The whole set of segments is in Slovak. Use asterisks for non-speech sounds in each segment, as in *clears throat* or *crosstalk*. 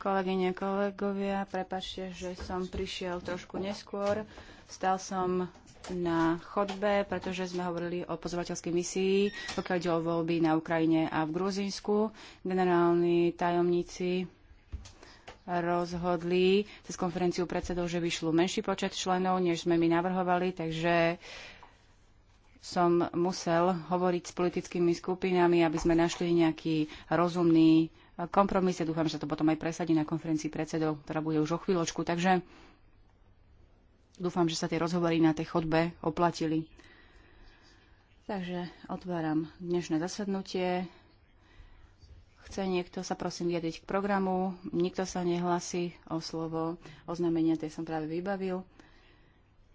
Kolegyne, kolegovia, prepačte, že som prišiel trošku neskôr. Stal som na chodbe, pretože sme hovorili o pozorovateľskej misii, pokiaľ ide o voľby na Ukrajine a v Gruzínsku. Generálni tajomníci rozhodli cez konferenciu predsedov, že vyšlo menší počet členov, než sme my navrhovali, takže som musel hovoriť s politickými skupinami, aby sme našli nejaký rozumný eh, kompromis. Ja dúfam, že sa to potom aj presadí na konferencii predsedov, ktorá bude už o chvíľočku. Takže dúfam, že sa tie rozhovory na tej chodbe oplatili. Takže otváram dnešné zasadnutie. Chce niekto sa prosím vyjadriť k programu? Nikto sa nehlasí o slovo. Oznámenia tie som práve vybavil.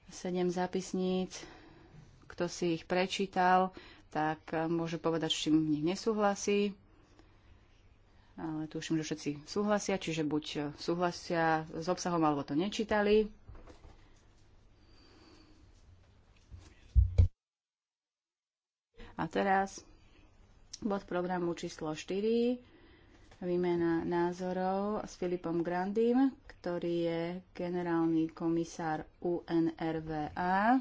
Sedem zápisníc kto si ich prečítal, tak eh, môže povedať, s čím v nich nesúhlasí. Ale tuším, že všetci súhlasia, čiže buď eh, súhlasia s obsahom, alebo to nečítali. A teraz bod programu číslo 4, výmena názorov s Filipom Grandim, ktorý je generálny komisár UNRVA.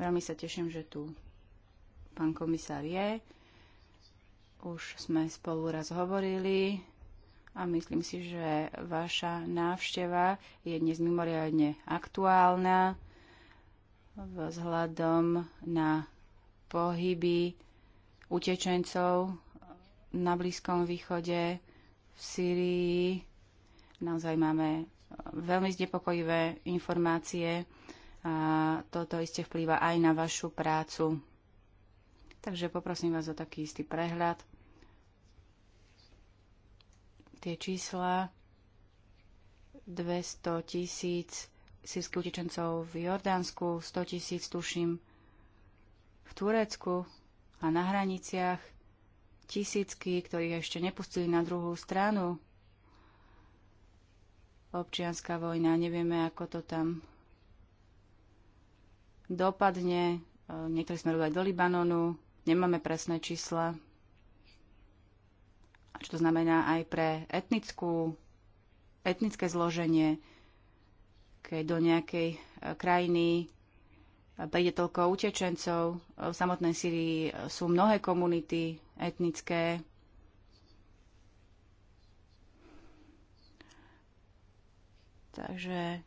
Veľmi sa teším, že tu pán komisár je. Už sme spolu raz hovorili a myslím si, že vaša návšteva je dnes mimoriadne aktuálna vzhľadom na pohyby utečencov na Blízkom východe, v Syrii. Naozaj máme veľmi znepokojivé informácie a toto iste vplýva aj na vašu prácu. Takže poprosím vás o taký istý prehľad. Tie čísla 200 tisíc sírskych utečencov v Jordánsku, 100 tisíc tuším v Turecku a na hraniciach tisícky, ktorých ešte nepustili na druhú stranu. Občianská vojna, nevieme, ako to tam dopadne. E, niektorí smerujú aj do Libanonu, nemáme presné čísla. Čo to znamená aj pre etnickú, etnické zloženie, keď do nejakej e, krajiny e, príde toľko utečencov. V samotnej Syrii sú mnohé komunity etnické. Takže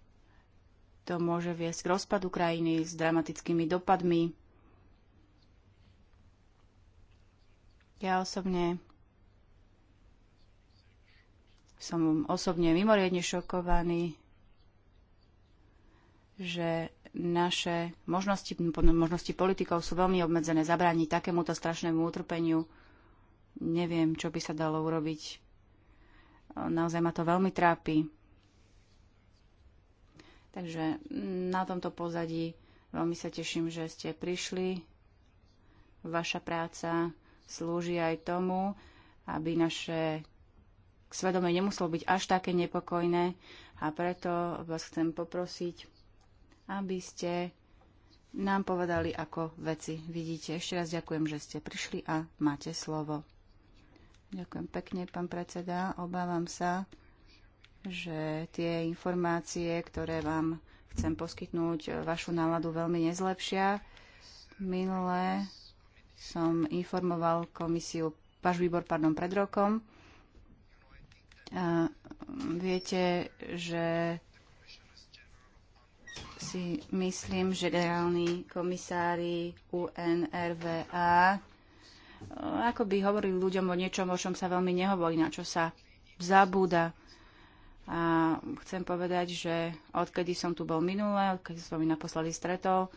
to môže viesť k rozpadu krajiny s dramatickými dopadmi. Ja osobne som osobne mimoriadne šokovaný, že naše možnosti, možnosti politikov sú veľmi obmedzené zabrániť takémuto strašnému utrpeniu. Neviem, čo by sa dalo urobiť. Naozaj ma to veľmi trápi. Takže mm, na tomto pozadí veľmi sa teším, že ste prišli. Vaša práca slúži aj tomu, aby naše svedomie nemuselo byť až také nepokojné a preto vás chcem poprosiť, aby ste nám povedali, ako veci vidíte. Ešte raz ďakujem, že ste prišli a máte slovo. Ďakujem pekne, pán predseda. Obávam sa, že tie informácie, ktoré vám chcem poskytnúť, e, vašu náladu veľmi nezlepšia. Minulé som informoval komisiu, váš výbor, pardon, pred rokom. A viete, že si myslím, že generálni komisári UNRVA e, ako by hovorili ľuďom o niečom, o čom sa veľmi nehovorí, na čo sa zabúda. A chcem povedať, že odkedy som tu bol minule, odkedy som mi naposledy stretol,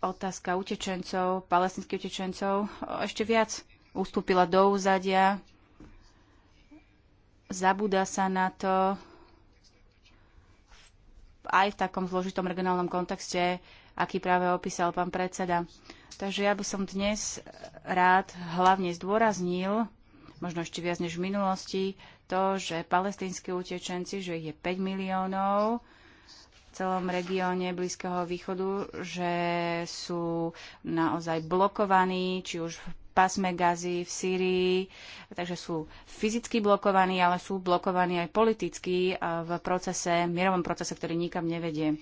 otázka utečencov, palestinských utečencov, ešte viac ustúpila do úzadia. Zabúda sa na to aj v takom zložitom regionálnom kontexte, aký práve opísal pán predseda. Takže ja by som dnes rád hlavne zdôraznil, možno ešte viac než v minulosti, to, že palestinskí utečenci, že ich je 5 miliónov v celom regióne Blízkeho východu, že sú naozaj blokovaní, či už v pásme Gazy, v Sýrii, takže sú fyzicky blokovaní, ale sú blokovaní aj politicky eh, v procese, mierovom procese, ktorý nikam nevedie.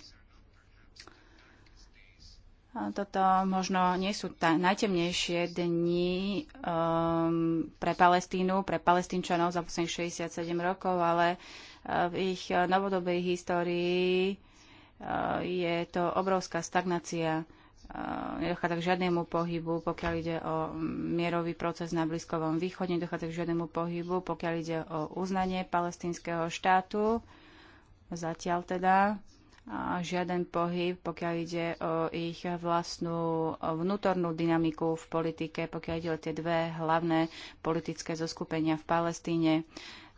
Toto možno nie sú tá najtemnejšie dni um, pre Palestínu, pre palestínčanov za posledných 67 rokov, ale uh, v ich uh, novodobej histórii uh, je to obrovská stagnácia. nedochádza k žiadnemu pohybu, pokiaľ ide o mm, mierový proces na Blízkovom východe, nedochádza k žiadnemu pohybu, pokiaľ ide o uznanie palestínskeho štátu. Zatiaľ teda žiaden pohyb, pokiaľ ide o ich vlastnú vnútornú dynamiku v politike, pokiaľ ide o tie dve hlavné politické zoskupenia v Palestíne.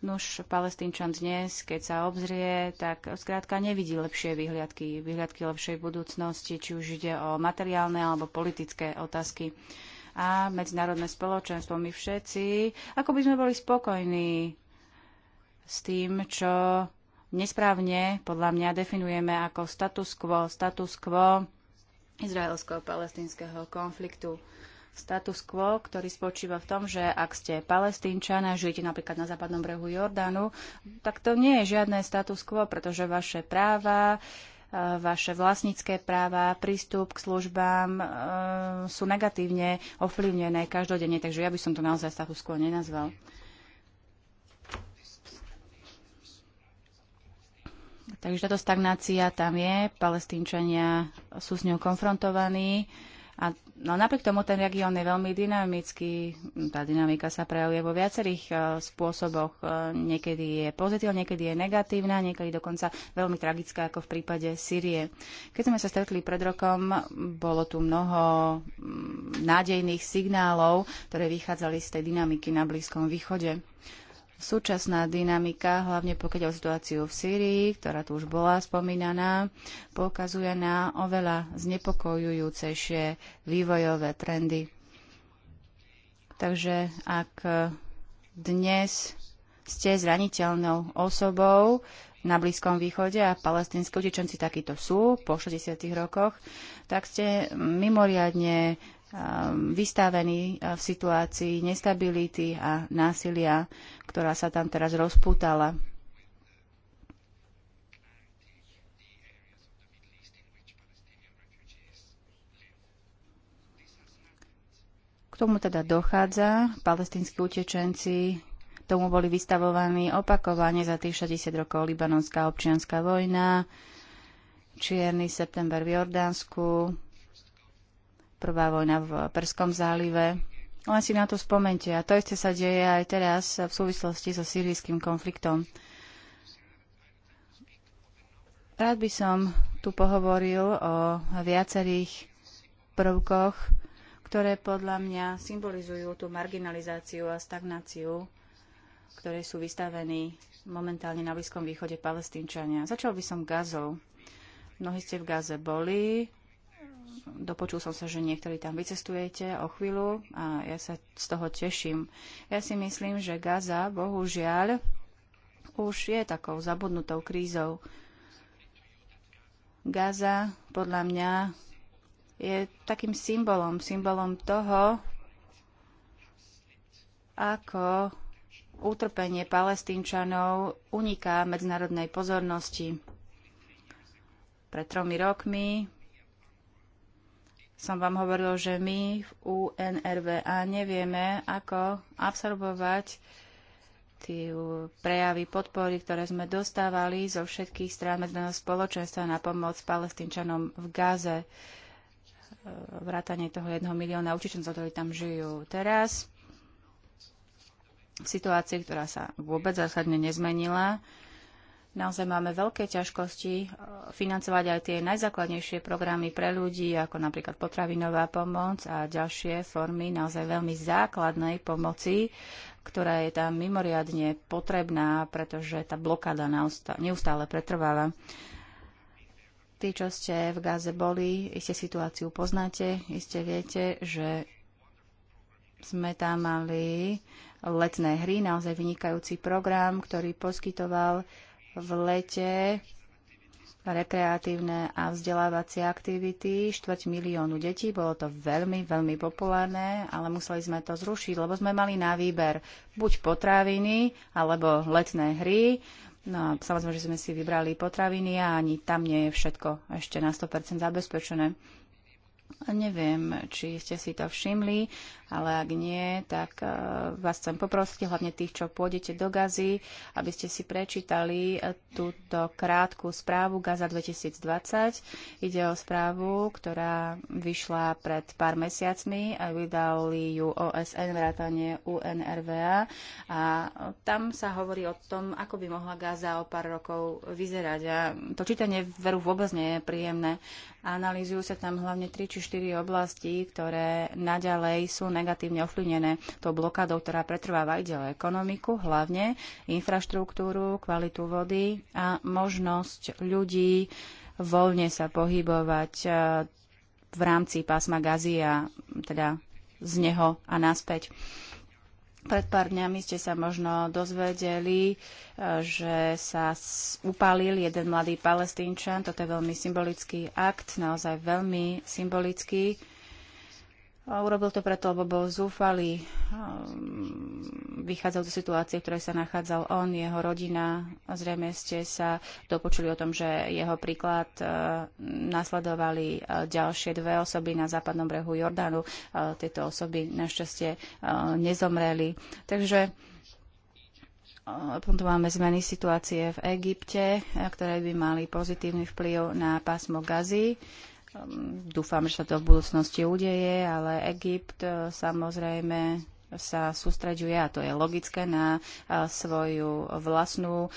Nuž palestínčan dnes, keď sa obzrie, tak skrátka nevidí lepšie vyhliadky, vyhliadky lepšej budúcnosti, či už ide o materiálne alebo politické otázky. A medzinárodné spoločenstvo, my všetci, ako by sme boli spokojní s tým, čo nesprávne podľa mňa definujeme ako status quo, status quo izraelsko-palestinského konfliktu. Status quo, ktorý spočíva v tom, že ak ste palestínčan a žijete napríklad na západnom brehu Jordánu, tak to nie je žiadne status quo, pretože vaše práva, e, vaše vlastnícke práva, prístup k službám e, sú negatívne ovplyvnené každodenne, takže ja by som to naozaj status quo nenazval. Takže táto stagnácia tam je, palestínčania sú s ňou konfrontovaní. A no, napriek tomu ten región je veľmi dynamický. Tá dynamika sa prejavuje vo viacerých uh, spôsoboch. Uh, niekedy je pozitívna, niekedy je negatívna, niekedy dokonca veľmi tragická, ako v prípade Sýrie. Keď sme sa stretli pred rokom, bolo tu mnoho um, nádejných signálov, ktoré vychádzali z tej dynamiky na Blízkom východe súčasná dynamika, hlavne pokiaľ o situáciu v Sýrii, ktorá tu už bola spomínaná, poukazuje na oveľa znepokojujúcejšie vývojové trendy. Takže ak dnes ste zraniteľnou osobou na Blízkom východe a palestinskí utečenci takíto sú po 60 rokoch, tak ste mimoriadne Um, vystavení uh, v situácii nestability a násilia, ktorá sa tam teraz rozputala. K tomu teda dochádza. Palestínsky utečenci tomu boli vystavovaní opakovane za tých 60 rokov libanonská občianská vojna, čierny september v Jordánsku, prvá vojna v Perskom zálive. Len si na to spomente. A to isté sa deje aj teraz v súvislosti so sírijským konfliktom. Rád by som tu pohovoril o viacerých prvkoch, ktoré podľa mňa symbolizujú tú marginalizáciu a stagnáciu, ktoré sú vystavení momentálne na Blízkom východe palestínčania. Začal by som Gazou. Mnohí ste v Gaze boli, dopočul som sa, že niektorí tam vycestujete o chvíľu a ja sa z toho teším. Ja si myslím, že Gaza, bohužiaľ, už je takou zabudnutou krízou. Gaza, podľa mňa, je takým symbolom, symbolom toho, ako utrpenie palestínčanov uniká medzinárodnej pozornosti. Pred tromi rokmi som vám hovoril, že my v UNRVA nevieme, ako absorbovať tie prejavy podpory, ktoré sme dostávali zo všetkých strán medzného spoločenstva na pomoc palestínčanom v Gaze. E, vrátanie toho jedného milióna učičencov, ktorí tam žijú teraz. V situácii, ktorá sa vôbec zásadne nezmenila, Naozaj máme veľké ťažkosti e, financovať aj tie najzákladnejšie programy pre ľudí, ako napríklad potravinová pomoc a ďalšie formy naozaj veľmi základnej pomoci, ktorá je tam mimoriadne potrebná, pretože tá blokáda neustále pretrváva. Tí, čo ste v Gáze boli, iste situáciu poznáte, iste viete, že sme tam mali letné hry, naozaj vynikajúci program, ktorý poskytoval v lete rekreatívne a vzdelávacie aktivity, štvrť miliónu detí. Bolo to veľmi, veľmi populárne, ale museli sme to zrušiť, lebo sme mali na výber buď potraviny, alebo letné hry. No a samozrejme, že sme si vybrali potraviny a ani tam nie je všetko ešte na 100% zabezpečené. Neviem, či ste si to všimli, ale ak nie, tak e, vás chcem poprosiť, hlavne tých, čo pôjdete do Gazy, aby ste si prečítali e, túto krátku správu Gaza 2020. Ide o správu, ktorá vyšla pred pár mesiacmi a vydali ju OSN, vrátane UNRVA. A tam sa hovorí o tom, ako by mohla Gaza o pár rokov vyzerať. A to čítanie veru vôbec nie je príjemné. Analýzujú sa tam hlavne tri či štyri oblasti, ktoré naďalej sú negatívne ovplyvnené tou blokádou, ktorá pretrváva ide ekonomiku, hlavne infraštruktúru, kvalitu vody a možnosť ľudí voľne sa pohybovať e, v rámci pásma Gazia, teda z neho a naspäť. Pred pár dňami ste sa možno dozvedeli, e, že sa upálil jeden mladý palestínčan. Toto je veľmi symbolický akt, naozaj veľmi symbolický. Urobil to preto, lebo bol zúfalý, um, vychádzal zo situácie, v ktorej sa nachádzal on, jeho rodina. Zrejme ste sa dopočuli o tom, že jeho príklad uh, nasledovali uh, ďalšie dve osoby na západnom brehu Jordánu. Uh, tieto osoby našťastie nezomreli. Takže potom tu máme zmeny situácie v Egypte, ktoré by mali pozitívny vplyv na pásmo Gazy Ehm, dúfam, že sa to v budúcnosti udeje, ale Egypt e, samozrejme sa sústreďuje, a to je logické, na e, svoju vlastnú e,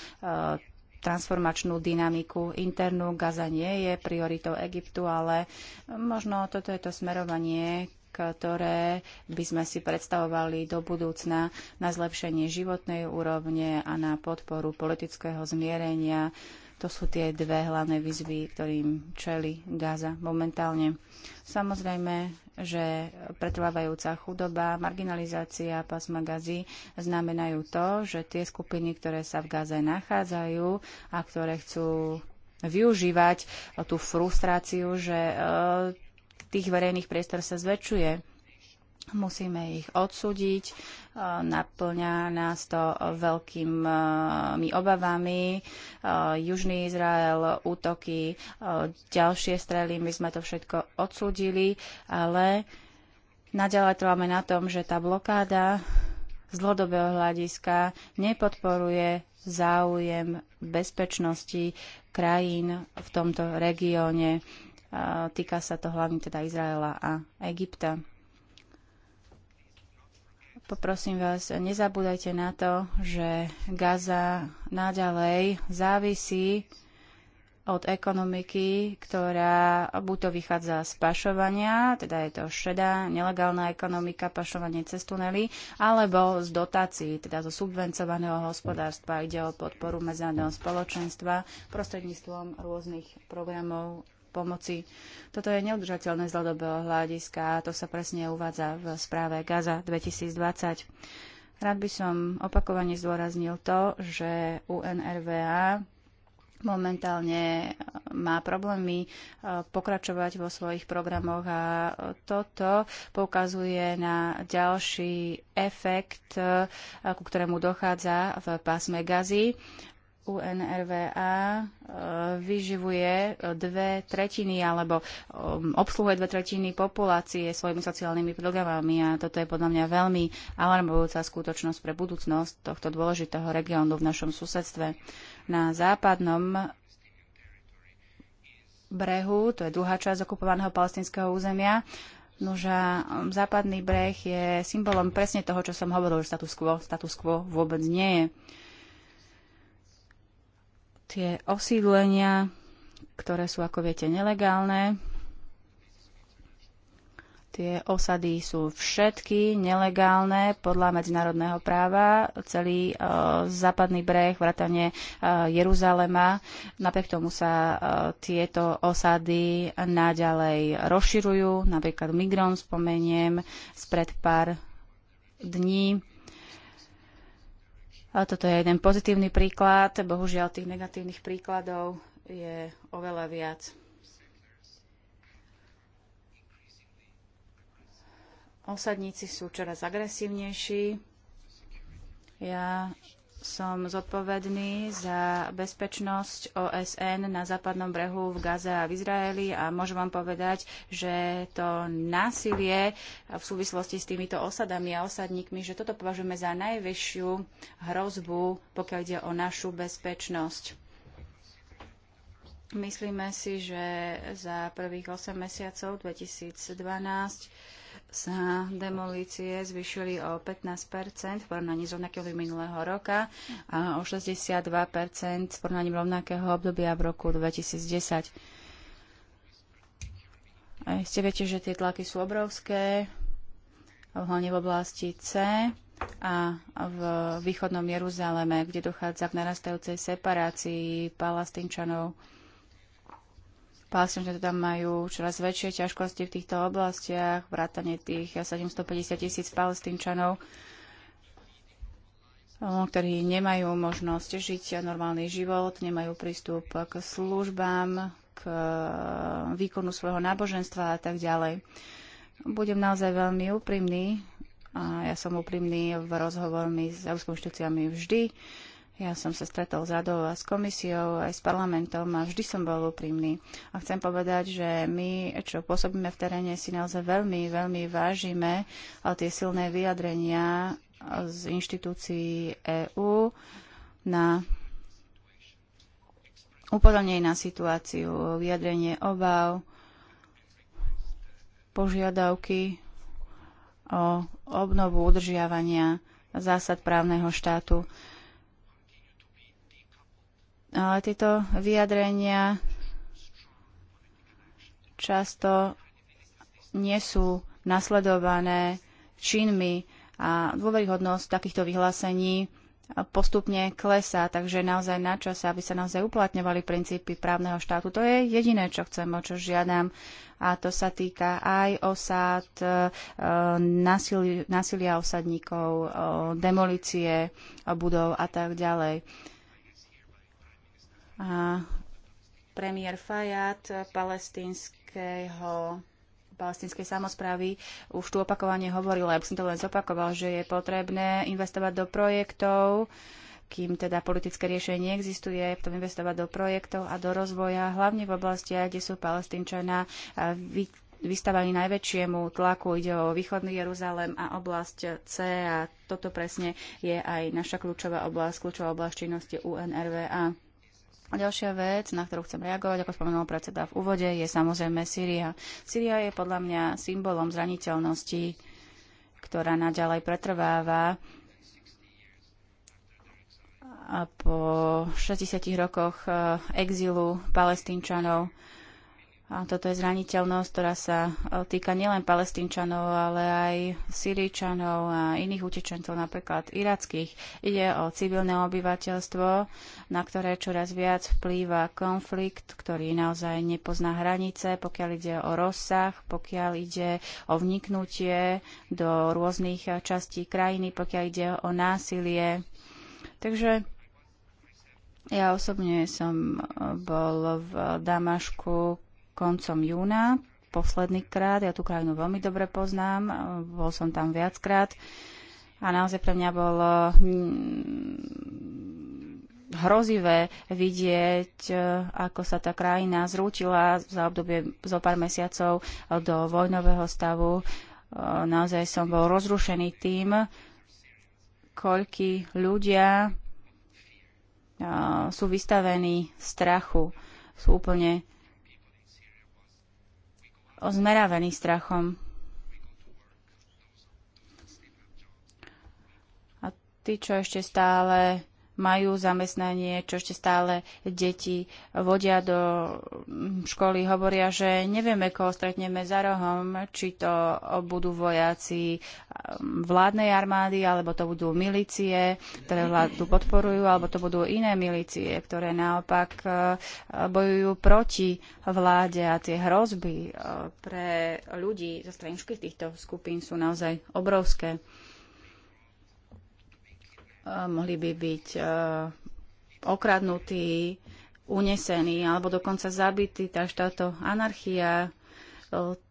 transformačnú dynamiku internú. Gaza nie je prioritou Egyptu, ale možno toto je to smerovanie, ktoré by sme si predstavovali do budúcna na zlepšenie životnej úrovne a na podporu politického zmierenia to sú tie dve hlavné výzvy, ktorým čeli Gaza momentálne. Samozrejme, že pretrvávajúca chudoba, marginalizácia pásma Gazy znamenajú to, že tie skupiny, ktoré sa v Gaze nachádzajú a ktoré chcú využívať tú frustráciu, že eh, tých verejných priestor sa zväčšuje musíme ich odsúdiť. E, naplňa nás to veľkými e, obavami. E, Južný Izrael, útoky, ďalšie strely, my sme to všetko odsúdili, ale naďalej trváme na tom, že tá blokáda z dlhodobého hľadiska nepodporuje záujem bezpečnosti krajín v tomto regióne. Týka sa to hlavne teda Izraela a Egypta. Poprosím vás, nezabúdajte na to, že Gaza naďalej závisí od ekonomiky, ktorá buď to vychádza z pašovania, teda je to šedá, nelegálna ekonomika, pašovanie cez tunely, alebo z dotácií, teda zo subvencovaného hospodárstva. Ide o podporu medzinárodného spoločenstva prostredníctvom rôznych programov pomoci. Toto je neudržateľné z dlhodobého hľadiska a to sa presne uvádza v správe Gaza 2020. Rád by som opakovane zdôraznil to, že UNRVA momentálne e, má problémy e, pokračovať vo svojich programoch a e, toto poukazuje na ďalší efekt, ku ktorému dochádza v pásme gazy UNRVA e, vyživuje e, dve tretiny alebo e, obsluhuje dve tretiny populácie svojimi sociálnymi programami a toto je podľa mňa veľmi alarmujúca skutočnosť pre budúcnosť tohto dôležitého regiónu v našom susedstve. Na západnom brehu, to je druhá časť okupovaného palestinského územia, Nože západný breh je symbolom presne toho, čo som hovoril, že status quo, status quo vôbec nie je tie osídlenia, ktoré sú, ako viete, nelegálne. Tie osady sú všetky nelegálne podľa medzinárodného práva. Celý uh, západný breh, vrátane uh, Jeruzalema. Napriek tomu sa uh, tieto osady naďalej rozširujú. Napríklad Migron spomeniem spred pár dní a toto je jeden pozitívny príklad. Bohužiaľ, tých negatívnych príkladov je oveľa viac. Osadníci sú čoraz agresívnejší. Ja som zodpovedný za bezpečnosť OSN na západnom brehu v Gaze a v Izraeli a môžem vám povedať, že to násilie v súvislosti s týmito osadami a osadníkmi, že toto považujeme za najvyššiu hrozbu, pokiaľ ide o našu bezpečnosť. Myslíme si, že za prvých 8 mesiacov 2012 sa demolície zvyšili o 15 v porovnaní s rovnakým minulého roka a o 62 v porovnaní rovnakého obdobia v roku 2010. A ste viete, že tie tlaky sú obrovské, hlavne v oblasti C a v východnom Jeruzaleme, kde dochádza k narastajúcej separácii palestínčanov. Palestínčania teda majú čoraz väčšie ťažkosti v týchto oblastiach, vrátane tých 750 tisíc palestínčanov, eh, ktorí nemajú možnosť žiť normálny život, nemajú prístup k službám, k eh, výkonu svojho náboženstva a tak ďalej. Budem naozaj veľmi úprimný a ja som úprimný v rozhovormi s inštitúciami vždy. Uh, ja som sa stretol s radou a s komisiou, aj s parlamentom a vždy som bol úprimný. A chcem povedať, že my, čo pôsobíme v teréne, si naozaj veľmi, veľmi vážime tie silné vyjadrenia z inštitúcií EÚ na upozornenie na situáciu, vyjadrenie obav, požiadavky o obnovu udržiavania zásad právneho štátu tieto vyjadrenia často nie sú nasledované činmi a dôveryhodnosť takýchto vyhlásení postupne klesá, takže naozaj na čase, aby sa naozaj uplatňovali princípy právneho štátu. To je jediné, čo chcem, o čo žiadam. A to sa týka aj osad, e, násilia osadníkov, demolície budov a tak ďalej. A premiér Fayad palestinského palestinskej samozprávy už tu opakovane hovorila, ak som to len zopakoval, že je potrebné investovať do projektov, kým teda politické riešenie neexistuje, potom investovať do projektov a do rozvoja, hlavne v oblastiach, kde sú palestínčania vystavaní najväčšiemu tlaku. Ide o východný Jeruzalem a oblasť C a toto presne je aj naša kľúčová oblasť, kľúčová oblasť činnosti UNRVA. A ďalšia vec, na ktorú chcem reagovať, ako spomenul predseda v úvode, je samozrejme Syria. Syria je podľa mňa symbolom zraniteľnosti, ktorá naďalej pretrváva a po 60 rokoch eh, exilu palestínčanov a toto je zraniteľnosť, ktorá sa e, týka nielen palestínčanov, ale aj syríčanov a iných utečencov, napríklad irackých. Ide o civilné obyvateľstvo, na ktoré čoraz viac vplýva konflikt, ktorý naozaj nepozná hranice, pokiaľ ide o rozsah, pokiaľ ide o vniknutie do rôznych e, častí krajiny, pokiaľ ide o násilie. Takže ja osobne som e, bol v Damašku, koncom júna, posledný krát. Ja tú krajinu veľmi dobre poznám, bol som tam viackrát a naozaj pre mňa bolo mm, hrozivé vidieť, e, ako sa tá krajina zrútila za obdobie zo pár mesiacov e, do vojnového stavu. E, naozaj som bol rozrušený tým, koľky ľudia sú vystavení strachu, sú úplne zmeravený strachom. A tí, čo ešte stále majú zamestnanie, čo ešte stále deti vodia do školy, hovoria, že nevieme, koho stretneme za rohom, či to budú vojaci um, vládnej armády, alebo to budú milície, ktoré vládu podporujú, alebo to budú iné milície, ktoré naopak uh, bojujú proti vláde a tie hrozby uh, pre ľudí zo strany týchto skupín sú naozaj obrovské mohli by byť e, okradnutí, unesení alebo dokonca zabití. Takže táto anarchia e,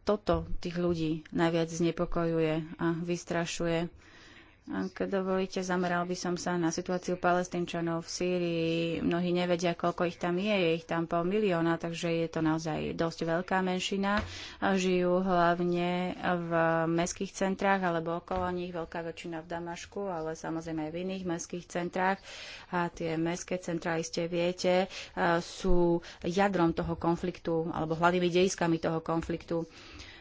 toto tých ľudí najviac znepokojuje a vystrašuje. Ak dovolíte, zameral by som sa na situáciu palestínčanov v Sýrii. Mnohí nevedia, koľko ich tam je, je ich tam pol milióna, takže je to naozaj dosť veľká menšina. Žijú hlavne v mestských centrách alebo okolo nich, veľká väčšina v Damašku, ale samozrejme aj v iných mestských centrách. A tie mestské centrá, iste viete, sú jadrom toho konfliktu alebo hlavnými dejiskami toho konfliktu.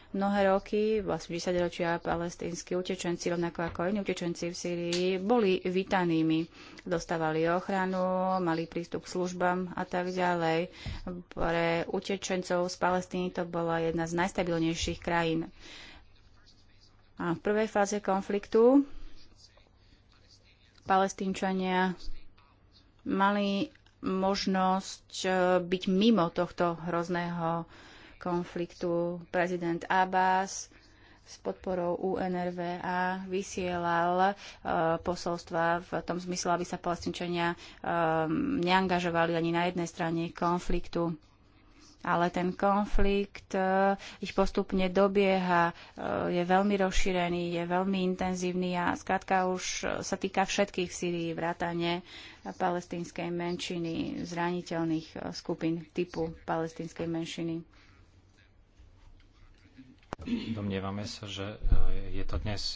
Mnohé roky, vlastne 10 ročia, palestínsky utečenci, rovnako ako iní utečenci v Sýrii, boli vítanými. Dostávali ochranu, mali prístup k službám a tak ďalej. Pre utečencov z Palestíny to bola jedna z najstabilnejších krajín. A v prvej fáze konfliktu palestínčania mali možnosť eh, byť mimo tohto hrozného konfliktu prezident Abbas s podporou UNRVA vysielal uh, posolstva v tom zmysle, aby sa palestinčania um, neangažovali ani na jednej strane konfliktu. Ale ten konflikt uh, ich postupne dobieha, je veľmi rozšírený, je veľmi intenzívny a skrátka už sa týka všetkých v Syrii, vrátane palestinskej menšiny, zraniteľných skupín typu palestinskej menšiny. Domnievame sa, že e, je to dnes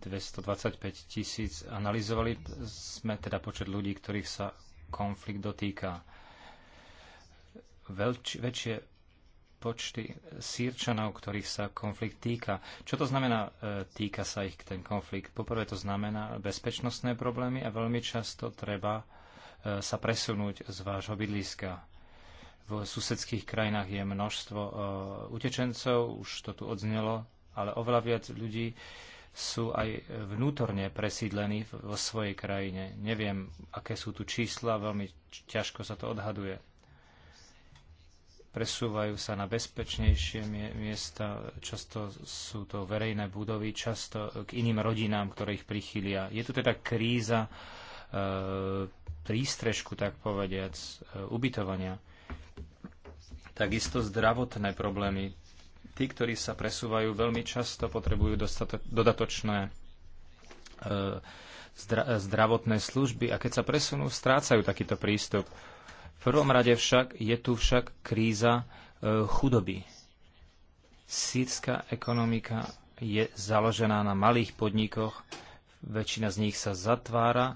225 e, tisíc. Analizovali sme teda počet ľudí, ktorých sa konflikt dotýka. Veľč, väčšie počty sírčanov, ktorých sa konflikt týka. Čo to znamená, e, týka sa ich ten konflikt? Poprvé to znamená bezpečnostné problémy a veľmi často treba sa presunúť z vášho bydliska. V susedských krajinách je množstvo e, utečencov, už to tu odznelo, ale oveľa viac ľudí sú aj vnútorne presídlení vo svojej krajine. Neviem, aké sú tu čísla, veľmi ťažko sa to odhaduje. Presúvajú sa na bezpečnejšie miesta, často sú to verejné budovy, často k iným rodinám, ktoré ich prichylia. Je tu teda kríza e, prístrežku, tak povediac, e, ubytovania Takisto zdravotné problémy. Tí, ktorí sa presúvajú, veľmi často potrebujú dodatočné e, e, zdravotné služby a keď sa presunú, strácajú takýto prístup. V prvom rade však je tu však kríza e, chudoby. Sírska ekonomika je založená na malých podnikoch, väčšina z nich sa zatvára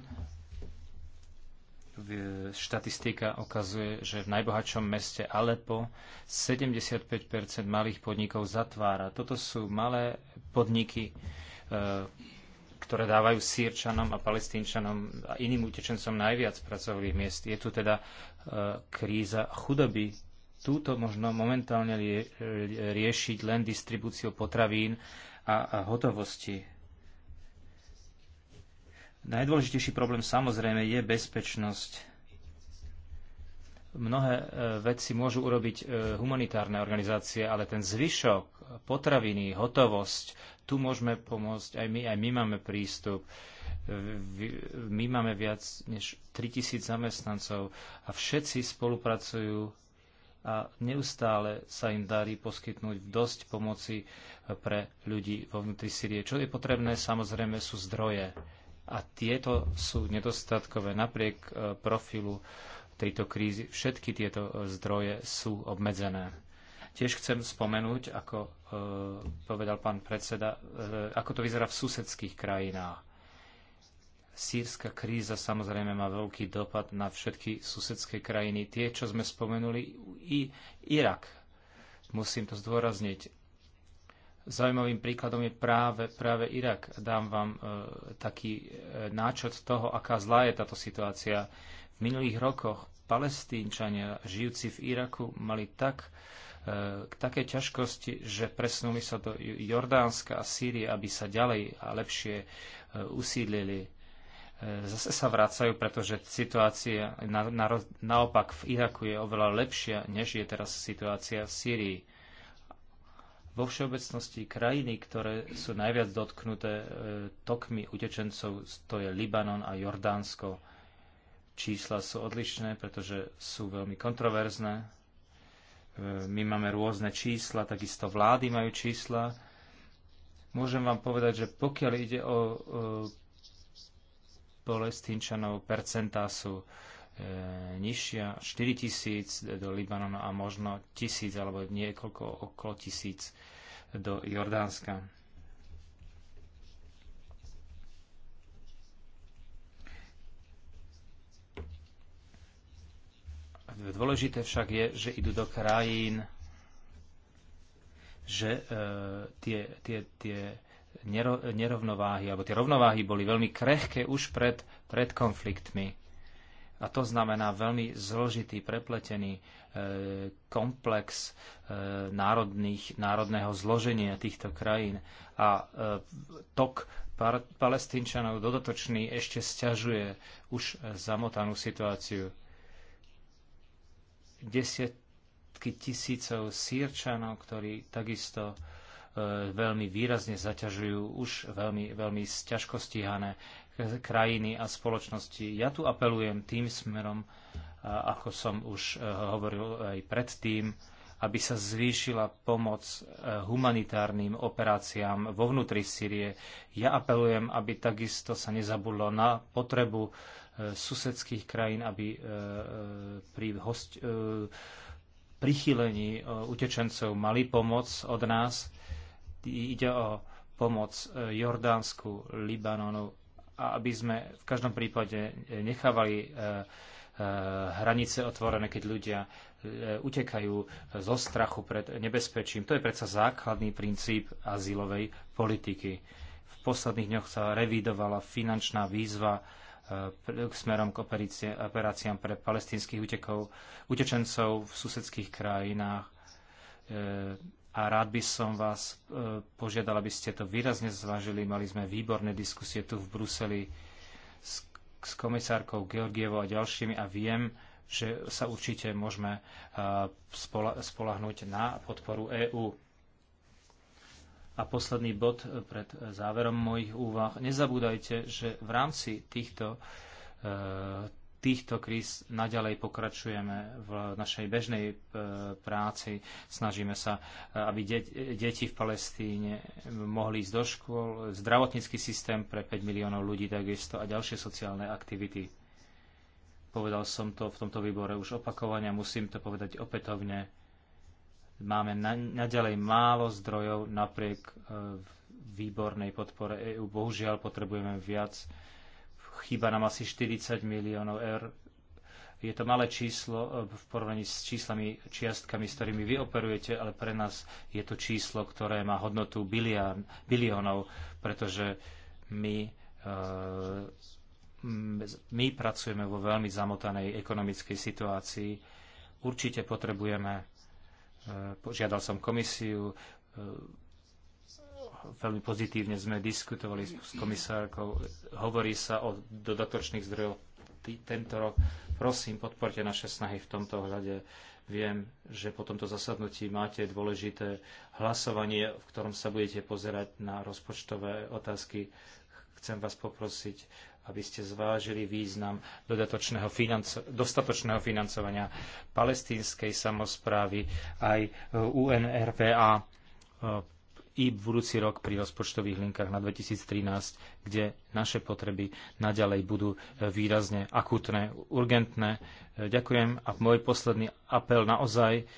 štatistika ukazuje, že v najbohatšom meste Alepo 75 malých podnikov zatvára. Toto sú malé podniky, e, ktoré dávajú sírčanom a palestínčanom a iným utečencom najviac pracovných miest. Je tu teda e, kríza chudoby. Túto možno momentálne e, riešiť len distribúciou potravín a hotovosti Najdôležitejší problém samozrejme je bezpečnosť. Mnohé e, veci môžu urobiť e, humanitárne organizácie, ale ten zvyšok potraviny, hotovosť, tu môžeme pomôcť, aj my, aj my máme prístup. My máme viac než 3000 zamestnancov a všetci spolupracujú a neustále sa im darí poskytnúť dosť pomoci e, pre ľudí vo vnútri Syrie. Čo je potrebné, samozrejme, sú zdroje a tieto sú nedostatkové napriek e, profilu tejto krízy. Všetky tieto e, zdroje sú obmedzené. Tiež chcem spomenúť, ako e, povedal pán predseda, ako to vyzerá v susedských krajinách. Sýrska kríza samozrejme má veľký dopad na všetky susedské krajiny. Tie, čo sme spomenuli, i Irak. Musím to zdôrazniť. Zaujímavým príkladom je práve, práve Irak. Dám vám e, taký e, náčrt toho, aká zlá je táto situácia. V minulých rokoch palestínčania žijúci v Iraku mali tak, e, také ťažkosti, že presunuli sa do Jordánska a Sýrie, aby sa ďalej a lepšie e, usídlili. E, zase sa vracajú, pretože situácia na, na, naopak v Iraku je oveľa lepšia, než je teraz situácia v Sýrii vo všeobecnosti krajiny, ktoré sú najviac dotknuté e, tokmi utečencov, to je Libanon a Jordánsko. Čísla sú odlišné, pretože sú veľmi kontroverzné. E, my máme rôzne čísla, takisto vlády majú čísla. Môžem vám povedať, že pokiaľ ide o, palestínčanov, percentá sú E, nižšia, 4 tisíc do Libanonu a možno tisíc alebo niekoľko okolo tisíc do Jordánska. Dôležité však je, že idú do krajín, že e, tie, tie, tie nerovnováhy alebo tie rovnováhy boli veľmi krehké už pred, pred konfliktmi a to znamená veľmi zložitý, prepletený e, komplex e, národných, národného zloženia týchto krajín. A e, tok palestínčanov dodatočný ešte sťažuje už zamotanú situáciu. Desiatky tisícov sírčanov, ktorí takisto veľmi výrazne zaťažujú už veľmi, veľmi ťažko stíhané krajiny a spoločnosti. Ja tu apelujem tým smerom, ako som už e, hovoril aj predtým, aby sa zvýšila pomoc e, humanitárnym operáciám vo vnútri Sýrie. Ja apelujem, aby takisto sa nezabudlo na potrebu e, susedských krajín, aby pri host, prichylení utečencov mali pomoc od nás. Ide o pomoc Jordánsku, Libanonu, a aby sme v každom prípade nechávali e, e, hranice otvorené, keď ľudia e, utekajú zo strachu pred nebezpečím. To je predsa základný princíp azylovej politiky. V posledných dňoch sa revidovala finančná výzva k smerom k operáciám pre palestinských utekov, utečencov v susedských krajinách a rád by som vás e, požiadal, aby ste to výrazne zvážili. Mali sme výborné diskusie tu v Bruseli s, s komisárkou Georgievou a ďalšími a viem, že sa určite môžeme e, spola, spolahnúť na podporu EÚ. A posledný bod e, pred záverom mojich úvah. Nezabúdajte, že v rámci týchto týchto kríz naďalej pokračujeme v našej bežnej e, práci. Snažíme sa, e, aby deti v Palestíne mohli ísť do škôl, zdravotnícky systém pre 5 miliónov ľudí takisto a ďalšie sociálne aktivity. Povedal som to v tomto výbore už opakovane, musím to povedať opätovne. Máme na, naďalej málo zdrojov napriek e, výbornej podpore EÚ. Bohužiaľ potrebujeme viac Chýba nám asi 40 miliónov eur. Je to malé číslo e, v porovnaní s číslami, čiastkami, s ktorými vy operujete, ale pre nás je to číslo, ktoré má hodnotu bilión, biliónov, pretože my, e, my pracujeme vo veľmi zamotanej ekonomickej situácii. Určite potrebujeme, e, požiadal som komisiu, veľmi pozitívne sme diskutovali s komisárkou. Hovorí sa o dodatočných zdrojoch tento rok. Prosím, podporte naše snahy v tomto ohľade. Viem, že po tomto zasadnutí máte dôležité hlasovanie, v ktorom sa budete pozerať na rozpočtové otázky. Chcem vás poprosiť, aby ste zvážili význam dodatočného financo- dostatočného financovania palestínskej samozprávy aj e, UNRPA i budúci rok pri rozpočtových linkách na 2013, kde naše potreby naďalej budú e, výrazne akutné, urgentné. E, ďakujem a môj posledný apel naozaj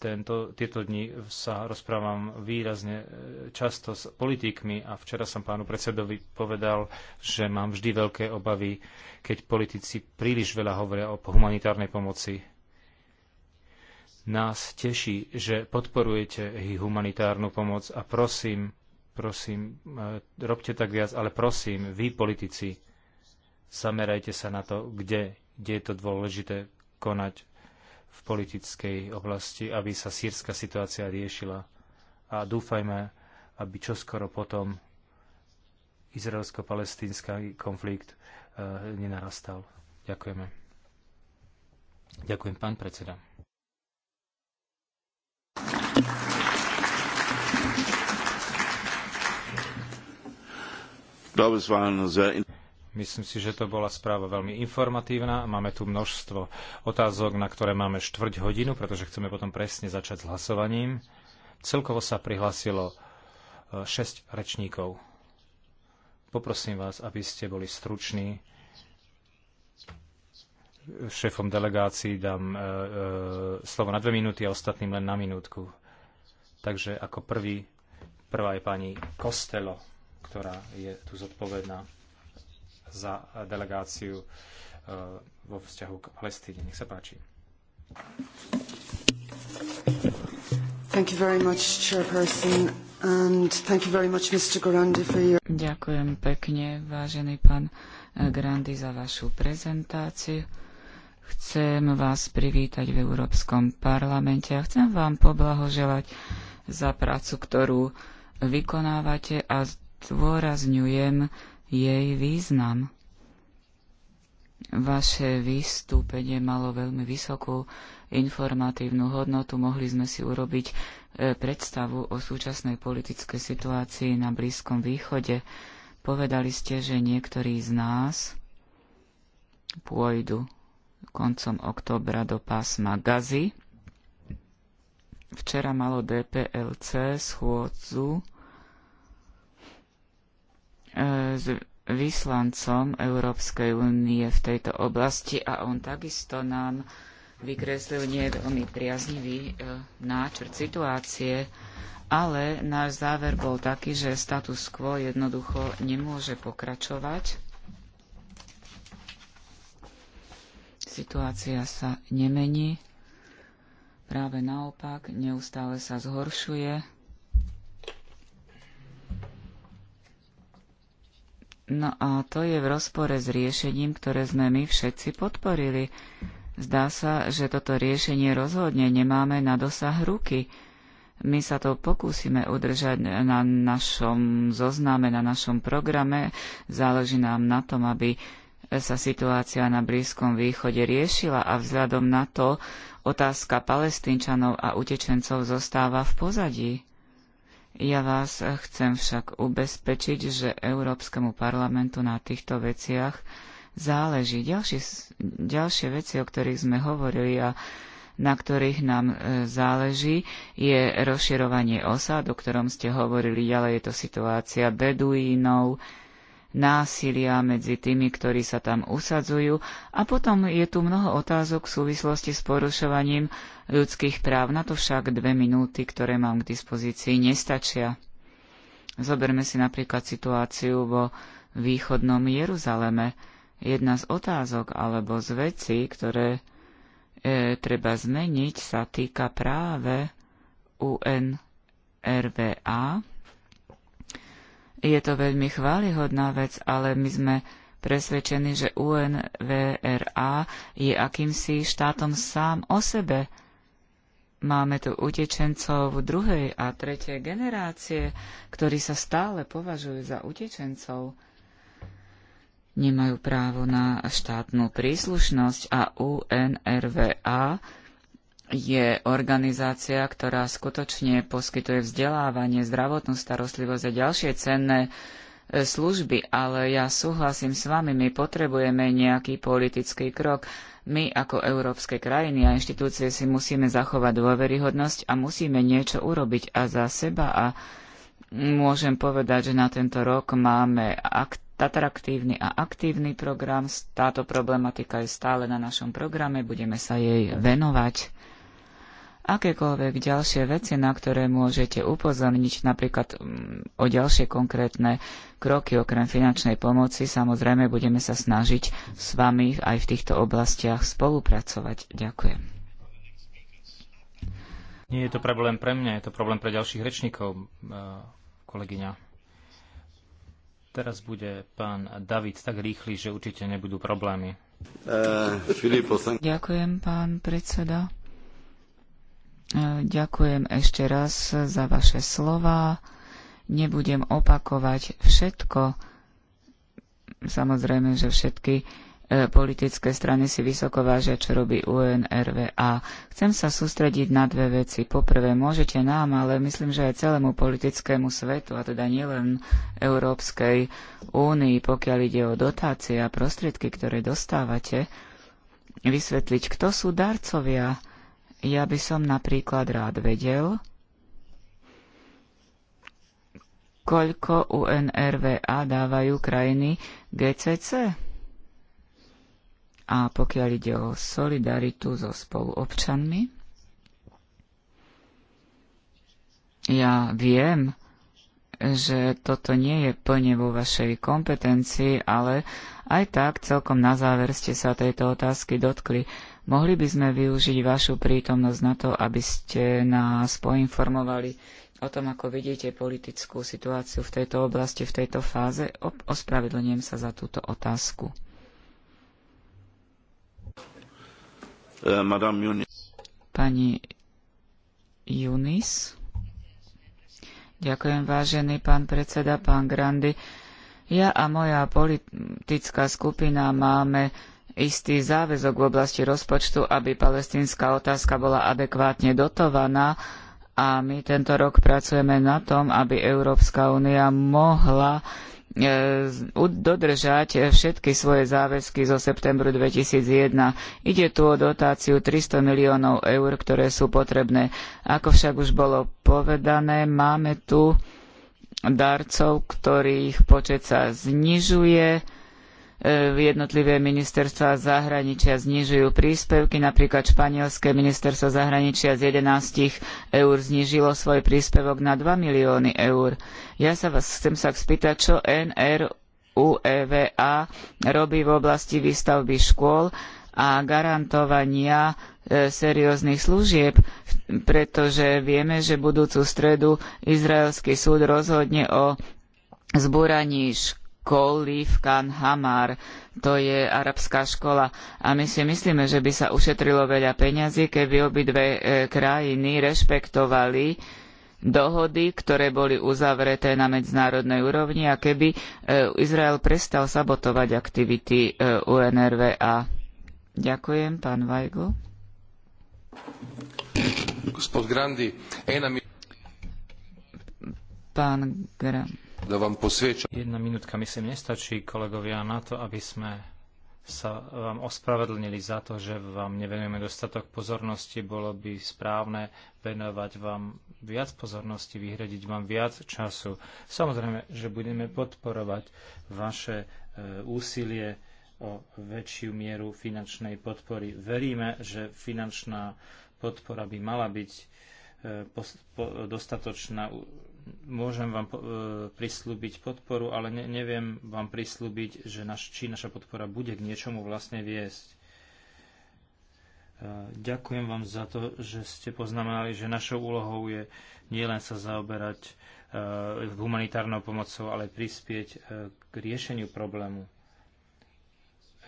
tento, tieto dni sa rozprávam výrazne e, často s politikmi a včera som pánu predsedovi povedal, že mám vždy veľké obavy, keď politici príliš veľa hovoria o humanitárnej pomoci nás teší, že podporujete humanitárnu pomoc a prosím, prosím, eh, robte tak viac, ale prosím, vy politici, zamerajte sa na to, kde, kde je to dôležité konať v politickej oblasti, aby sa sírska situácia riešila. A dúfajme, aby čoskoro potom izraelsko-palestínsky konflikt eh, nenarastal. Ďakujeme. Ďakujem, pán predseda. Myslím si, že to bola správa veľmi informatívna. Máme tu množstvo otázok, na ktoré máme štvrť hodinu, pretože chceme potom presne začať s hlasovaním. Celkovo sa prihlasilo 6 e, rečníkov. Poprosím vás, aby ste boli struční. Šéfom delegácií dám e, e, slovo na dve minúty a ostatným len na minútku. Takže ako prvý, prvá je pani Kostelo ktorá je tu zodpovedná za delegáciu e, vo vzťahu k Palestíne. Nech sa páči. Thank you very much, Chairperson, and thank you very much, Mr. for your... Ďakujem pekne, vážený pán e, Grandi, za vašu prezentáciu. Chcem vás privítať v Európskom parlamente a chcem vám poblahoželať za prácu, ktorú vykonávate a zdôrazňujem jej význam. Vaše vystúpenie malo veľmi vysokú informatívnu hodnotu. Mohli sme si urobiť e, predstavu o súčasnej politickej situácii na Blízkom východe. Povedali ste, že niektorí z nás pôjdu koncom oktobra do pásma Gazy. Včera malo DPLC schôdzu E, s vyslancom Európskej únie v tejto oblasti a on takisto nám vykreslil nie veľmi priaznivý e, náčrt situácie, ale náš záver bol taký, že status quo jednoducho nemôže pokračovať. Situácia sa nemení. Práve naopak, neustále sa zhoršuje. No a to je v rozpore s riešením, ktoré sme my všetci podporili. Zdá sa, že toto riešenie rozhodne nemáme na dosah ruky. My sa to pokúsime udržať na našom zozname, na našom programe. Záleží nám na tom, aby sa situácia na Blízkom východe riešila a vzhľadom na to otázka palestínčanov a utečencov zostáva v pozadí. Ja vás chcem však ubezpečiť, že Európskemu parlamentu na týchto veciach záleží. Ďalšie, ďalšie veci, o ktorých sme hovorili a na ktorých nám e, záleží, je rozširovanie osád, o ktorom ste hovorili. Ďalej je to situácia beduínov, násilia medzi tými, ktorí sa tam usadzujú a potom je tu mnoho otázok v súvislosti s porušovaním ľudských práv. Na to však dve minúty, ktoré mám k dispozícii, nestačia. Zoberme si napríklad situáciu vo východnom Jeruzaleme. Jedna z otázok alebo z vecí, ktoré e, treba zmeniť, sa týka práve UNRVA. Je to veľmi chválihodná vec, ale my sme presvedčení, že UNVRA je akýmsi štátom sám o sebe. Máme tu utečencov druhej a tretej generácie, ktorí sa stále považujú za utečencov. Nemajú právo na štátnu príslušnosť a UNRVA je organizácia, ktorá skutočne poskytuje vzdelávanie, zdravotnú starostlivosť a ďalšie cenné e, služby, ale ja súhlasím s vami, my potrebujeme nejaký politický krok. My ako európske krajiny a inštitúcie si musíme zachovať dôveryhodnosť a musíme niečo urobiť a za seba a môžem povedať, že na tento rok máme atraktívny a aktívny program. Táto problematika je stále na našom programe, budeme sa jej venovať akékoľvek ďalšie veci, na ktoré môžete upozorniť, napríklad mm, o ďalšie konkrétne kroky okrem finančnej pomoci, samozrejme budeme sa snažiť s vami aj v týchto oblastiach spolupracovať. Ďakujem. Nie je to problém pre mňa, je to problém pre ďalších rečníkov, e, kolegyňa. Teraz bude pán David tak rýchly, že určite nebudú problémy. Uh, Ďakujem, pán predseda. E, ďakujem ešte raz za vaše slova. Nebudem opakovať všetko. Samozrejme, že všetky e, politické strany si vysoko vážia, čo robí UNRVA. Chcem sa sústrediť na dve veci. Poprvé, môžete nám, ale myslím, že aj celému politickému svetu, a teda nielen Európskej únii, pokiaľ ide o dotácie a prostriedky, ktoré dostávate, vysvetliť, kto sú darcovia ja by som napríklad rád vedel, koľko UNRVA dávajú krajiny GCC. A pokiaľ ide o solidaritu so spoluobčanmi, ja viem, že toto nie je plne vo vašej kompetencii, ale aj tak celkom na záver ste sa tejto otázky dotkli. Mohli by sme využiť vašu prítomnosť na to, aby ste nás poinformovali o tom, ako vidíte politickú situáciu v tejto oblasti, v tejto fáze. Ospravedlňujem sa za túto otázku. Eh, Pani Junis. Ďakujem, vážený pán predseda, pán Grandy. Ja a moja politická skupina máme istý záväzok v oblasti rozpočtu, aby palestínska otázka bola adekvátne dotovaná a my tento rok pracujeme na tom, aby Európska únia mohla e, dodržať všetky svoje záväzky zo septembru 2001. Ide tu o dotáciu 300 miliónov eur, ktoré sú potrebné. Ako však už bolo povedané, máme tu darcov, ktorých počet sa znižuje E, jednotlivé ministerstva zahraničia znižujú príspevky. Napríklad španielské ministerstvo zahraničia z 11 eur znížilo svoj príspevok na 2 milióny eur. Ja sa vás chcem sa spýtať, čo NRUEVA robí v oblasti výstavby škôl a garantovania e, serióznych služieb, pretože vieme, že budúcu stredu izraelský súd rozhodne o zbúraní škôl kolívkan Hamar. To je arabská škola. A my si myslíme, že by sa ušetrilo veľa peňazí, keby obidve e, krajiny rešpektovali dohody, ktoré boli uzavreté na medzinárodnej úrovni a keby e, Izrael prestal sabotovať aktivity e, UNRWA. Ďakujem, pán Weigl. Pán Grandi, Jedna minútka myslím nestačí, kolegovia, na to, aby sme sa vám ospravedlnili za to, že vám nevenujeme dostatok pozornosti. Bolo by správne venovať vám viac pozornosti, vyhradiť vám viac času. Samozrejme, že budeme podporovať vaše e, úsilie o väčšiu mieru finančnej podpory. Veríme, že finančná podpora by mala byť e, dostatočná môžem vám e, prislúbiť podporu, ale ne, neviem vám prislúbiť, že naš, či naša podpora bude k niečomu vlastne viesť. E, ďakujem vám za to, že ste poznamenali, že našou úlohou je nielen sa zaoberať e, humanitárnou pomocou, ale prispieť k riešeniu problému.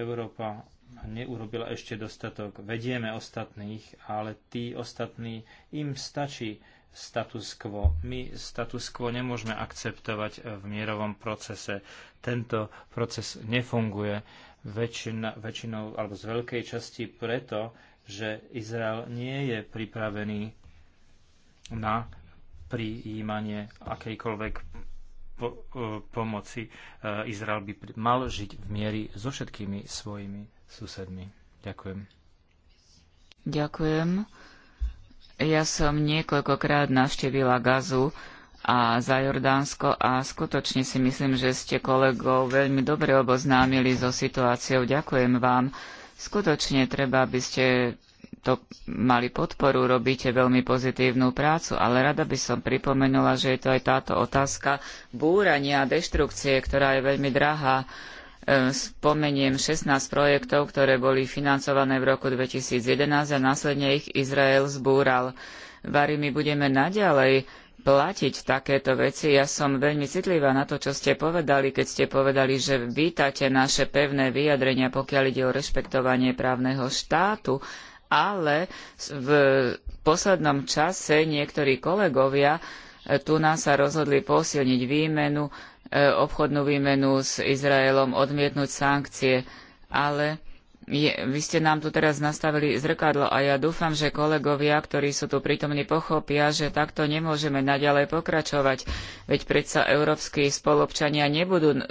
Európa neurobila ešte dostatok. Vedieme ostatných, ale tí ostatní im stačí status quo. My status quo nemôžeme akceptovať v mierovom procese. Tento proces nefunguje väčšina, väčšinou alebo z veľkej časti preto, že Izrael nie je pripravený na prijímanie akejkoľvek po, e, pomoci. E, Izrael by mal žiť v miery so všetkými svojimi susedmi. Ďakujem. Ďakujem. Ja som niekoľkokrát navštevila Gazu a za Jordánsko a skutočne si myslím, že ste kolegov veľmi dobre oboznámili so situáciou. Ďakujem vám. Skutočne treba, aby ste to mali podporu, robíte veľmi pozitívnu prácu, ale rada by som pripomenula, že je to aj táto otázka búrania a deštrukcie, ktorá je veľmi drahá spomeniem 16 projektov, ktoré boli financované v roku 2011 a následne ich Izrael zbúral. Vary, my budeme naďalej platiť takéto veci. Ja som veľmi citlivá na to, čo ste povedali, keď ste povedali, že vítate naše pevné vyjadrenia, pokiaľ ide o rešpektovanie právneho štátu, ale v poslednom čase niektorí kolegovia tu nás sa rozhodli posilniť výmenu E, obchodnú výmenu s Izraelom, odmietnúť sankcie, ale je, vy ste nám tu teraz nastavili zrkadlo a ja dúfam, že kolegovia, ktorí sú tu prítomní, pochopia, že takto nemôžeme naďalej pokračovať. Veď predsa európski spolupčania nebudú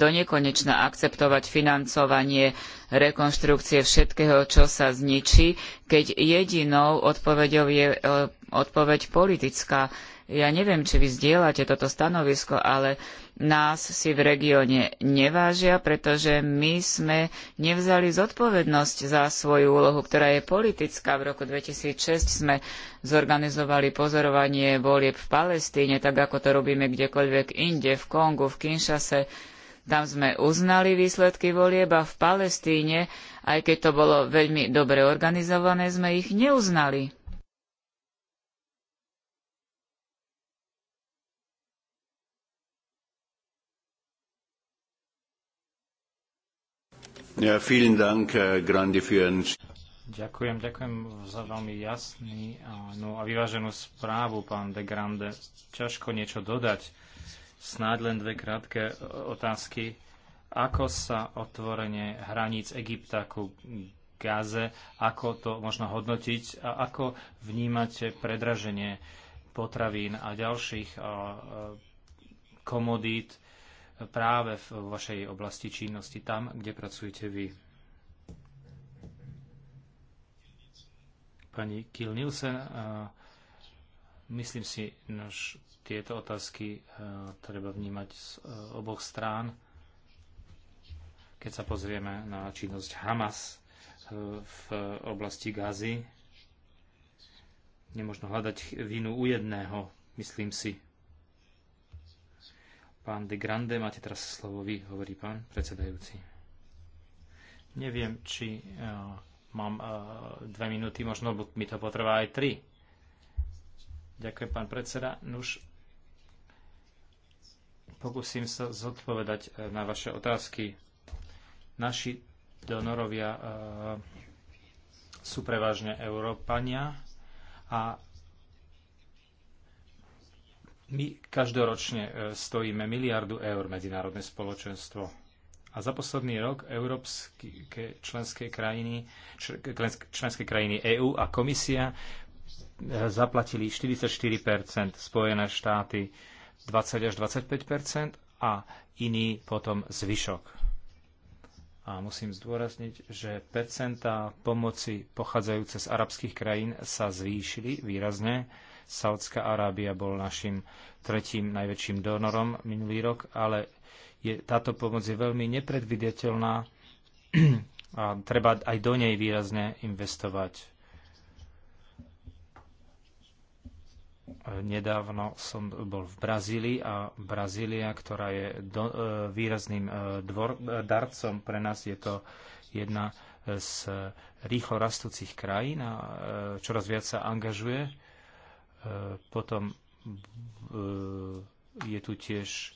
donekonečna akceptovať financovanie rekonštrukcie všetkého, čo sa zničí, keď jedinou odpoveďou je e, odpoveď politická. Ja neviem, či vy zdieľate toto stanovisko, ale nás si v regióne nevážia, pretože my sme nevzali zodpovednosť za svoju úlohu, ktorá je politická. V roku 2006 sme zorganizovali pozorovanie volieb v Palestíne, tak ako to robíme kdekoľvek inde, v Kongu, v Kinshase. Tam sme uznali výsledky volieb a v Palestíne, aj keď to bolo veľmi dobre organizované, sme ich neuznali. ďakujem, ďakujem za veľmi jasný no, a vyváženú správu, pán de Grande. Ťažko niečo dodať. Snáď len dve krátke e, otázky. Ako sa otvorenie hraníc Egypta ku Gáze, ako to možno hodnotiť a ako vnímate predraženie potravín a ďalších komodít, práve v vašej oblasti činnosti, tam, kde pracujete vy. Pani Kiel Nielsen, myslím si, že tieto otázky treba vnímať z e, oboch strán. Keď sa pozrieme na činnosť Hamas e, v oblasti Gazy, Nemôžno hľadať vinu u jedného, myslím si. Pán de Grande, máte teraz slovo vy, hovorí pán predsedajúci. Neviem, či uh, mám uh, dve minúty, možno mi to potrvá aj tri. Ďakujem, pán predseda. Nuž, pokúsim sa zodpovedať uh, na vaše otázky. Naši donorovia uh, sú prevažne Európania a my každoročne e, stojíme miliardu eur medzinárodné spoločenstvo. A za posledný rok európske členské krajiny, členské krajiny EÚ a komisia e, zaplatili 44%, Spojené štáty 20 až 25% a iný potom zvyšok. A musím zdôrazniť, že percentá pomoci pochádzajúce z arabských krajín sa zvýšili výrazne Saudská Arábia bol našim tretím najväčším donorom minulý rok, ale je, táto pomoc je veľmi nepredvidateľná *clears throat* a treba aj do nej výrazne investovať. Nedávno som bol v Brazílii a Brazília, ktorá je do, e, výrazným e, dvor, e, darcom pre nás, je to jedna z rýchlo rastúcich krajín a čoraz viac sa angažuje E, potom e, je tu tiež e,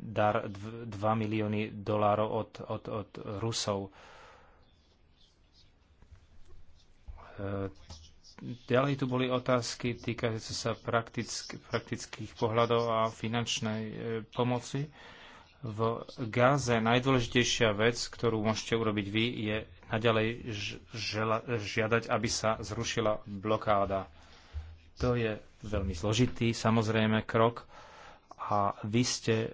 dar 2 milióny dolárov od, od, od Rusov. Ďalej tu boli otázky týkajúce sa praktick, praktických pohľadov a finančnej pomoci. V Gáze najdôležitejšia vec, ktorú môžete urobiť vy, je naďalej žiadať, aby sa zrušila blokáda to je veľmi zložitý, samozrejme, krok a vy ste e,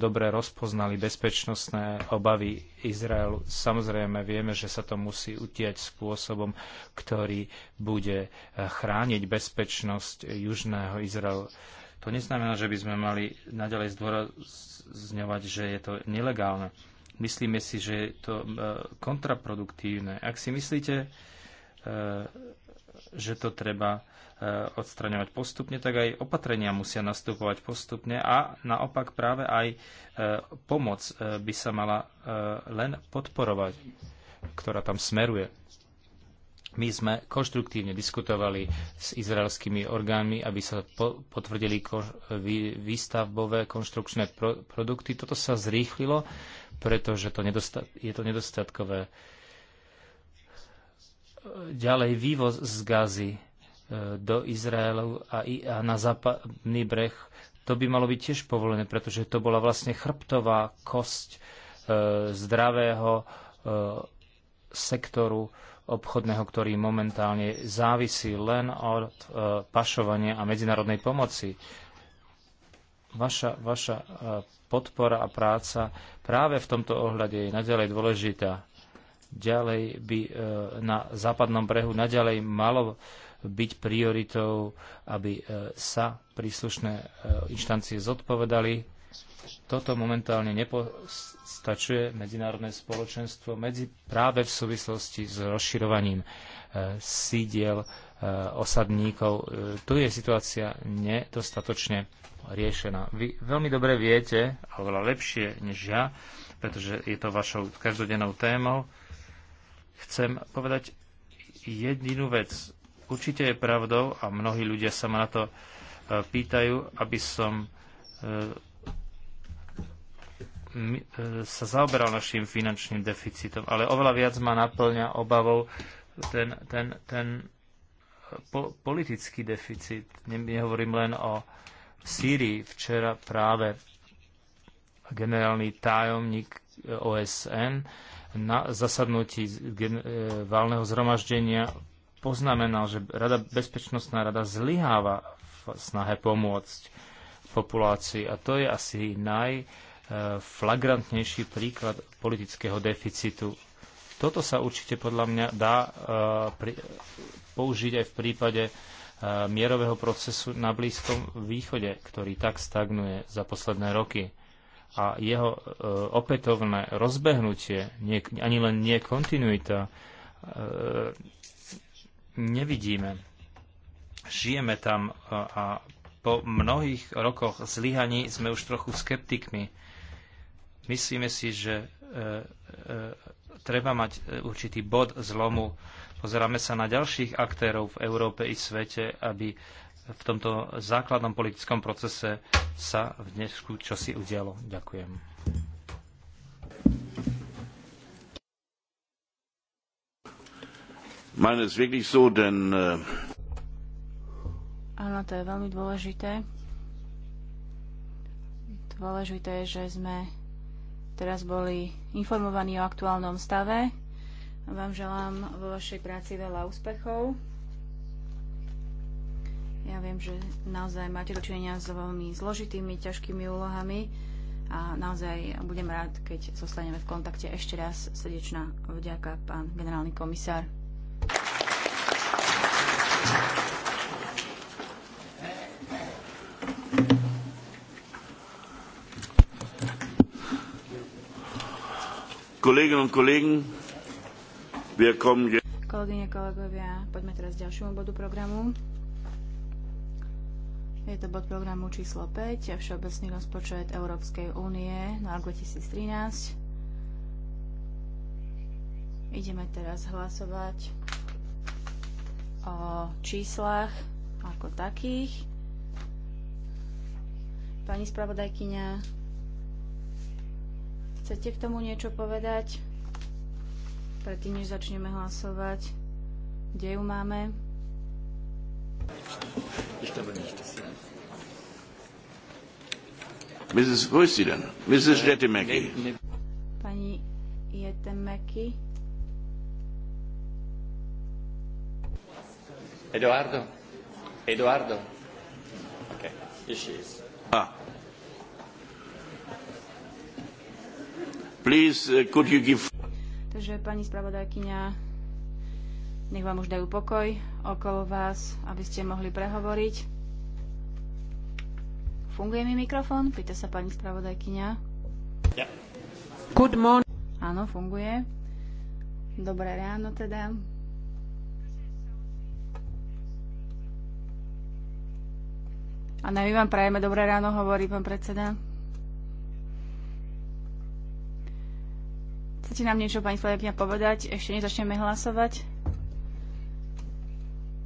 dobre rozpoznali bezpečnostné obavy Izraelu. Samozrejme, vieme, že sa to musí utiať spôsobom, ktorý bude e, chrániť bezpečnosť južného Izraelu. To neznamená, že by sme mali naďalej zdôrazňovať, že je to nelegálne. Myslíme si, že je to e, kontraproduktívne. Ak si myslíte, e, že to treba Eh, odstraňovať postupne, tak aj opatrenia musia nastupovať postupne a naopak práve aj eh, pomoc eh, by sa mala len podporovať, ktorá tam smeruje. My sme konštruktívne diskutovali s izraelskými orgánmi, aby sa potvrdili výstavbové konštrukčné produkty. Toto sa zrýchlilo, pretože to je to nedostatkové. Ďalej vývoz z Gazy do Izraelu a, na západný breh, to by malo byť tiež povolené, pretože to bola vlastne chrbtová kosť e, zdravého e, sektoru obchodného, ktorý momentálne závisí len od e, pašovania a medzinárodnej pomoci. Vaša, vaša podpora a práca práve v tomto ohľade je naďalej dôležitá. Ďalej by na západnom brehu naďalej malo byť prioritou, aby e, sa príslušné e, inštancie zodpovedali. Toto momentálne nepostačuje medzinárodné spoločenstvo medzi, práve v súvislosti s rozširovaním e, sídiel osadníkov. Tu je situácia nedostatočne riešená. Vy veľmi dobre viete, a oveľa lepšie než ja, pretože je to vašou každodennou témou, chcem povedať jedinú vec. Určite je pravdou, a mnohí ľudia sa ma na to e, pýtajú, aby som e, e, sa zaoberal našim finančným deficitom, ale oveľa viac ma naplňa obavou ten, ten, ten po, politický deficit. Nehovorím len o Sýrii. Včera práve generálny tajomník OSN na zasadnutí valného zhromaždenia poznamenal, že rada, Bezpečnostná rada zlyháva v snahe pomôcť populácii a to je asi najflagrantnejší e, príklad politického deficitu. Toto sa určite podľa mňa dá e, použiť aj v prípade e, mierového procesu na Blízkom východe, ktorý tak stagnuje za posledné roky a jeho opätovné rozbehnutie, ani len nie kontinuita, nevidíme. Žijeme tam a po mnohých rokoch zlyhaní sme už trochu skeptikmi. Myslíme si, že e, e, treba mať e, určitý bod zlomu. Pozeráme sa na ďalších aktérov v Európe i svete, aby v tomto základnom politickom procese sa v dnešku čosi udialo. Ďakujem. meine es wirklich so, denn... Äh, Áno, to je veľmi dôležité. Dôležité je, že sme teraz boli informovaní o aktuálnom stave. Vám želám vo vašej práci veľa úspechov. Ja viem, že naozaj máte dočinenia s veľmi zložitými, ťažkými úlohami a naozaj budem rád, keď zostaneme v kontakte. Ešte raz srdečná vďaka, pán generálny komisár. Kolegyne, kolegovia, poďme teraz k ďalšiemu bodu programu. Je to bod programu číslo 5, Všeobecný rozpočet Európskej únie na rok 2013. Ideme teraz hlasovať o číslach ako takých. Pani spravodajkyňa, chcete k tomu niečo povedať? Predtým, než začneme hlasovať, kde ju máme? Mrs. Mrs. Jettimäki. Pani Jettimäki. Eduardo? Eduardo? Okay, here she is. Ah. Please, uh, could you give... Takže pani spravodajkyňa, nech vám už dajú pokoj okolo vás, aby ste mohli prehovoriť. Funguje mi mikrofón? Pýta sa pani spravodajkyňa. Yeah. Good morning. Áno, funguje. Dobré ráno teda. A my vám prajeme dobré ráno, hovorí pán predseda. Chcete nám niečo, pani spravodajkyňa, povedať? Ešte nezačneme hlasovať?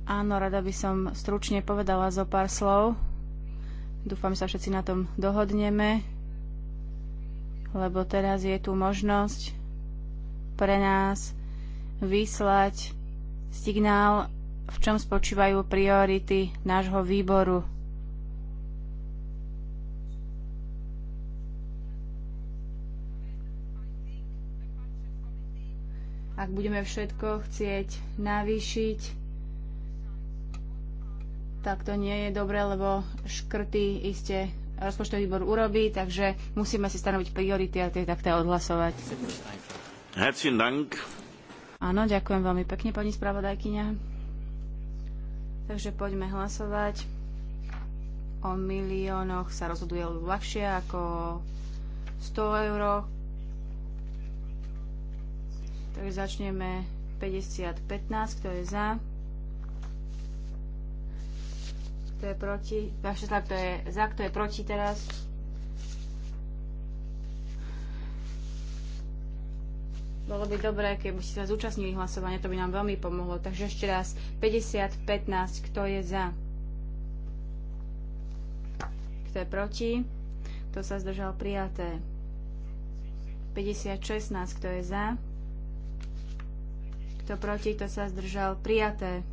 Áno, rada by som stručne povedala zo pár slov. Dúfam, že sa všetci na tom dohodneme, lebo teraz je tu možnosť pre nás vyslať signál, v čom spočívajú priority nášho výboru ak budeme všetko chcieť navýšiť, tak to nie je dobre, lebo škrty iste rozpočtový výbor urobí, takže musíme si stanoviť priority a tie takto odhlasovať. Herzlichen Dank. Áno, ďakujem veľmi pekne, pani spravodajkyňa. Takže poďme hlasovať. O miliónoch sa rozhoduje ľahšie ako 100 euroch Takže začneme 50-15, kto je za, kto je proti, tak, kto je za, kto je proti teraz. Bolo by dobré, keby ste sa zúčastnili hlasovania, to by nám veľmi pomohlo. Takže ešte raz, 50-15, kto je za? Kto je proti? Kto sa zdržal prijaté? 50-16, kto je za? Kto proti, kto sa zdržal? Prijaté.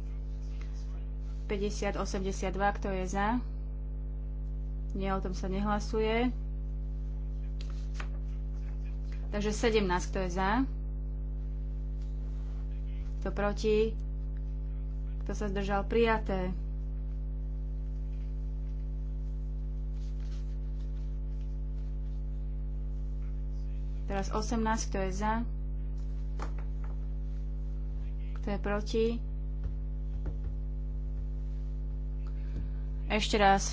5082, kto je za? Nie, o tom sa nehlasuje. Takže 17, kto je za? Kto proti? Kto sa zdržal? Prijaté. Teraz 18, kto je za? Kto je proti? Ešte raz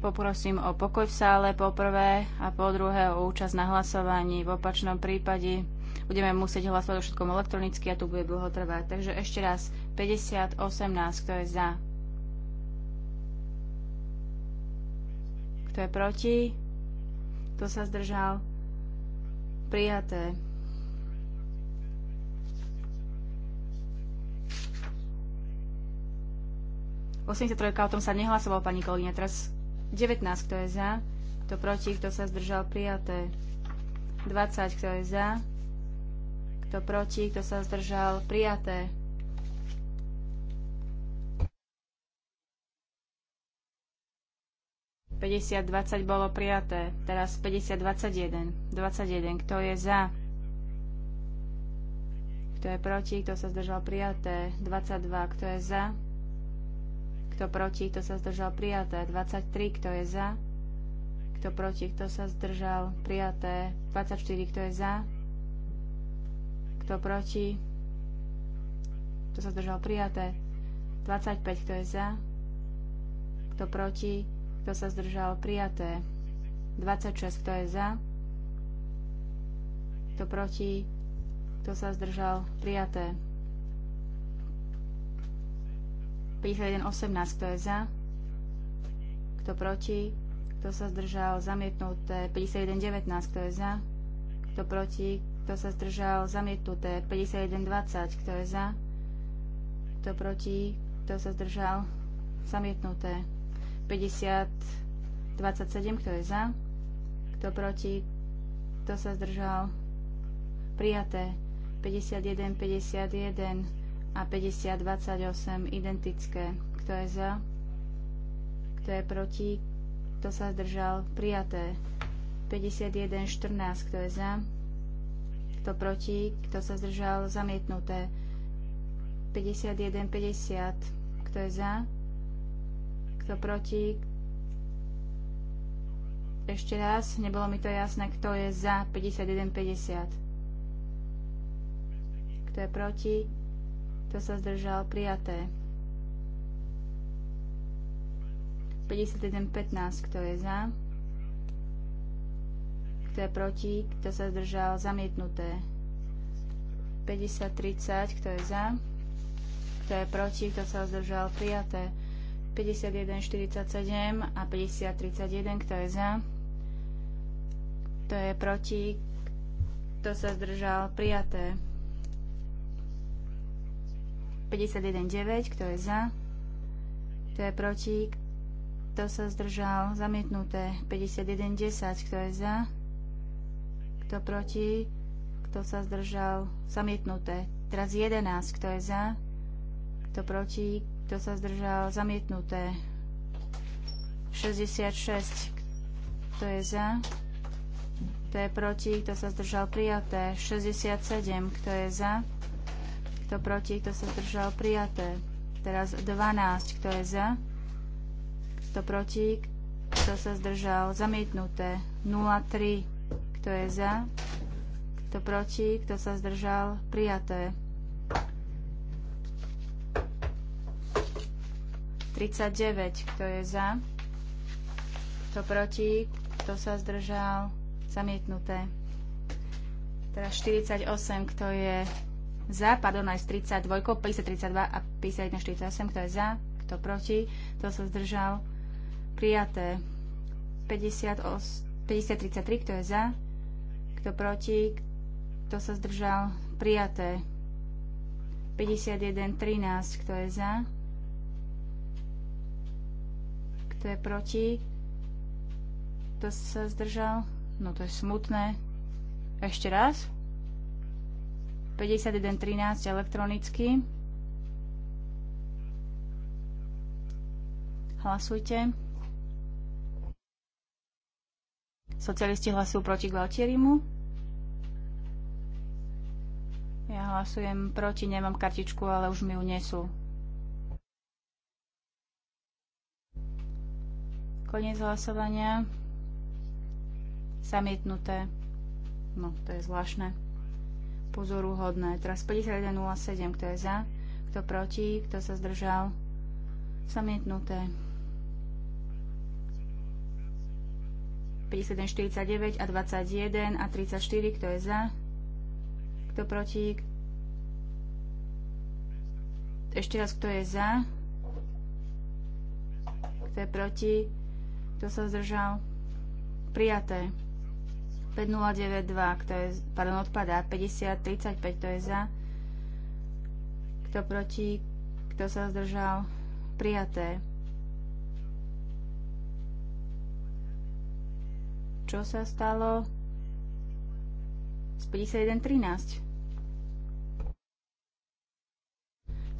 poprosím o pokoj v sále po prvé a po druhé o účasť na hlasovaní. V opačnom prípade budeme musieť hlasovať o všetkom elektronicky a tu bude dlho trvať. Takže ešte raz 50, 18, kto je za? Kto je proti? Kto sa zdržal? Prijaté. 83, o tom sa nehlasoval pani kolegyňa. Teraz 19, kto je za, kto proti, kto sa zdržal, prijaté. 20, kto je za, kto proti, kto sa zdržal, prijaté. 50, 20 bolo prijaté, teraz 50, 21, 21. kto je za? Kto je proti, kto sa zdržal prijaté? 22, kto je za? kto proti, kto sa zdržal prijaté, 23, kto je za, kto proti, kto sa zdržal prijaté, 24, kto je za, kto proti, kto sa zdržal prijaté, 25, kto je za, kto proti, kto sa zdržal prijaté, 26, kto je za, kto proti, kto sa zdržal prijaté. 51.18, kto je za, kto proti, kto sa zdržal, zamietnuté 51.19, kto je za, kto proti, kto sa zdržal, zamietnuté 51.20, kto je za, kto proti, kto sa zdržal, zamietnuté 50.27, kto je za, kto proti, kto sa zdržal, prijaté 51.51, 51, a 5028 identické. Kto je za? Kto je proti? Kto sa zdržal? Prijaté. 5114. Kto je za? Kto proti? Kto sa zdržal? Zamietnuté. 5150. Kto je za? Kto proti? Ešte raz, nebolo mi to jasné, kto je za 5150. Kto je proti? Kto sa zdržal? Prijaté. 51.15. Kto je za? Kto je proti? Kto sa zdržal? Zamietnuté. 50.30. Kto je za? Kto je proti? Kto sa zdržal? Prijaté. 51.47 a 50.31. Kto je za? Kto je proti? Kto sa zdržal? Prijaté. 51.9, kto je za, kto je proti, kto sa zdržal, zamietnuté. 51.10, kto je za, kto proti, kto sa zdržal, zamietnuté. Teraz 11, kto je za, kto proti, kto sa zdržal, zamietnuté. 66, kto je za, kto je proti, kto sa zdržal, prijaté. 67, kto je za, kto proti, kto sa zdržal, prijaté. Teraz 12, kto je za, kto proti, kto sa zdržal, zamietnuté. 03, kto je za, kto proti, kto sa zdržal, prijaté. 39, kto je za, kto proti, kto sa zdržal, zamietnuté. Teraz 48, kto je za, pardon, aj s 32, 532 a 48, kto je za, kto proti, kto sa zdržal, prijaté 5033, kto je za, kto proti, kto sa zdržal, prijaté 5113, kto je za, kto je proti, kto sa zdržal, no to je smutné. Ešte raz. 51.13 elektronicky. Hlasujte. Socialisti hlasujú proti Galtierimu. Ja hlasujem proti, nemám kartičku, ale už mi ju nesú. Koniec hlasovania. Zamietnuté. No, to je zvláštne pozoruhodné. Teraz 51.07, kto je za, kto proti, kto sa zdržal, zamietnuté. 51.49 a 21 a 34, kto je za, kto proti, ešte raz, kto je za, kto je proti, kto sa zdržal, prijaté. 5092, kto je, pardon, odpadá. 5035, kto je za. Kto proti, kto sa zdržal. Prijaté. Čo sa stalo? Z 5113.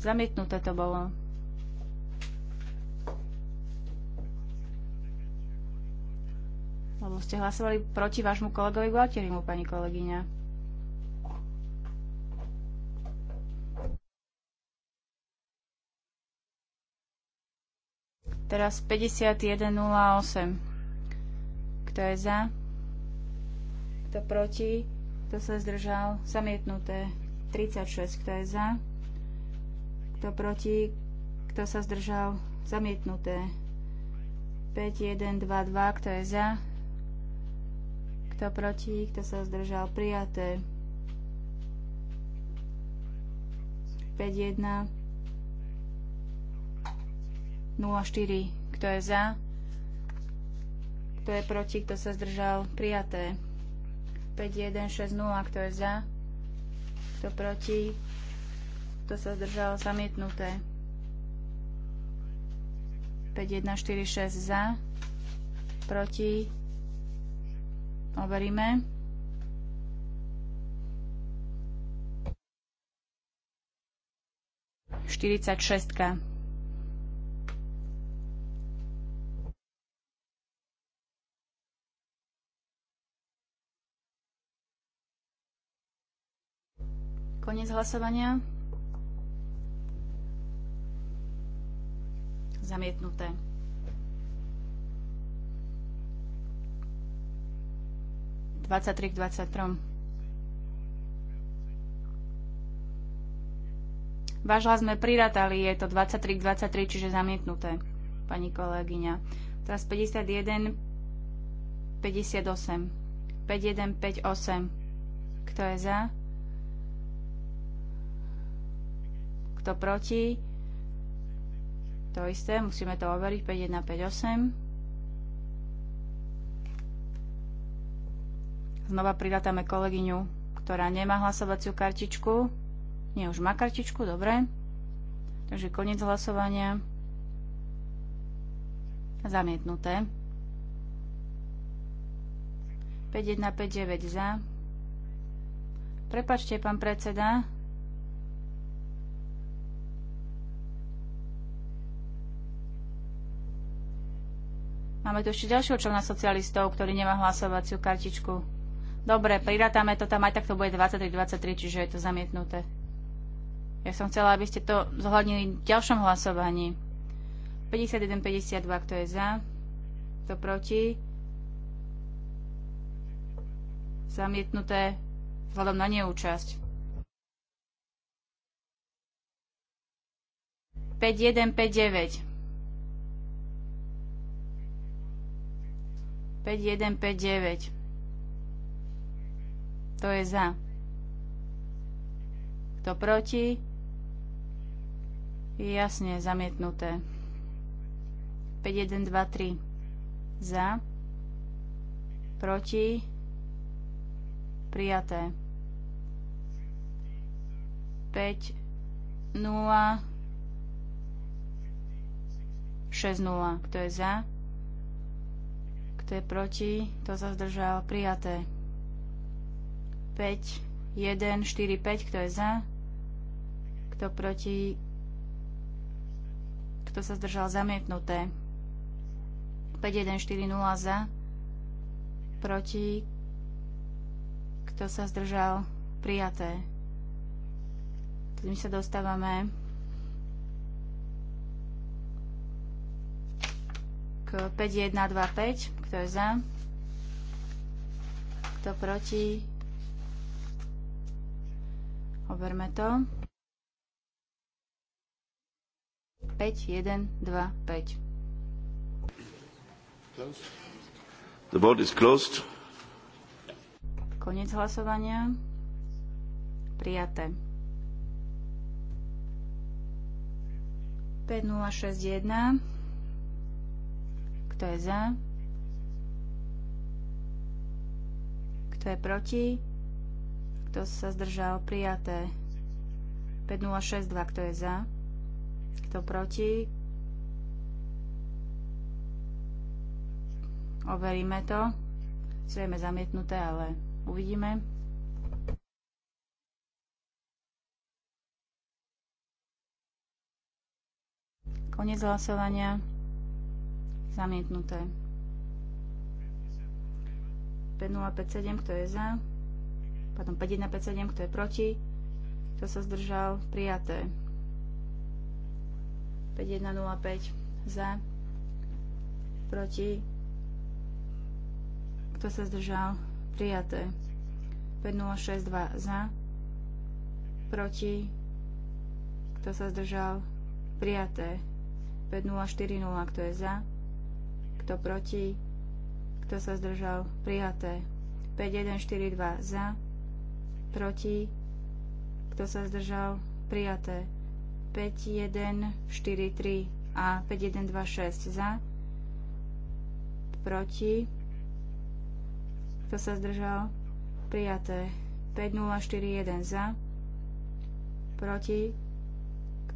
Zamietnuté to bolo. Lebo ste hlasovali proti vášmu kolegovi Gualtierimu, pani kolegyňa. Teraz 51.08. Kto je za? Kto proti? Kto sa zdržal? Zamietnuté. 36. Kto je za? Kto proti? Kto sa zdržal? Zamietnuté. 5122. Kto je za? Kto proti? Kto sa zdržal? Prijaté. 51 04. Kto je za? Kto je proti? Kto sa zdržal? Prijaté. 5-1-6-0. Kto je za? Kto proti? Kto sa zdržal? Zamietnuté. 5-1-4-6. Za? Proti? Overíme. Štyridsať šestka. Konec hlasovania. Zamietnuté. 23 k 23. hlas sme priratali, je to 23 k 23, čiže zamietnuté, pani kolegyňa. Teraz 51, 58. 51, 58. Kto je za? Kto proti? To isté, musíme to overiť. 51, 58. Znova pridatáme kolegyňu, ktorá nemá hlasovaciu kartičku. Nie, už má kartičku, dobre. Takže koniec hlasovania. Zamietnuté. 5159 za. Prepačte, pán predseda. Máme tu ešte ďalšieho člena socialistov, ktorý nemá hlasovaciu kartičku. Dobre, priratáme to tam, aj tak to bude 23-23, čiže je to zamietnuté. Ja som chcela, aby ste to zohľadnili v ďalšom hlasovaní. 51-52, kto je za, kto proti. Zamietnuté vzhľadom na neúčasť. 5159. 5159. Kto je za? Kto proti? Jasne, zamietnuté. 3. za, proti, prijaté. 5, 0, 6, 0. Kto je za? Kto je proti? Kto sa zdržal? Prijaté. 5, 1, 4, 5, kto je za? Kto proti? Kto sa zdržal zamietnuté? 5, 1, 4, 0 za? Proti? Kto sa zdržal prijaté? Tým sa dostávame k 5, 1, 2, 5, kto je za? Kto proti? Overme to. 5, 1, 2, 5. The vote is closed. Konec hlasovania. Prijaté. 5061. Kto je za? Kto je proti? Kto sa zdržal? Prijaté. 5062. Kto je za? Kto proti? Overíme to. Zrejme zamietnuté, ale uvidíme. Konec hlasovania. Zamietnuté. 5057, kto je za? Potom 5157, kto je proti, kto sa zdržal, prijaté. 5105 za, proti, kto sa zdržal, prijaté. 5062 za, proti, kto sa zdržal, prijaté. 5040, kto je za, kto proti, kto sa zdržal, prijaté. 5142 za, proti, kto sa zdržal, prijaté. 3 a 5 6 za, proti, kto sa zdržal, prijaté. 5041 za, proti,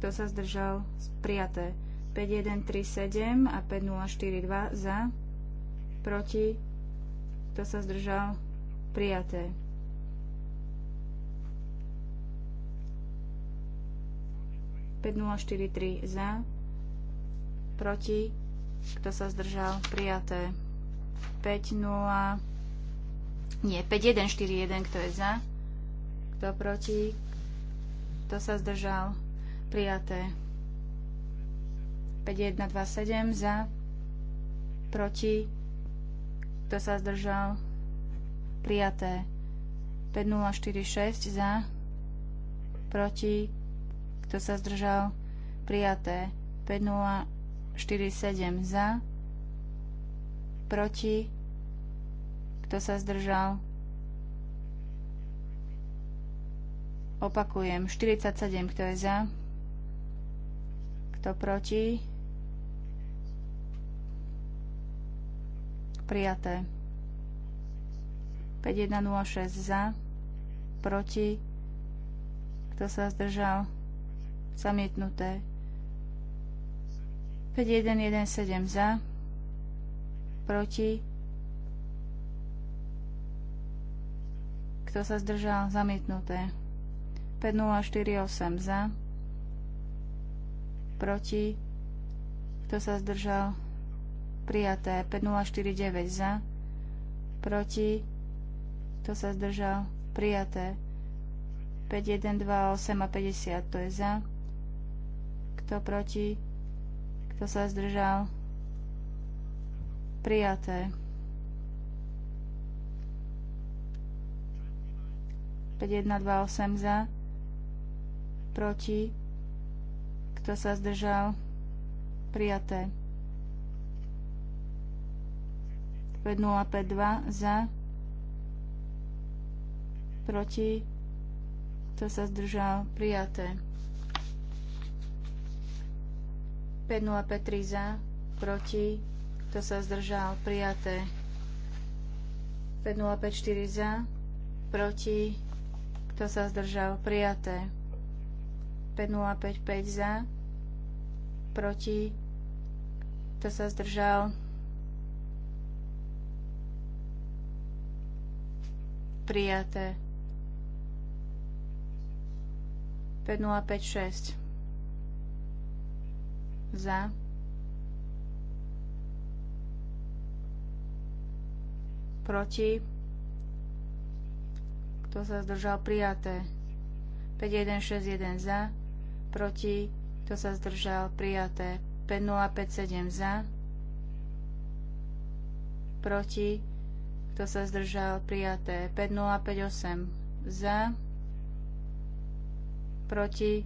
kto sa zdržal, prijaté. 7 a 2 za, proti, kto sa zdržal, prijaté. 5043 za, proti, kto sa zdržal, prijaté. 50, nie, 5141, kto je za, kto proti, kto sa zdržal, prijaté. 5127 za, proti, kto sa zdržal, prijaté. 5046 za, proti, kto sa zdržal? Prijaté. 5047 za. Proti. Kto sa zdržal? Opakujem. 47, kto je za? Kto proti? Prijaté. 5106 za. Proti. Kto sa zdržal? Zamietnuté. 5117 za. Proti. Kto sa zdržal? Zamietnuté. 5048 za. Proti. Kto sa zdržal? Prijaté. 5049 za. Proti. Kto sa zdržal? Prijaté. 5128 a 50 to je za kto proti? Kto sa zdržal? Prijaté. 5128 za. Proti. Kto sa zdržal? Prijaté. 5052 za. Proti. Kto sa zdržal? Prijaté. 503 za, proti, kto sa zdržal, prijaté. 5054 za, proti, kto sa zdržal, prijaté. 5055 za, proti, kto sa zdržal, prijaté. 5056 za, proti, kto sa zdržal prijaté, 5161 za, proti, kto sa zdržal prijaté, 5057 za, proti, kto sa zdržal prijaté, 5058 za, proti,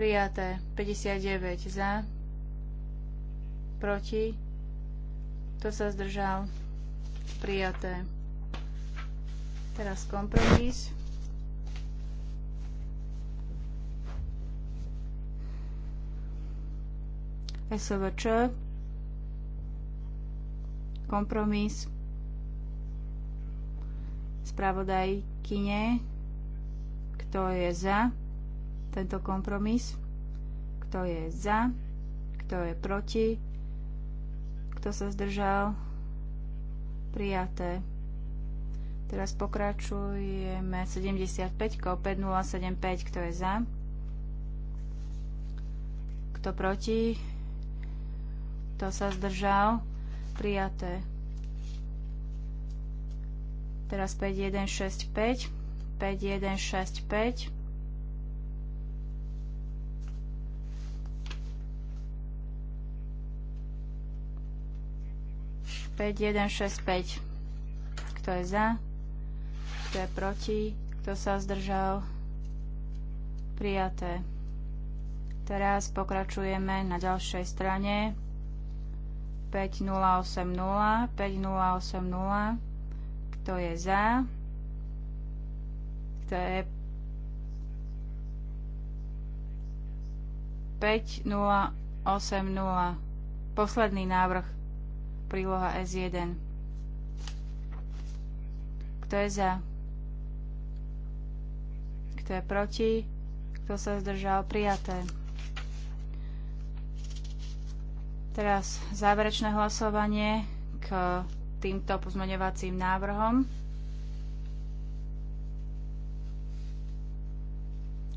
Prijaté 59 za. Proti. Kto sa zdržal? Prijaté. Teraz kompromis. SVČ. Kompromis. Spravodajkyne. Kto je za? tento kompromis. Kto je za? Kto je proti? Kto sa zdržal? Prijaté. Teraz pokračujeme 75, 5075, kto je za? Kto proti? Kto sa zdržal? Prijaté. Teraz 5165, 5165, 5, 5. Kto je za? Kto je proti? Kto sa zdržal? Prijaté. Teraz pokračujeme na ďalšej strane. 5080, 5080. Kto je za? Kto je 5080. Posledný návrh príloha S1. Kto je za? Kto je proti? Kto sa zdržal? Prijaté. Teraz záverečné hlasovanie k týmto pozmeňovacím návrhom.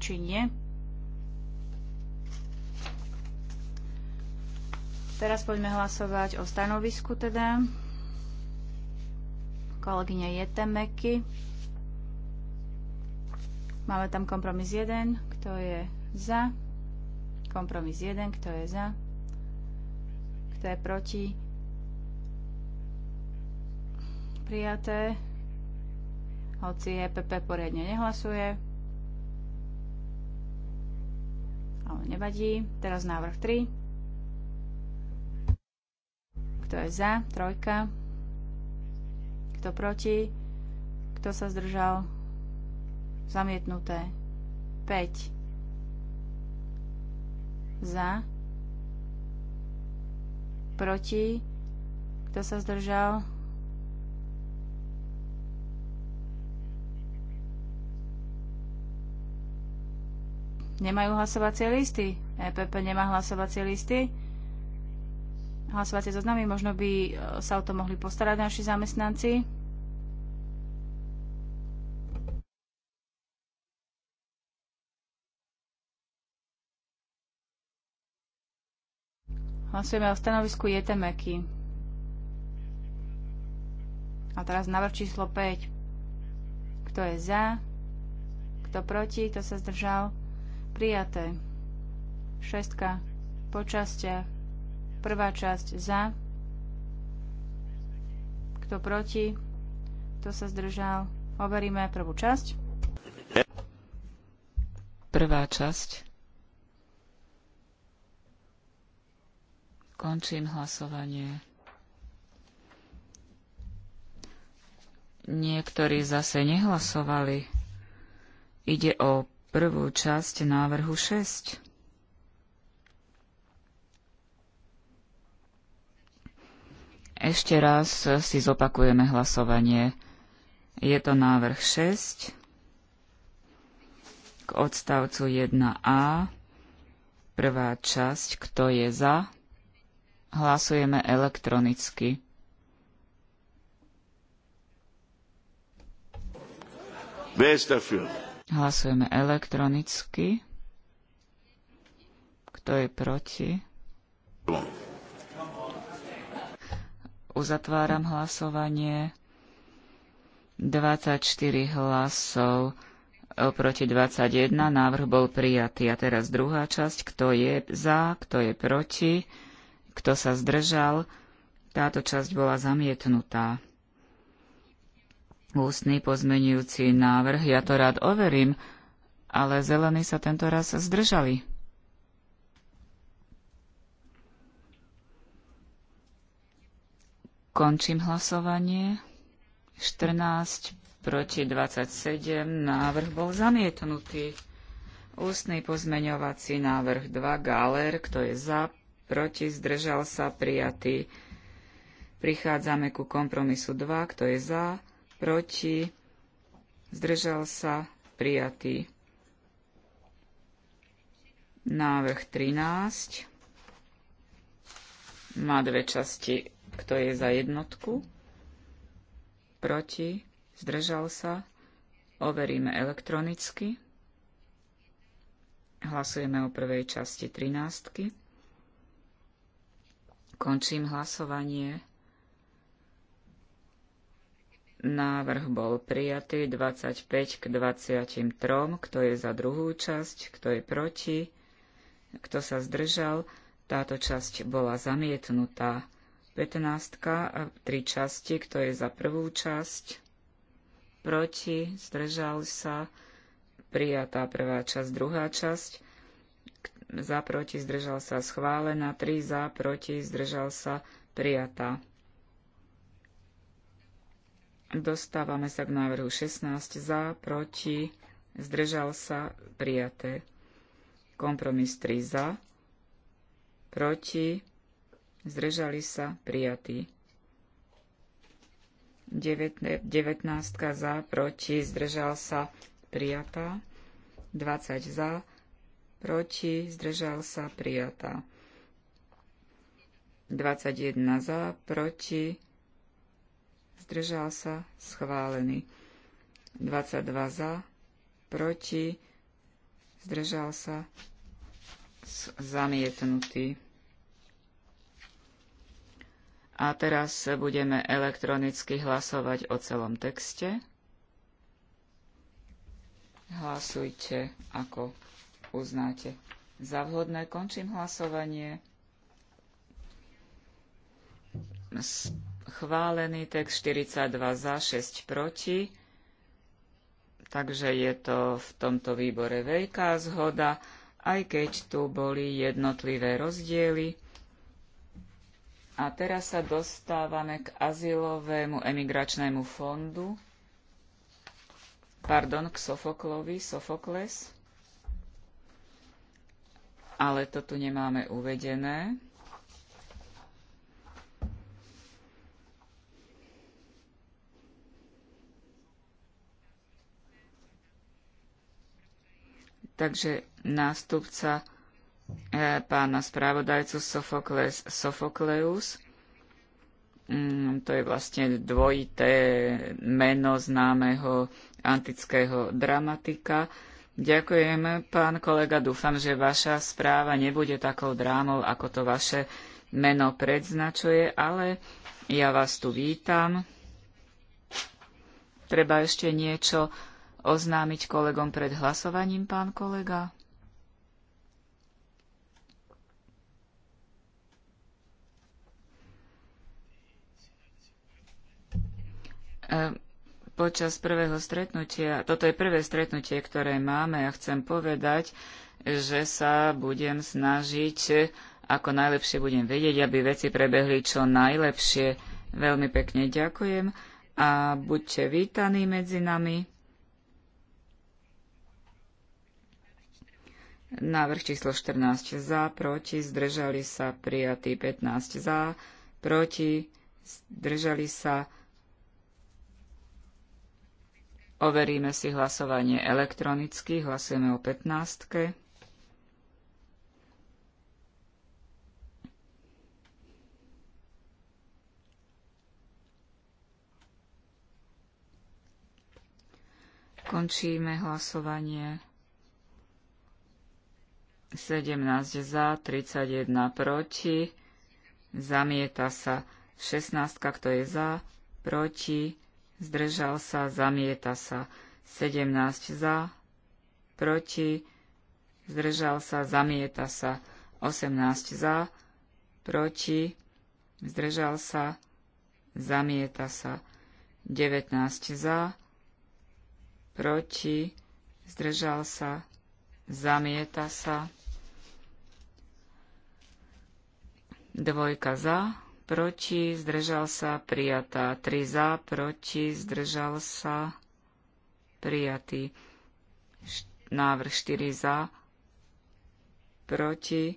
Či nie? Teraz poďme hlasovať o stanovisku teda. Kolegyne Jetemeky. Máme tam kompromis 1, kto je za. Kompromis 1, kto je za. Kto je proti. Prijaté. Hoci EPP poriadne nehlasuje. Ale nevadí. Teraz návrh 3. Kto je za? Trojka. Kto proti? Kto sa zdržal? Zamietnuté. 5. Za. Proti. Kto sa zdržal? Nemajú hlasovacie listy? EPP nemá hlasovacie listy? hlasovacie zoznamy, možno by e, sa o to mohli postarať naši zamestnanci. Hlasujeme o stanovisku Jetemeky. A teraz návrh číslo 5. Kto je za? Kto proti? Kto sa zdržal? Prijaté. Šestka. Po častiach. Prvá časť za, kto proti, kto sa zdržal. Overíme prvú časť. Prvá časť. Končím hlasovanie. Niektorí zase nehlasovali. Ide o prvú časť návrhu 6. Ešte raz si zopakujeme hlasovanie. Je to návrh 6 k odstavcu 1a, prvá časť, kto je za, hlasujeme elektronicky. Hlasujeme elektronicky. Kto je proti? Uzatváram hlasovanie. 24 hlasov oproti e, 21. Návrh bol prijatý. A teraz druhá časť. Kto je za, kto je proti, kto sa zdržal. Táto časť bola zamietnutá. Ústny pozmenujúci návrh. Ja to rád overím, ale zelení sa tento raz zdržali. Končím hlasovanie. 14 proti 27. Návrh bol zamietnutý. Ústny pozmeňovací návrh 2 Galer, kto je za, proti, zdržal sa, prijatý. Prichádzame ku kompromisu 2, kto je za, proti, zdržal sa, prijatý. Návrh 13 má dve časti kto je za jednotku? Proti? Zdržal sa? Overíme elektronicky. Hlasujeme o prvej časti 13. Končím hlasovanie. Návrh bol prijatý 25 k 23. Kto je za druhú časť, kto je proti, kto sa zdržal. Táto časť bola zamietnutá. 15 a tri časti, kto je za prvú časť, proti, zdržal sa, prijatá prvá časť, druhá časť, za, proti, zdržal sa, schválená, 3 za, proti, zdržal sa, prijatá. Dostávame sa k návrhu 16 za, proti, zdržal sa, prijaté. Kompromis 3 za, proti, zdržali sa, prijatí. 19 za, proti, zdržal sa, prijatá. 20 za, proti, zdržal sa, prijatá. 21 za, proti, zdržal sa, schválený. 22 za, proti, zdržal sa, zamietnutý. A teraz budeme elektronicky hlasovať o celom texte. Hlasujte, ako uznáte za vhodné. Končím hlasovanie. Chválený text 42 za 6 proti. Takže je to v tomto výbore veľká zhoda, aj keď tu boli jednotlivé rozdiely. A teraz sa dostávame k azylovému emigračnému fondu. Pardon, k Sofoklovi, Sofokles. Ale to tu nemáme uvedené. Takže nástupca E, pána správodajcu Sofokles Sofokleus. Mm, to je vlastne dvojité meno známeho antického dramatika. Ďakujem, pán kolega. Dúfam, že vaša správa nebude takou drámou, ako to vaše meno predznačuje, ale ja vás tu vítam. Treba ešte niečo oznámiť kolegom pred hlasovaním, pán kolega? počas prvého stretnutia, toto je prvé stretnutie, ktoré máme a chcem povedať, že sa budem snažiť, ako najlepšie budem vedieť, aby veci prebehli čo najlepšie. Veľmi pekne ďakujem a buďte vítaní medzi nami. Návrh číslo 14 za, proti, zdržali sa, prijatý 15 za, proti, zdržali sa, Overíme si hlasovanie elektronicky. Hlasujeme o 15. Končíme hlasovanie. 17 za, 31 proti. Zamieta sa 16, kto je za, proti zdržal sa, zamieta sa. 17 za, proti, zdržal sa, zamieta sa. 18 za, proti, zdržal sa, zamieta sa. 19 za, proti, zdržal sa, zamieta sa. Dvojka za, proti, zdržal sa, prijatá. 3 za, proti, zdržal sa, prijatý. Návrh 4 za, proti,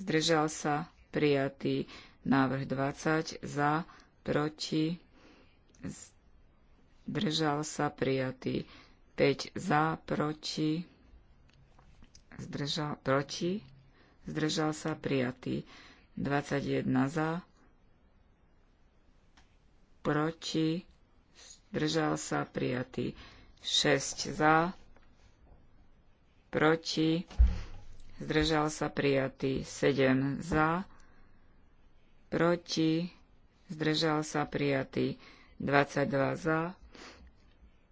zdržal sa, prijatý. Návrh 20 za, proti, zdržal sa, prijatý. 5 za, proti, zdržal, proti, zdržal sa, prijatý. 21 za, proti, zdržal sa prijatý. 6 za, proti, zdržal sa prijatý. 7 za, proti, zdržal sa prijatý. 22 za,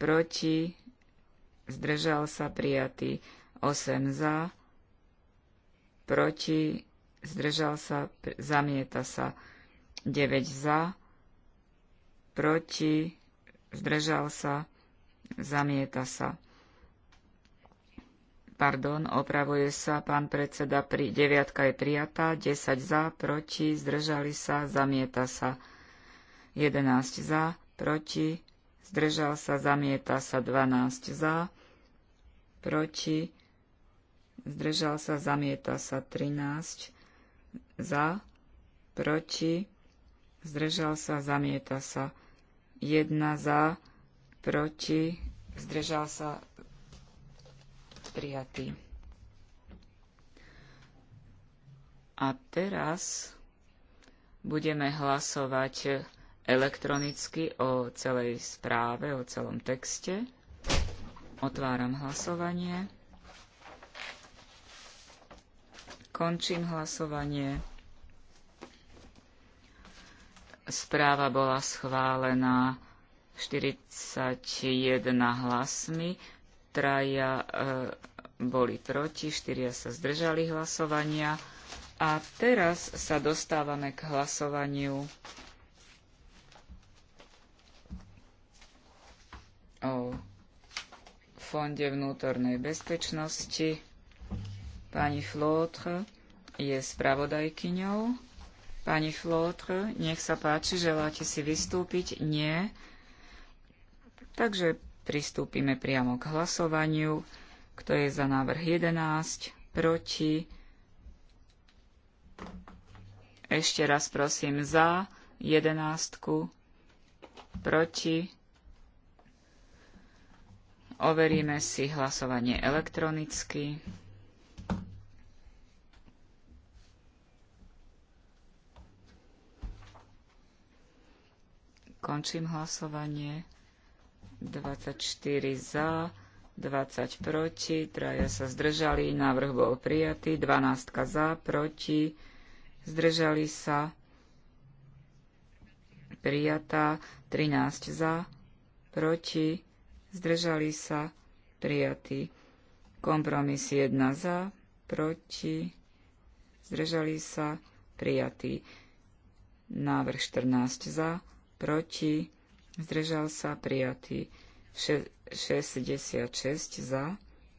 proti, zdržal sa prijatý. 8 za, proti, zdržal sa, zamieta sa. 9 za, proti, zdržal sa, zamieta sa. Pardon, opravuje sa pán predseda, pri, deviatka je prijatá, 10 za, proti, zdržali sa, zamieta sa. 11 za, proti, zdržal sa, zamieta sa, 12 za, proti, zdržal sa, zamieta sa, 13 za, proti, zdržal sa, zamieta sa, Jedna za, proti, zdržal sa prijatý. A teraz budeme hlasovať elektronicky o celej správe, o celom texte. Otváram hlasovanie. Končím hlasovanie. Správa bola schválená 41 hlasmi, traja e, boli proti, štyria sa zdržali hlasovania. A teraz sa dostávame k hlasovaniu o Fonde vnútornej bezpečnosti. Pani Flotre je spravodajkyňou. Pani Flotr, nech sa páči, želáte si vystúpiť? Nie. Takže pristúpime priamo k hlasovaniu. Kto je za návrh 11? Proti? Ešte raz prosím za jedenástku. Proti? Overíme si hlasovanie elektronicky. Končím hlasovanie. 24 za, 20 proti, traja sa zdržali, návrh bol prijatý, 12 za, proti, zdržali sa, prijatá, 13 za, proti, zdržali sa, prijatý. Kompromis 1 za, proti, zdržali sa, prijatý. Návrh 14 za, proti, zdržal sa prijatý 66 za,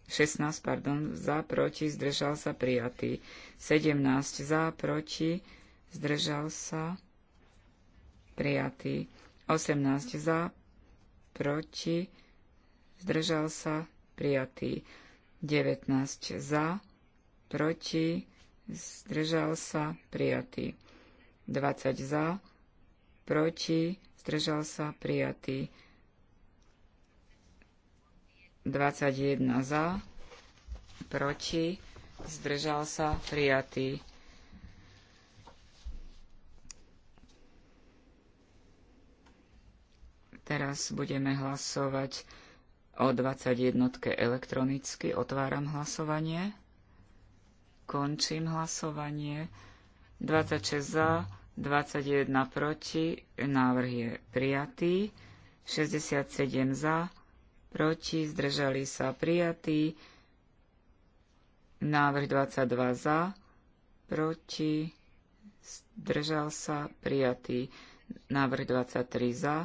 16, pardon, za, proti, zdržal sa prijatý 17 za, proti, zdržal sa prijatý 18 za, proti, zdržal sa prijatý 19 za, proti, zdržal sa prijatý 20 za, proti, zdržal sa, prijatý. 21 za, proti, zdržal sa, prijatý. Teraz budeme hlasovať o 21 elektronicky. Otváram hlasovanie. Končím hlasovanie. 26 za, 21 proti, návrh je prijatý, 67 za, proti, zdržali sa prijatí, návrh 22 za, proti, zdržal sa prijatý, návrh 23 za,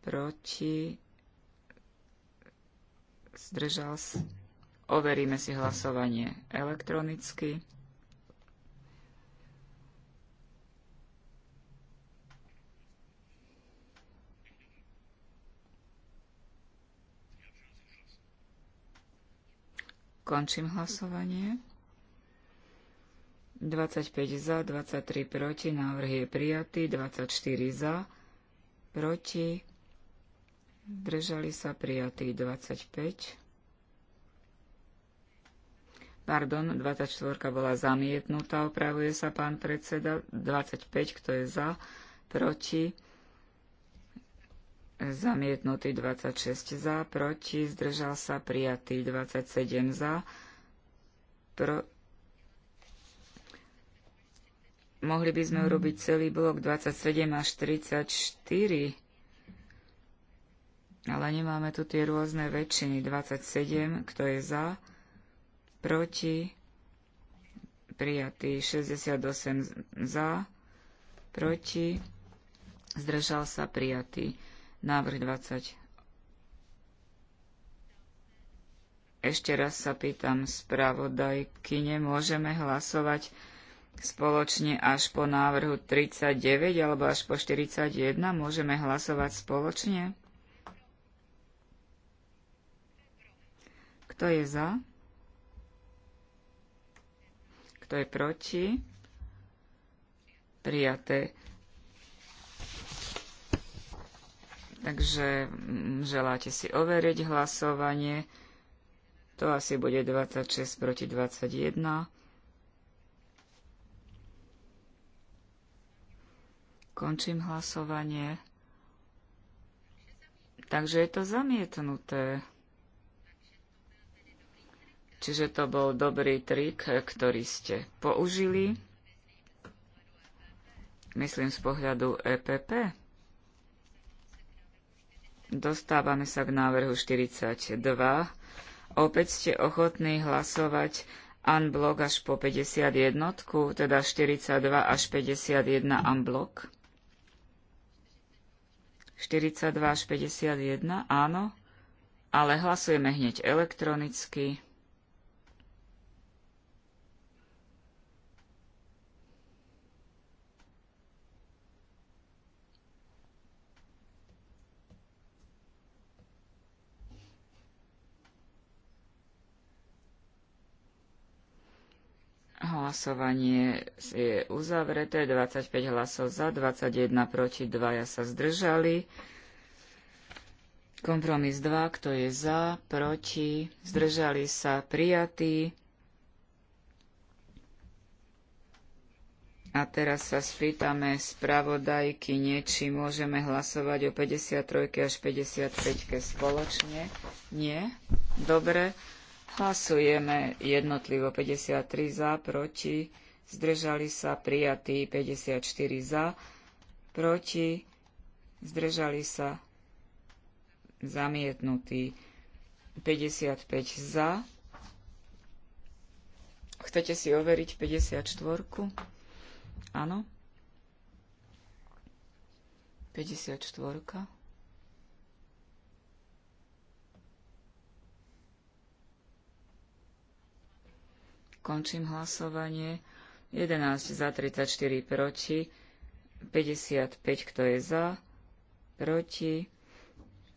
proti, zdržal sa. Overíme si hlasovanie elektronicky. Končím hlasovanie. 25 za, 23 proti, návrh je prijatý, 24 za, proti, držali sa prijatý 25. Pardon, 24 bola zamietnutá, opravuje sa pán predseda, 25, kto je za, proti, zamietnutý 26 za, proti, zdržal sa prijatý 27 za, pro... Mohli by sme urobiť celý blok 27 až 34, ale nemáme tu tie rôzne väčšiny. 27, kto je za, proti, prijatý 68 za, proti, zdržal sa prijatý Návrh 20. Ešte raz sa pýtam spravodajky, nemôžeme hlasovať spoločne až po návrhu 39 alebo až po 41? Môžeme hlasovať spoločne? Kto je za? Kto je proti? Prijaté. Takže mm, želáte si overiť hlasovanie. To asi bude 26 proti 21. Končím hlasovanie. Takže je to zamietnuté. Čiže to bol dobrý trik, ktorý ste použili, myslím z pohľadu EPP. Dostávame sa k návrhu 42. Opäť ste ochotní hlasovať unblock až po 51, teda 42 až 51 unblock? 42 až 51, áno, ale hlasujeme hneď elektronicky. Hlasovanie je uzavreté. 25 hlasov za, 21 proti, 2 sa zdržali. Kompromis 2, kto je za, proti, zdržali sa, prijatí. A teraz sa spýtame spravodajky, Nie či môžeme hlasovať o 53 až 55 spoločne. Nie? Dobre. Hlasujeme jednotlivo 53 za, proti, zdržali sa prijatí 54 za, proti, zdržali sa zamietnutí 55 za. Chcete si overiť 54? Áno. 54. Končím hlasovanie. 11 za, 34 proti, 55 kto je za, proti,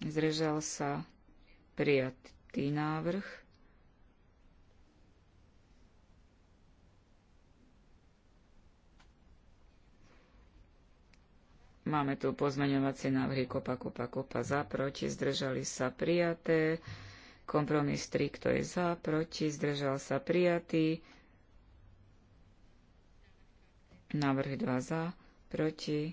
zdržal sa, prijatý návrh. Máme tu pozmeňovacie návrhy kopa, kopa, kopa za, proti, zdržali sa prijaté. Kompromis 3, kto je za, proti, zdržal sa prijatý. Návrh 2 za, proti.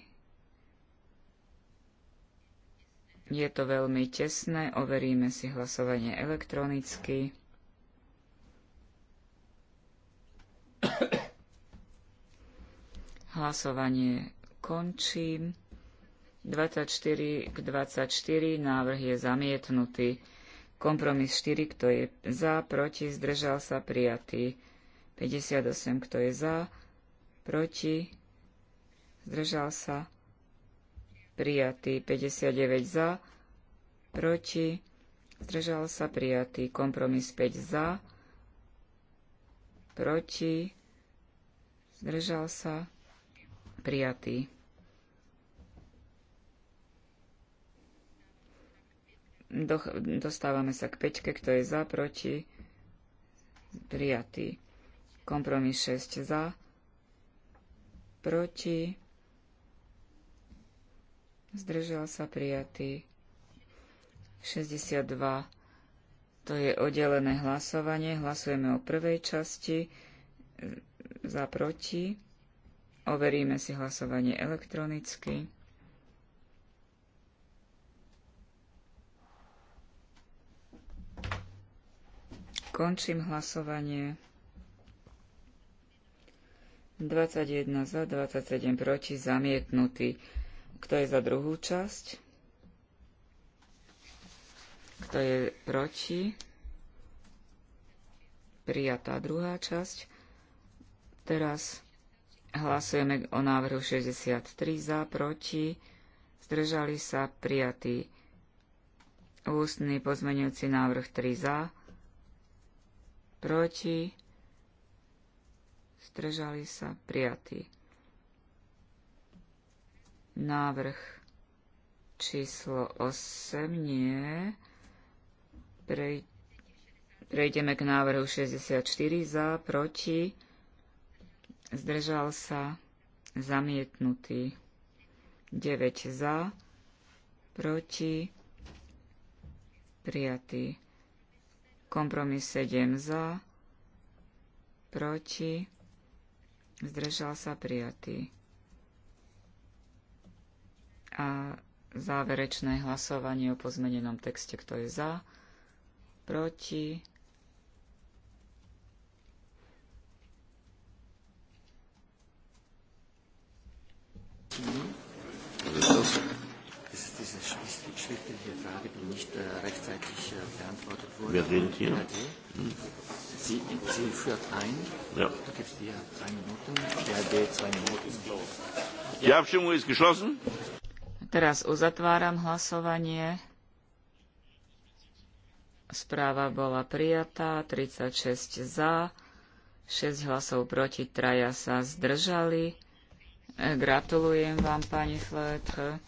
Je to veľmi tesné, overíme si hlasovanie elektronicky. *coughs* Hlasovanie končím. 24 k 24 návrh je zamietnutý. Kompromis 4, kto je za, proti, zdržal sa, prijatý. 58, kto je za, proti, zdržal sa, prijatý. 59 za, proti, zdržal sa, prijatý. Kompromis 5 za, proti, zdržal sa, prijatý. Dostávame sa k peťke, kto je za, proti, prijatý. Kompromis 6 za, proti, zdržal sa prijatý. 62. To je oddelené hlasovanie. Hlasujeme o prvej časti e, za proti. Overíme si hlasovanie elektronicky. Končím hlasovanie. 21 za, 27 proti, zamietnutý. Kto je za druhú časť? Kto je proti? Prijatá druhá časť. Teraz hlasujeme o návrhu 63 za, proti, zdržali sa, prijatý. Ústny pozmenujúci návrh 3 za, proti, zdržali sa, prijatý. Návrh číslo 8 nie. prejdeme k návrhu 64 za, proti, zdržal sa, zamietnutý. 9 za, proti, prijatý. Kompromis 7 za, proti, zdržal sa prijatý. A záverečné hlasovanie o pozmenenom texte, kto je za, proti, mm schriftliche Frage, die nicht äh, rechtzeitig äh, beantwortet wurde. Wir reden hier. Hm? Sie, sie führt ein. Ja. drei Minuten, zwei Minuten. Die Abstimmung ist geschlossen. Teraz uzatváram hlasovanie. Správa bola prijatá, 36 za, 6 hlasov proti, traja sa zdržali. Gratulujem vám, pani Fletcher.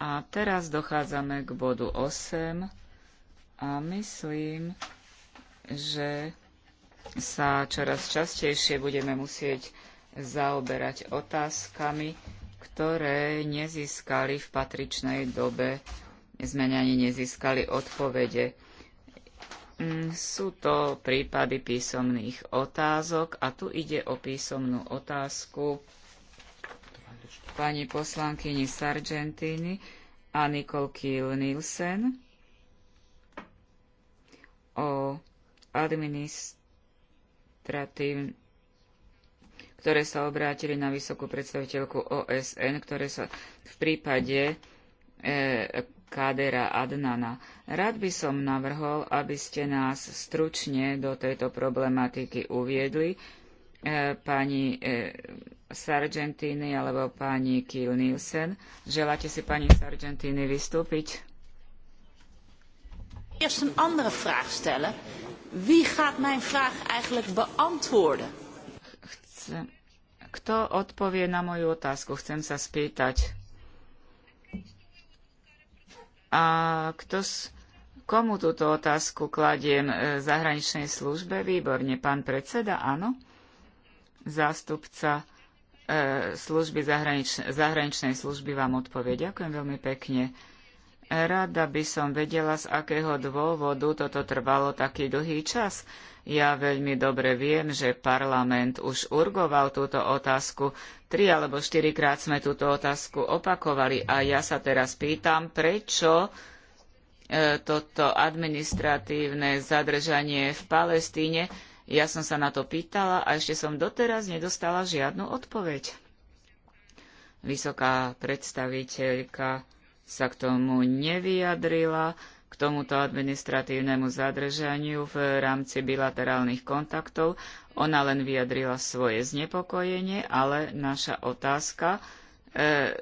A teraz dochádzame k bodu 8 a myslím, že sa čoraz častejšie budeme musieť zaoberať otázkami, ktoré nezískali v patričnej dobe, sme ani nezískali odpovede. Mm, sú to prípady písomných otázok a tu ide o písomnú otázku pani poslankyni Sargentini a Nicole Kiel Nielsen o administratív, ktoré sa obrátili na vysokú predstaviteľku OSN, ktoré sa v prípade e, Kadera Adnana. Rád by som navrhol, aby ste nás stručne do tejto problematiky uviedli. E, pani e, Sargentini alebo pani Kiel Nielsen. Želáte si pani Sargentini vystúpiť? Eerst een andere vraag stellen. Wie gaat mijn vraag eigenlijk beantwoorden? Chcem, kto odpovie na moju otázku? Chcem sa spýtať. A kto, komu túto otázku kladiem? E, zahraničnej službe? Výborne. Pán predseda, áno? Zástupca E, služby zahranič- zahraničnej služby vám odpovie. Ďakujem veľmi pekne. Rada by som vedela, z akého dôvodu toto trvalo taký dlhý čas. Ja veľmi dobre viem, že parlament už urgoval túto otázku. Tri alebo štyrikrát sme túto otázku opakovali a ja sa teraz pýtam, prečo e, toto administratívne zadržanie v Palestíne ja som sa na to pýtala a ešte som doteraz nedostala žiadnu odpoveď. Vysoká predstaviteľka sa k tomu nevyjadrila, k tomuto administratívnemu zadržaniu v rámci bilaterálnych kontaktov. Ona len vyjadrila svoje znepokojenie, ale naša otázka e,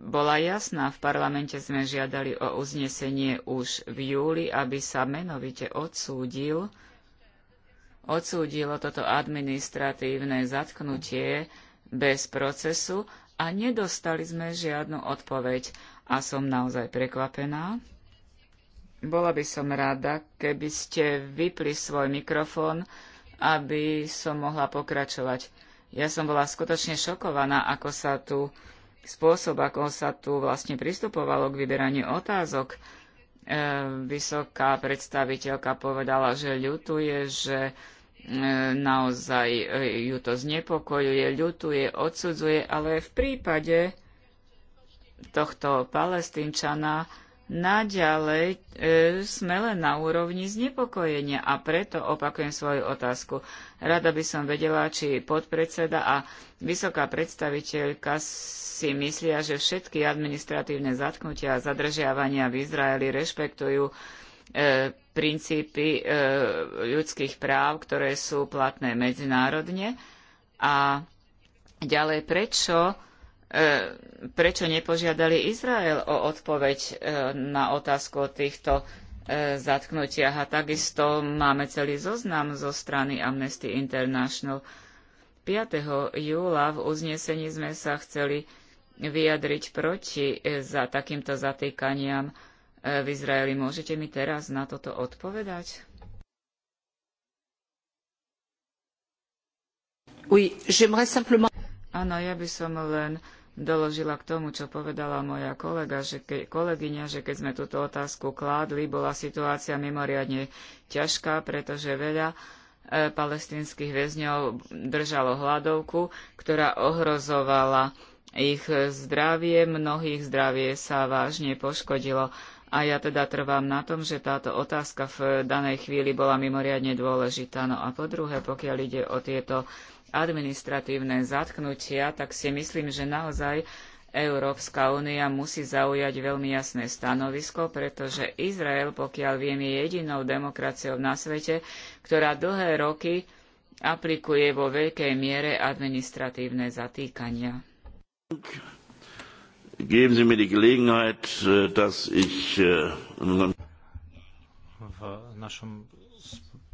bola jasná. V parlamente sme žiadali o uznesenie už v júli, aby sa menovite odsúdil odsúdilo toto administratívne zatknutie bez procesu a nedostali sme žiadnu odpoveď. A som naozaj prekvapená. Bola by som rada, keby ste vypli svoj mikrofón, aby som mohla pokračovať. Ja som bola skutočne šokovaná, ako sa tu spôsob, ako sa tu vlastne pristupovalo k vyberaniu otázok. E, vysoká predstaviteľka povedala, že ľutuje, že naozaj eh, ju to znepokojuje, ľutuje, odsudzuje, ale v prípade tohto palestínčana naďalej e, sme len na úrovni znepokojenia a preto opakujem svoju otázku. Rada by som vedela, či podpredseda a vysoká predstaviteľka si myslia, že všetky administratívne zatknutia a zadržiavania v Izraeli rešpektujú e, E, princípy e, ľudských práv, ktoré sú platné medzinárodne. A ďalej, prečo, e, prečo nepožiadali Izrael o odpoveď na otázku o týchto zatknutiach. A takisto máme celý zoznam zo strany Amnesty International. 5. júla v uznesení sme sa chceli vyjadriť proti za takýmto zatýkaniam E, v Izraeli. Môžete mi teraz na toto odpovedať? Oui, simplement... Áno, ja by som len doložila k tomu, čo povedala moja kolega, že ke, kolegyňa, že keď sme túto otázku kládli, bola situácia mimoriadne ťažká, pretože veľa e, palestinských väzňov držalo hladovku, ktorá ohrozovala ich zdravie, mnohých zdravie sa vážne poškodilo. A ja teda trvám na tom, že táto otázka v danej chvíli bola mimoriadne dôležitá. No a po druhé, pokiaľ ide o tieto administratívne zatknutia, tak si myslím, že naozaj Európska únia musí zaujať veľmi jasné stanovisko, pretože Izrael, pokiaľ viem, je jedinou demokraciou na svete, ktorá dlhé roky aplikuje vo veľkej miere administratívne zatýkania. Geben Sie mir die Gelegenheit, äh, dass ich... Äh, v našom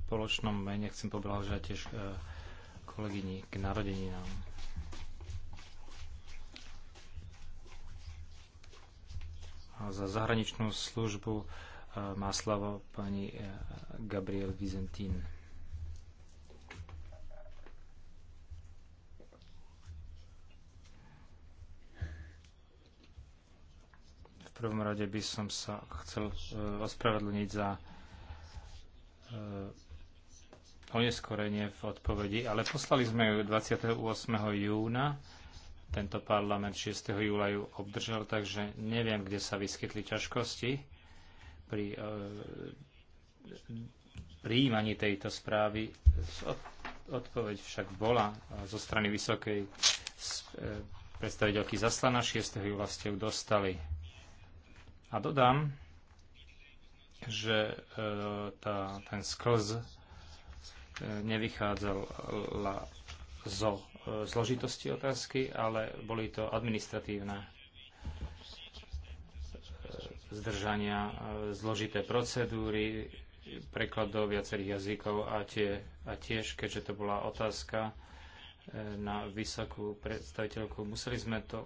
spoločnom mene chcem poblahožať tiež e, kolegyni k narodeninám. A za zahraničnú službu e, má slavo pani e, Gabriel Vizentín. prvom rade by som sa chcel e, ospravedlniť za e, oneskorenie v odpovedi, ale poslali sme ju 28. júna. Tento parlament 6. júla ju obdržal, takže neviem, kde sa vyskytli ťažkosti pri uh, prijímaní tejto správy. Odpoveď však bola zo strany vysokej predstaviteľky zaslana. 6. júla ste ju dostali. A dodám, že e, tá, ten sklz e, nevychádzala zo e, zložitosti otázky, ale boli to administratívne zdržania, zložité procedúry, preklad do viacerých jazykov a, tie, a tiež, keďže to bola otázka na vysokú predstaviteľku, museli sme to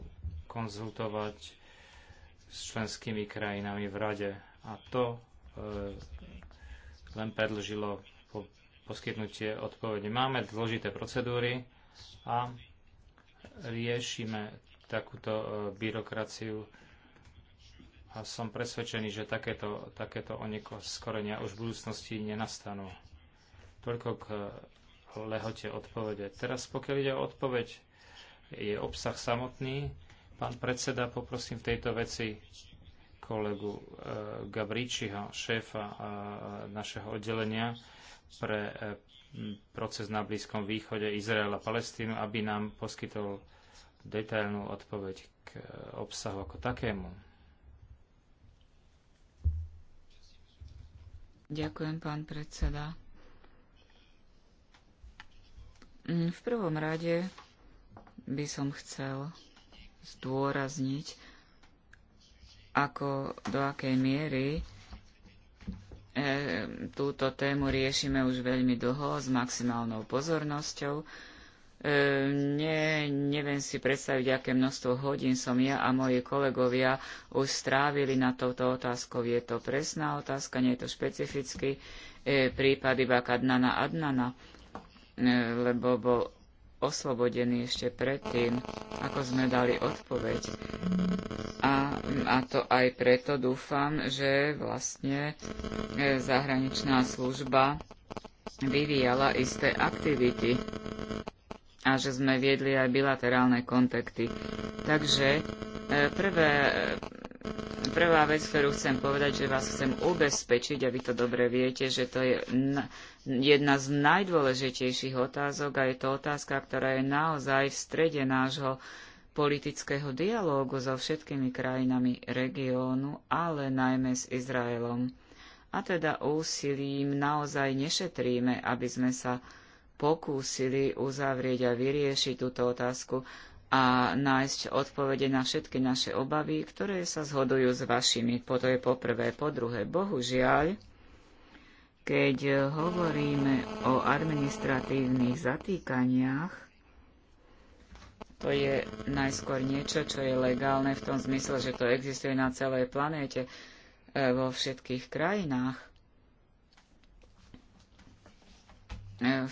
konzultovať s členskými krajinami v Rade. A to e, len predlžilo po poskytnutie odpovede. Máme dôležité procedúry a riešime takúto e, byrokraciu a som presvedčený, že takéto, takéto oneko skorenia už v budúcnosti nenastanú. Toľko k e, lehote odpovede. Teraz pokiaľ ide o odpoveď, je obsah samotný, Pán predseda, poprosím v tejto veci kolegu eh, Gabričiho, šéfa eh, našeho oddelenia pre eh, proces na Blízkom východe Izrael a Palestínu, aby nám poskytol detailnú odpoveď k obsahu ako takému. Ďakujem, pán predseda. Mm, v prvom rade by som chcel zdôrazniť, ako do akej miery e, túto tému riešime už veľmi dlho s maximálnou pozornosťou. E, ne, neviem si predstaviť, aké množstvo hodín som ja a moji kolegovia už strávili na touto otázkou. Je to presná otázka, nie je to špecificky e, prípad iba Kadnana Adnana, lebo bol oslobodení ešte predtým, ako sme dali odpoveď. A, a to aj preto dúfam, že vlastne e, zahraničná služba vyvíjala isté aktivity a že sme viedli aj bilaterálne kontakty. Takže e, prvé Prvá vec, ktorú chcem povedať, že vás chcem ubezpečiť, a vy to dobre viete, že to je jedna z najdôležitejších otázok a je to otázka, ktorá je naozaj v strede nášho politického dialógu so všetkými krajinami regiónu, ale najmä s Izraelom. A teda úsilím naozaj nešetríme, aby sme sa pokúsili uzavrieť a vyriešiť túto otázku a nájsť odpovede na všetky naše obavy, ktoré sa zhodujú s vašimi. Po To je po prvé. Po druhé, bohužiaľ, keď hovoríme o administratívnych zatýkaniach, to je najskôr niečo, čo je legálne v tom zmysle, že to existuje na celej planéte, e, vo všetkých krajinách. E,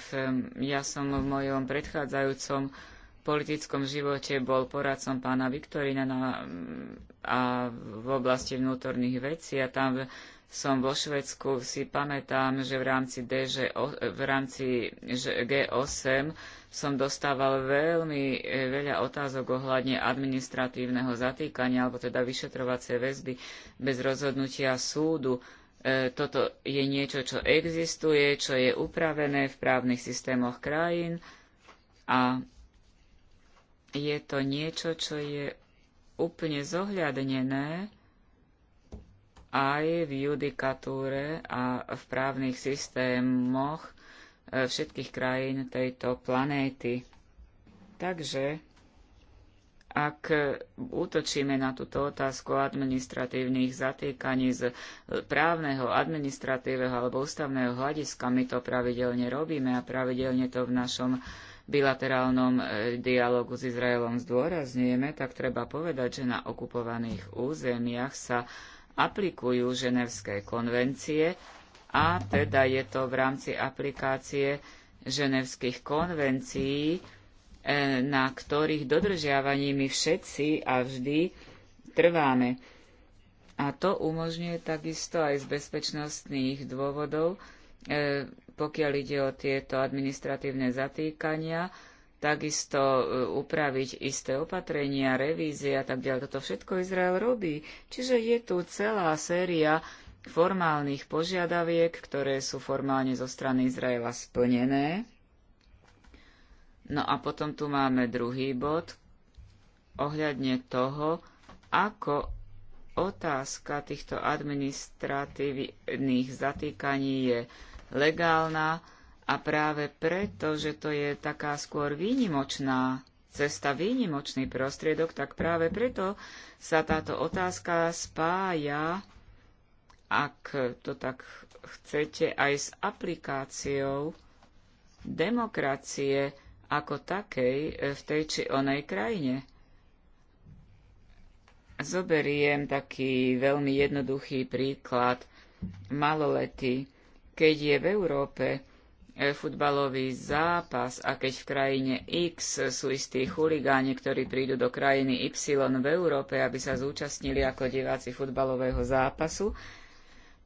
ja som v mojom predchádzajúcom politickom živote bol poradcom pána Viktorina na, a v oblasti vnútorných vecí a tam som vo Švedsku si pamätám, že v rámci, DŽ, v rámci G8 som dostával veľmi e, veľa otázok ohľadne administratívneho zatýkania alebo teda vyšetrovacie väzby bez rozhodnutia súdu e, toto je niečo, čo existuje, čo je upravené v právnych systémoch krajín a je to niečo, čo je úplne zohľadnené aj v judikatúre a v právnych systémoch eh, všetkých krajín tejto planéty. Takže ak útočíme na túto otázku administratívnych zatýkaní z eh, právneho, administratívneho alebo ústavného hľadiska, my to pravidelne robíme a pravidelne to v našom bilaterálnom e, dialogu s Izraelom zdôrazňujeme, tak treba povedať, že na okupovaných územiach sa aplikujú ženevské konvencie a teda je to v rámci aplikácie ženevských konvencií, e, na ktorých dodržiavaní my všetci a vždy trváme. A to umožňuje takisto aj z bezpečnostných dôvodov e, pokiaľ ide o tieto administratívne zatýkania, takisto e, upraviť isté opatrenia, revízie a tak ďalej. Toto všetko Izrael robí. Čiže je tu celá séria formálnych požiadaviek, ktoré sú formálne zo strany Izraela splnené. No a potom tu máme druhý bod ohľadne toho, ako otázka týchto administratívnych zatýkaní je legálna a práve preto, že to je taká skôr výnimočná cesta, výnimočný prostriedok, tak práve preto sa táto otázka spája, ak to tak chcete, aj s aplikáciou demokracie ako takej v tej či onej krajine. Zoberiem taký veľmi jednoduchý príklad. Maloletý keď je v Európe e, futbalový zápas a keď v krajine X sú istí chuligáni, ktorí prídu do krajiny Y v Európe, aby sa zúčastnili ako diváci futbalového zápasu,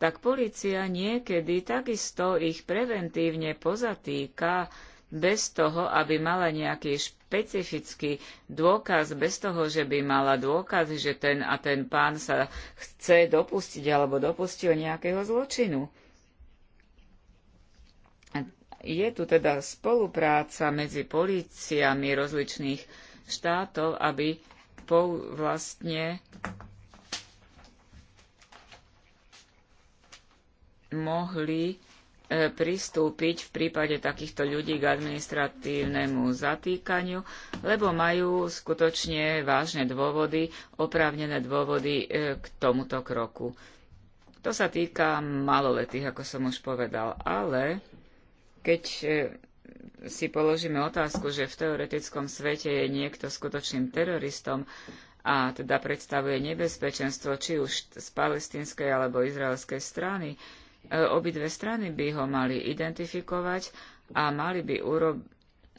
tak polícia niekedy takisto ich preventívne pozatýka bez toho, aby mala nejaký špecifický dôkaz, bez toho, že by mala dôkaz, že ten a ten pán sa chce dopustiť alebo dopustil nejakého zločinu. Je tu teda spolupráca medzi políciami rozličných štátov, aby vlastne mohli e, pristúpiť v prípade takýchto ľudí k administratívnemu zatýkaniu, lebo majú skutočne vážne dôvody, oprávnené dôvody e, k tomuto kroku. To sa týka maloletých, ako som už povedal, ale keď e, si položíme otázku, že v teoretickom svete je niekto skutočným teroristom a teda predstavuje nebezpečenstvo či už z palestinskej alebo izraelskej strany, e, obidve strany by ho mali identifikovať a mali by,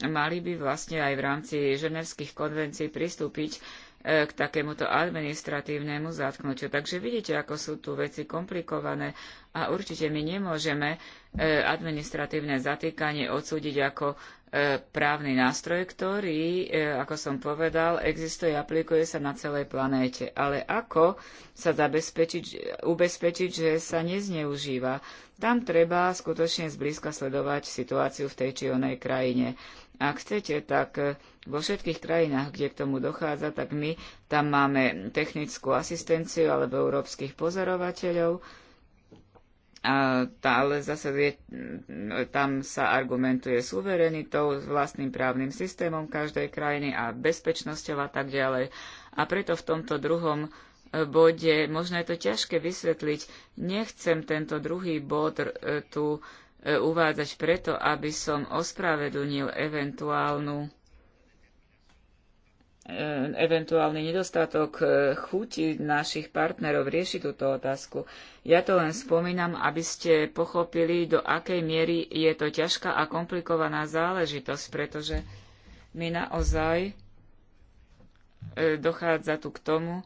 mali by vlastne aj v rámci ženevských konvencií pristúpiť E, k takémuto administratívnemu zatknutiu. Takže vidíte, ako sú tu veci komplikované a určite my nemôžeme e, administratívne zatýkanie odsúdiť ako e, právny nástroj, ktorý, ako som povedal, existuje a aplikuje sa na celej planéte. Ale ako sa zabezpečiť, ubezpečiť, že sa nezneužíva? Tam treba skutočne zblízka sledovať situáciu v tej či onej krajine. Ak chcete, tak eh, vo všetkých krajinách, kde k tomu dochádza, tak my tam máme technickú asistenciu alebo európskych pozorovateľov, a tá, ale zase je, mm, tam sa argumentuje suverenitou, vlastným právnym systémom každej krajiny a bezpečnosťou a tak ďalej. A preto v tomto druhom eh, bode, možno je to ťažké vysvetliť, nechcem tento druhý bod eh, tu E, uvádzať preto, aby som ospravedlnil eventuálnu e, eventuálny nedostatok e, chuti našich partnerov riešiť túto otázku. Ja to len spomínam, aby ste pochopili, do akej miery je to ťažká a komplikovaná záležitosť, pretože my naozaj dochádza tu k tomu,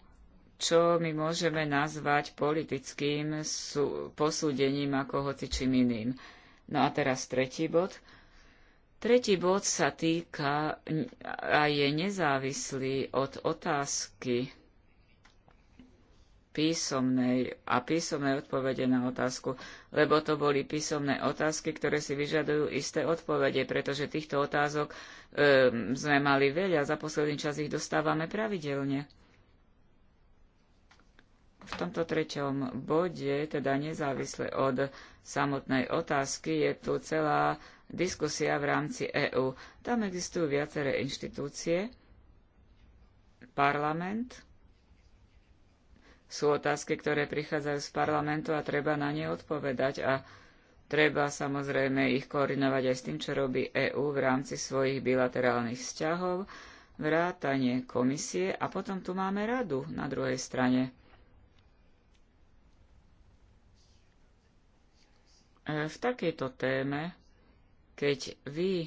čo my môžeme nazvať politickým posúdením ako hocičím iným. No a teraz tretí bod. Tretí bod sa týka a je nezávislý od otázky písomnej a písomnej odpovede na otázku, lebo to boli písomné otázky, ktoré si vyžadujú isté odpovede, pretože týchto otázok e, sme mali veľa, za posledný čas ich dostávame pravidelne v tomto treťom bode, teda nezávisle od samotnej otázky, je tu celá diskusia v rámci EÚ. Tam existujú viaceré inštitúcie, parlament, sú otázky, ktoré prichádzajú z parlamentu a treba na ne odpovedať a treba samozrejme ich koordinovať aj s tým, čo robí EÚ v rámci svojich bilaterálnych vzťahov, vrátanie komisie a potom tu máme radu na druhej strane E, v takejto téme, keď vy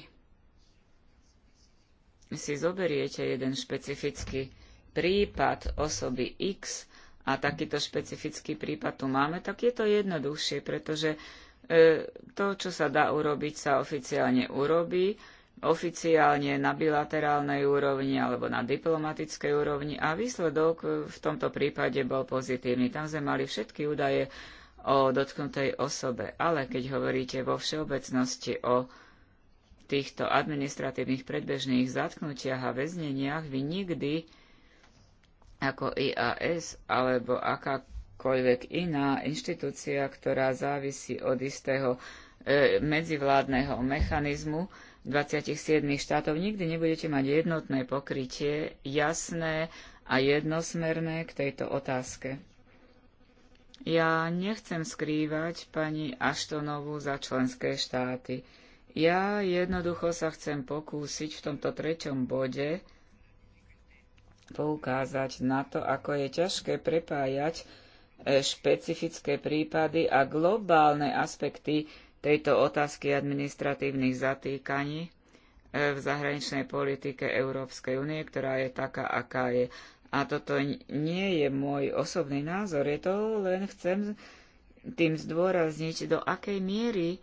si zoberiete jeden špecifický prípad osoby X a takýto špecifický prípad tu máme, tak je to jednoduchšie, pretože e, to, čo sa dá urobiť, sa oficiálne urobí, oficiálne na bilaterálnej úrovni alebo na diplomatickej úrovni a výsledok v tomto prípade bol pozitívny. Tam sme mali všetky údaje o dotknutej osobe, ale keď hovoríte vo všeobecnosti o týchto administratívnych predbežných zatknutiach a väzneniach, vy nikdy ako IAS alebo akákoľvek iná inštitúcia, ktorá závisí od istého e, medzivládneho mechanizmu 27 štátov, nikdy nebudete mať jednotné pokrytie, jasné a jednosmerné k tejto otázke. Ja nechcem skrývať pani Aštonovú za členské štáty. Ja jednoducho sa chcem pokúsiť v tomto treťom bode poukázať na to, ako je ťažké prepájať e, špecifické prípady a globálne aspekty tejto otázky administratívnych zatýkaní e, v zahraničnej politike Európskej únie, ktorá je taká, aká je. A toto nie je môj osobný názor, je to len chcem tým zdôrazniť, do akej miery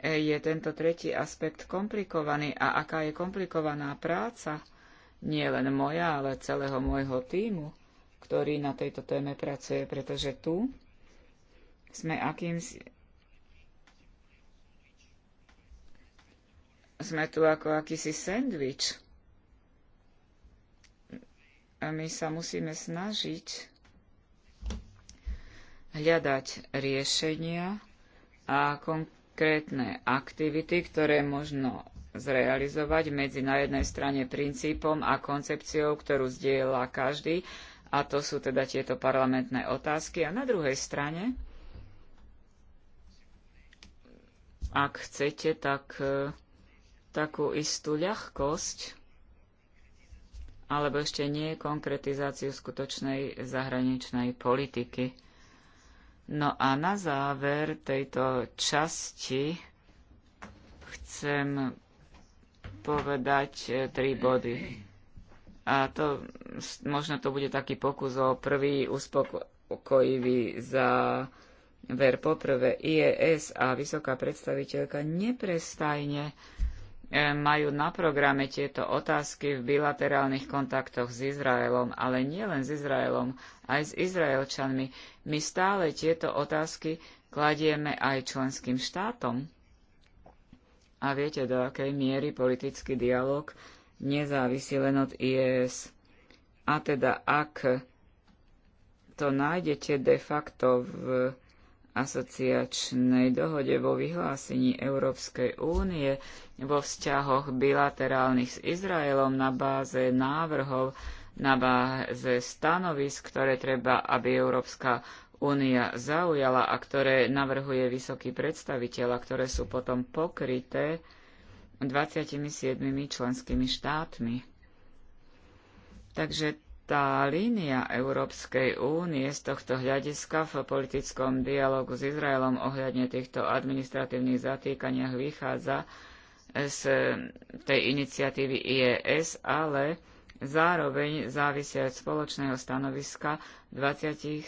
e, je tento tretí aspekt komplikovaný a aká je komplikovaná práca, nie len moja, ale celého môjho týmu, ktorý na tejto téme pracuje, pretože tu sme akýmsi... Sme tu ako akýsi sendvič my sa musíme snažiť hľadať riešenia a konkrétne aktivity, ktoré možno zrealizovať medzi na jednej strane princípom a koncepciou, ktorú zdieľa každý, a to sú teda tieto parlamentné otázky, a na druhej strane, ak chcete, tak e, takú istú ľahkosť, alebo ešte nie konkretizáciu skutočnej zahraničnej politiky. No a na záver tejto časti chcem povedať e, tri body. A to možno to bude taký pokus o prvý uspokojivý za ver. Poprvé, IES a vysoká predstaviteľka neprestajne E, majú na programe tieto otázky v bilaterálnych kontaktoch s Izraelom, ale nie len s Izraelom, aj s Izraelčanmi. My stále tieto otázky kladieme aj členským štátom. A viete, do akej miery politický dialog nezávisí len od IES. A teda, ak to nájdete de facto v asociačnej dohode vo vyhlásení Európskej únie vo vzťahoch bilaterálnych s Izraelom na báze návrhov, na báze stanovisk, ktoré treba, aby Európska únia zaujala a ktoré navrhuje vysoký predstaviteľ a ktoré sú potom pokryté 27 členskými štátmi. Takže tá línia Európskej únie z tohto hľadiska v politickom dialogu s Izraelom ohľadne týchto administratívnych zatýkaniach vychádza z tej iniciatívy IES, ale zároveň závisia od spoločného stanoviska 27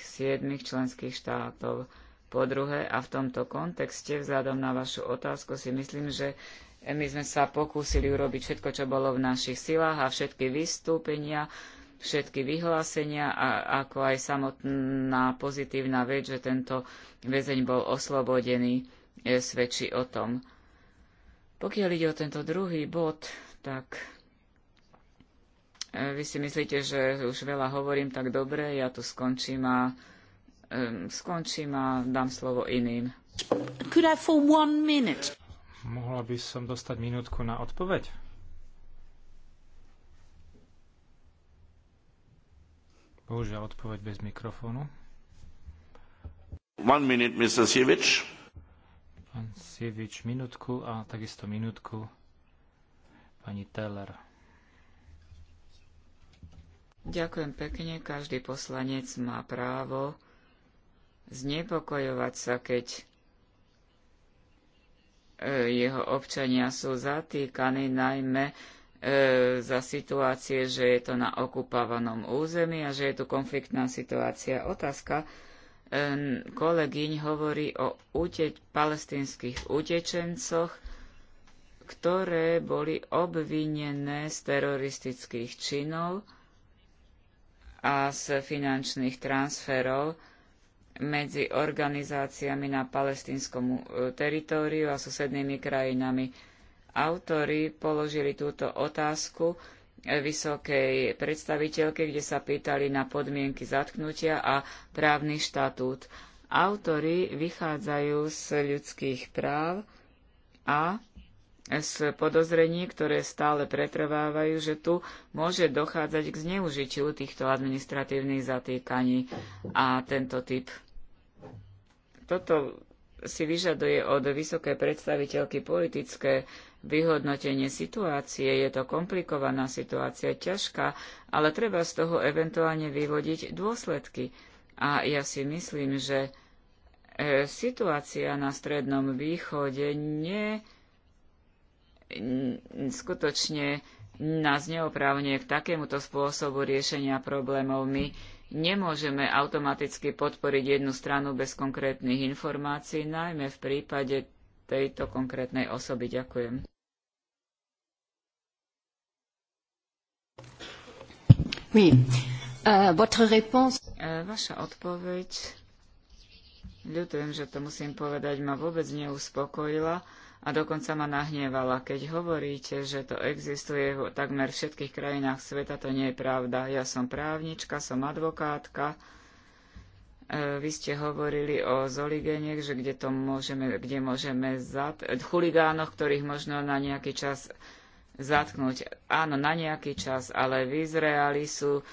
členských štátov. Po druhé, a v tomto kontexte, vzhľadom na vašu otázku, si myslím, že my sme sa pokúsili urobiť všetko, čo bolo v našich silách a všetky vystúpenia, všetky vyhlásenia, a, ako aj samotná pozitívna vec, že tento väzeň bol oslobodený, e, svedčí o tom. Pokiaľ ide o tento druhý bod, tak e, vy si myslíte, že už veľa hovorím tak dobre, ja tu skončím a, skončím a dám slovo iným. Mohla by som dostať minútku na odpoveď? Bohužiaľ, odpoveď bez mikrofónu. One minute, Mr. Sievič. Pán Sievič, minútku a takisto minútku pani Teller. Ďakujem pekne. Každý poslanec má právo znepokojovať sa, keď e, jeho občania sú zatýkaní, najmä E, za situácie, že je to na okupovanom území a že je tu konfliktná situácia. Otázka e, kolegyň hovorí o uteč- palestínskych utečencoch, ktoré boli obvinené z teroristických činov a z finančných transferov medzi organizáciami na palestínskom e, teritóriu a susednými krajinami Autori položili túto otázku e, vysokej predstaviteľke, kde sa pýtali na podmienky zatknutia a právny štatút. Autori vychádzajú z ľudských práv a z podozrení, ktoré stále pretrvávajú, že tu môže dochádzať k zneužitiu týchto administratívnych zatýkaní a tento typ. Toto si vyžaduje od vysokej predstaviteľky politické vyhodnotenie situácie. Je to komplikovaná situácia, ťažká, ale treba z toho eventuálne vyvodiť dôsledky. A ja si myslím, že e, situácia na Strednom východe nie, skutočne nás neoprávne k takémuto spôsobu riešenia problémov. My nemôžeme automaticky podporiť jednu stranu bez konkrétnych informácií, najmä v prípade tejto konkrétnej osoby. Ďakujem. Oui. Uh, votre réponse... E, vaša odpoveď, ľutujem, že to musím povedať, ma vôbec neuspokojila a dokonca ma nahnievala. Keď hovoríte, že to existuje v takmer všetkých krajinách sveta, to nie je pravda. Ja som právnička, som advokátka. E, vy ste hovorili o zoligeniek, že kde, to môžeme, kde môžeme zat... chuligánoch, ktorých možno na nejaký čas zatknúť. Áno, na nejaký čas, ale v Izraeli sú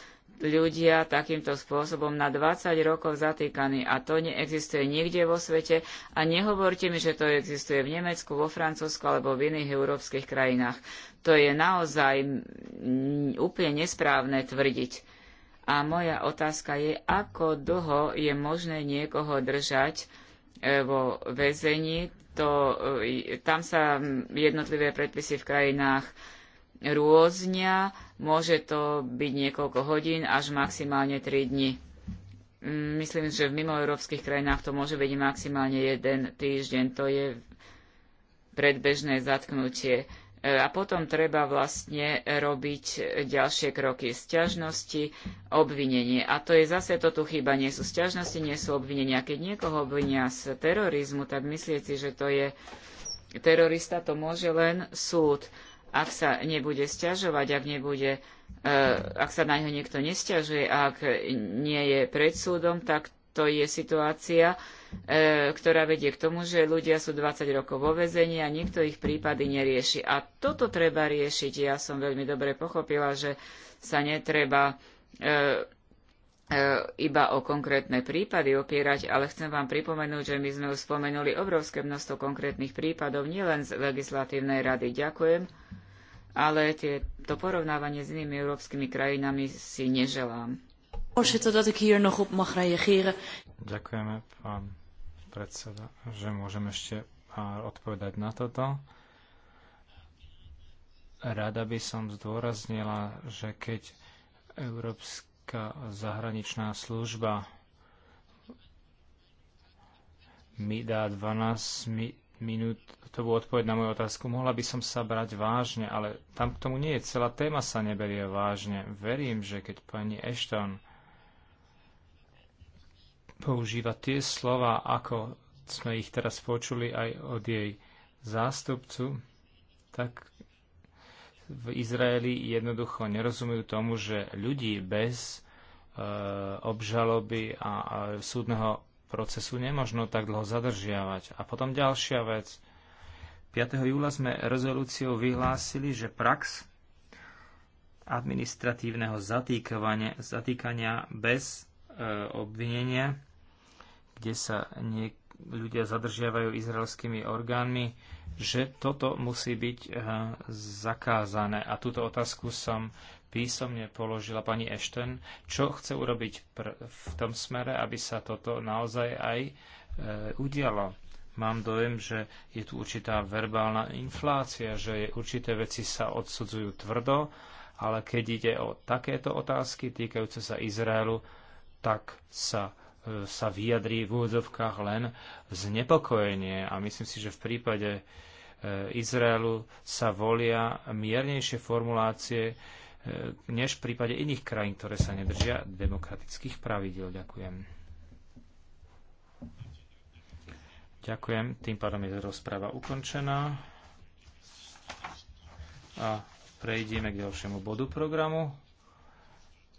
ľudia takýmto spôsobom na 20 rokov zatýkaní a to neexistuje nikde vo svete a nehovorte mi, že to existuje v Nemecku, vo Francúzsku alebo v iných európskych krajinách. To je naozaj úplne nesprávne tvrdiť. A moja otázka je, ako dlho je možné niekoho držať e, vo väzení to, e, tam sa jednotlivé predpisy v krajinách rôznia. Môže to byť niekoľko hodín až maximálne 3 dni. Mm, Myslím, že v mimoeurópskych krajinách to môže byť maximálne jeden týždeň. To je predbežné zatknutie. E, a potom treba vlastne robiť ďalšie kroky sťažnosti, obvinenie. A to je zase to tu chyba. Nie sú sťažnosti, nie sú obvinenia. Keď niekoho obvinia z terorizmu, tak myslieť si, že to je terorista, to môže len súd. Ak sa nebude sťažovať, ak, nebude, e, ak sa na ňo niekto nesťažuje, ak nie je pred súdom, tak to je situácia, E, ktorá vedie k tomu, že ľudia sú 20 rokov vo vezení a nikto ich prípady nerieši. A toto treba riešiť. Ja som veľmi dobre pochopila, že sa netreba e, e, iba o konkrétne prípady opierať, ale chcem vám pripomenúť, že my sme už spomenuli obrovské množstvo konkrétnych prípadov, nielen z legislatívnej rady. Ďakujem, ale tie, to porovnávanie s inými európskymi krajinami si neželám. Ďakujeme, pán predseda, že môžem ešte pár odpovedať na toto. Rada by som zdôraznila, že keď Európska zahraničná služba mi dá 12 mi, minút to bolo odpoveď na moju otázku, mohla by som sa brať vážne, ale tam k tomu nie je. Celá téma sa neberie vážne. Verím, že keď pani Ashton používa tie slova, ako sme ich teraz počuli aj od jej zástupcu, tak v Izraeli jednoducho nerozumujú tomu, že ľudí bez e, obžaloby a, a súdneho procesu nemožno tak dlho zadržiavať. A potom ďalšia vec. 5. júla sme rezolúciou vyhlásili, že prax administratívneho zatýkania bez e, obvinenia kde sa nie ľudia zadržiavajú izraelskými orgánmi, že toto musí byť eh, zakázané. A túto otázku som písomne položila pani Ešten, čo chce urobiť v tom smere, aby sa toto naozaj aj e, udialo. Mám dojem, že je tu určitá verbálna inflácia, že je, určité veci sa odsudzujú tvrdo, ale keď ide o takéto otázky týkajúce sa Izraelu, tak sa sa vyjadrí v úvodzovkách len znepokojenie. A myslím si, že v prípade e, Izraelu sa volia miernejšie formulácie e, než v prípade iných krajín, ktoré sa nedržia demokratických pravidel. Ďakujem. Ďakujem. Tým pádom je rozpráva ukončená. A prejdeme k ďalšiemu bodu programu.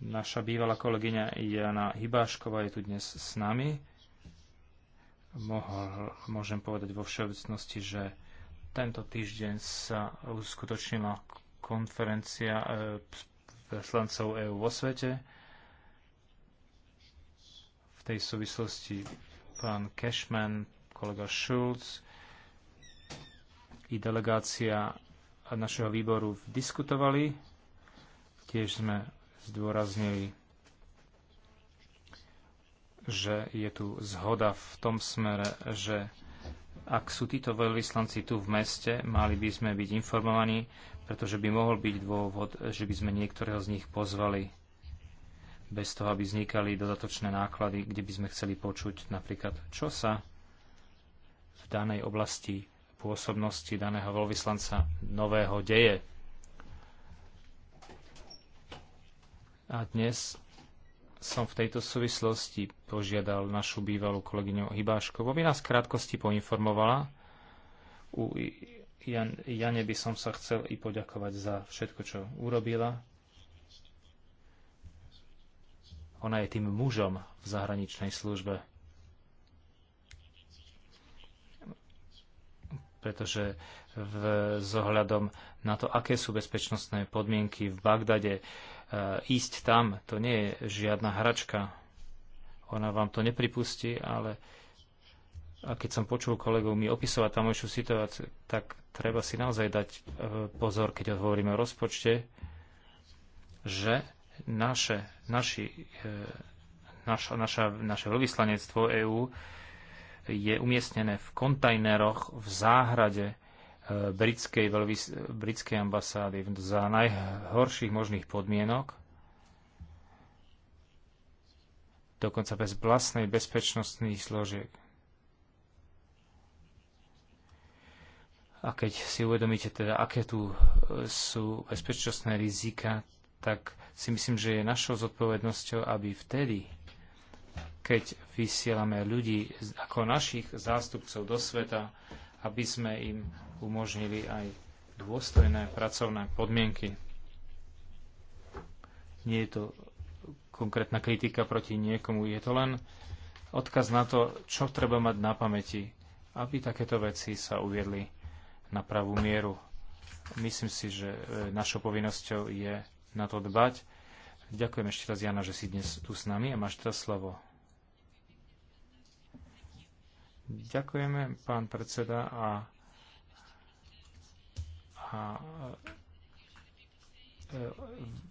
Naša bývalá kolegyňa Jana Hybášková je tu dnes s nami. Mohol, môžem povedať vo všeobecnosti, že tento týždeň sa uskutočnila konferencia e, EÚ vo svete. V tej súvislosti pán Cashman, kolega Schulz i delegácia našeho výboru diskutovali. Tiež sme zdôraznili, že je tu zhoda v tom smere, že ak sú títo veľvyslanci tu v meste, mali by sme byť informovaní, pretože by mohol byť dôvod, že by sme niektorého z nich pozvali bez toho, aby vznikali dodatočné náklady, kde by sme chceli počuť napríklad, čo sa v danej oblasti pôsobnosti daného veľvyslanca nového deje A dnes som v tejto súvislosti požiadal našu bývalú kolegyňu Hybáškovú, aby nás krátkosti poinformovala. U Jan, Jane by som sa chcel i poďakovať za všetko, čo urobila. Ona je tým mužom v zahraničnej službe. Pretože v, zohľadom na to, aké sú bezpečnostné podmienky v Bagdade, E, ísť tam. To nie je žiadna hračka. Ona vám to nepripustí, ale a keď som počul kolegov mi opisovať tamojšiu situáciu, tak treba si naozaj dať e, pozor, keď hovoríme o rozpočte, že naše, naši, e, naš, naša, naše veľvyslanectvo EÚ je umiestnené v kontajneroch v záhrade britskej, britskej ambasády za najhorších možných podmienok, dokonca bez vlastnej bezpečnostných zložiek. A keď si uvedomíte teda, aké tu e, sú bezpečnostné rizika, tak si myslím, že je našou zodpovednosťou, aby vtedy, keď vysielame ľudí ako našich zástupcov do sveta, aby sme im umožnili aj dôstojné pracovné podmienky. Nie je to konkrétna kritika proti niekomu, je to len odkaz na to, čo treba mať na pamäti, aby takéto veci sa uviedli na pravú mieru. Myslím si, že e, našou povinnosťou je na to dbať. Ďakujem ešte raz, Jana, že si dnes tu s nami a máš teraz slovo. Ďakujeme, pán predseda, a a e,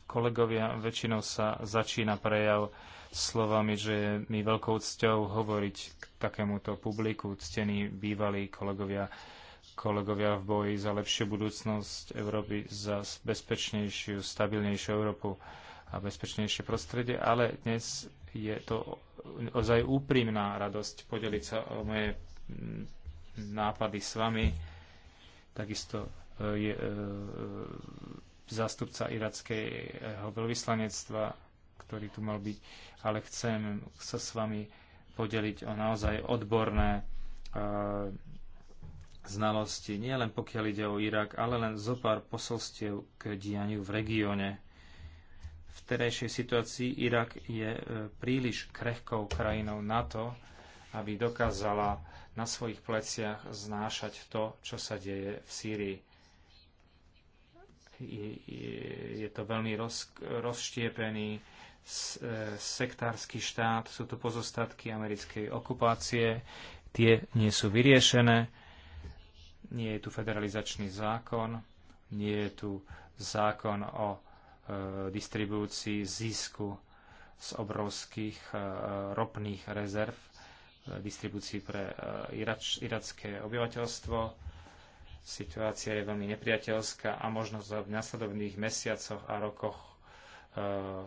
kolegovia, väčšinou sa začína prejav slovami, že je mi veľkou cťou hovoriť k takémuto publiku, ctení bývalí kolegovia, kolegovia v boji za lepšiu budúcnosť Európy, za bezpečnejšiu, stabilnejšiu Európu a bezpečnejšie prostredie, ale dnes je to ozaj úprimná radosť podeliť sa o moje nápady s vami. Takisto je, e, zástupca irackého veľvyslanectva, ktorý tu mal byť, ale chcem sa s vami podeliť o naozaj odborné e, znalosti, nie len pokiaľ ide o Irak, ale len zo pár posolstiev k dianiu v regióne. V terejšej situácii Irak je e, príliš krehkou krajinou na to, aby dokázala na svojich pleciach znášať to, čo sa deje v Sýrii je to veľmi roz, rozštiepený e, sektársky štát, sú tu pozostatky americkej okupácie, tie nie sú vyriešené, nie je tu federalizačný zákon, nie je tu zákon o e, distribúcii zisku z obrovských e, ropných rezerv, e, distribúcii pre e, irač, iracké obyvateľstvo, Situácia je veľmi nepriateľská a možno v nasledovných mesiacoch a rokoch uh,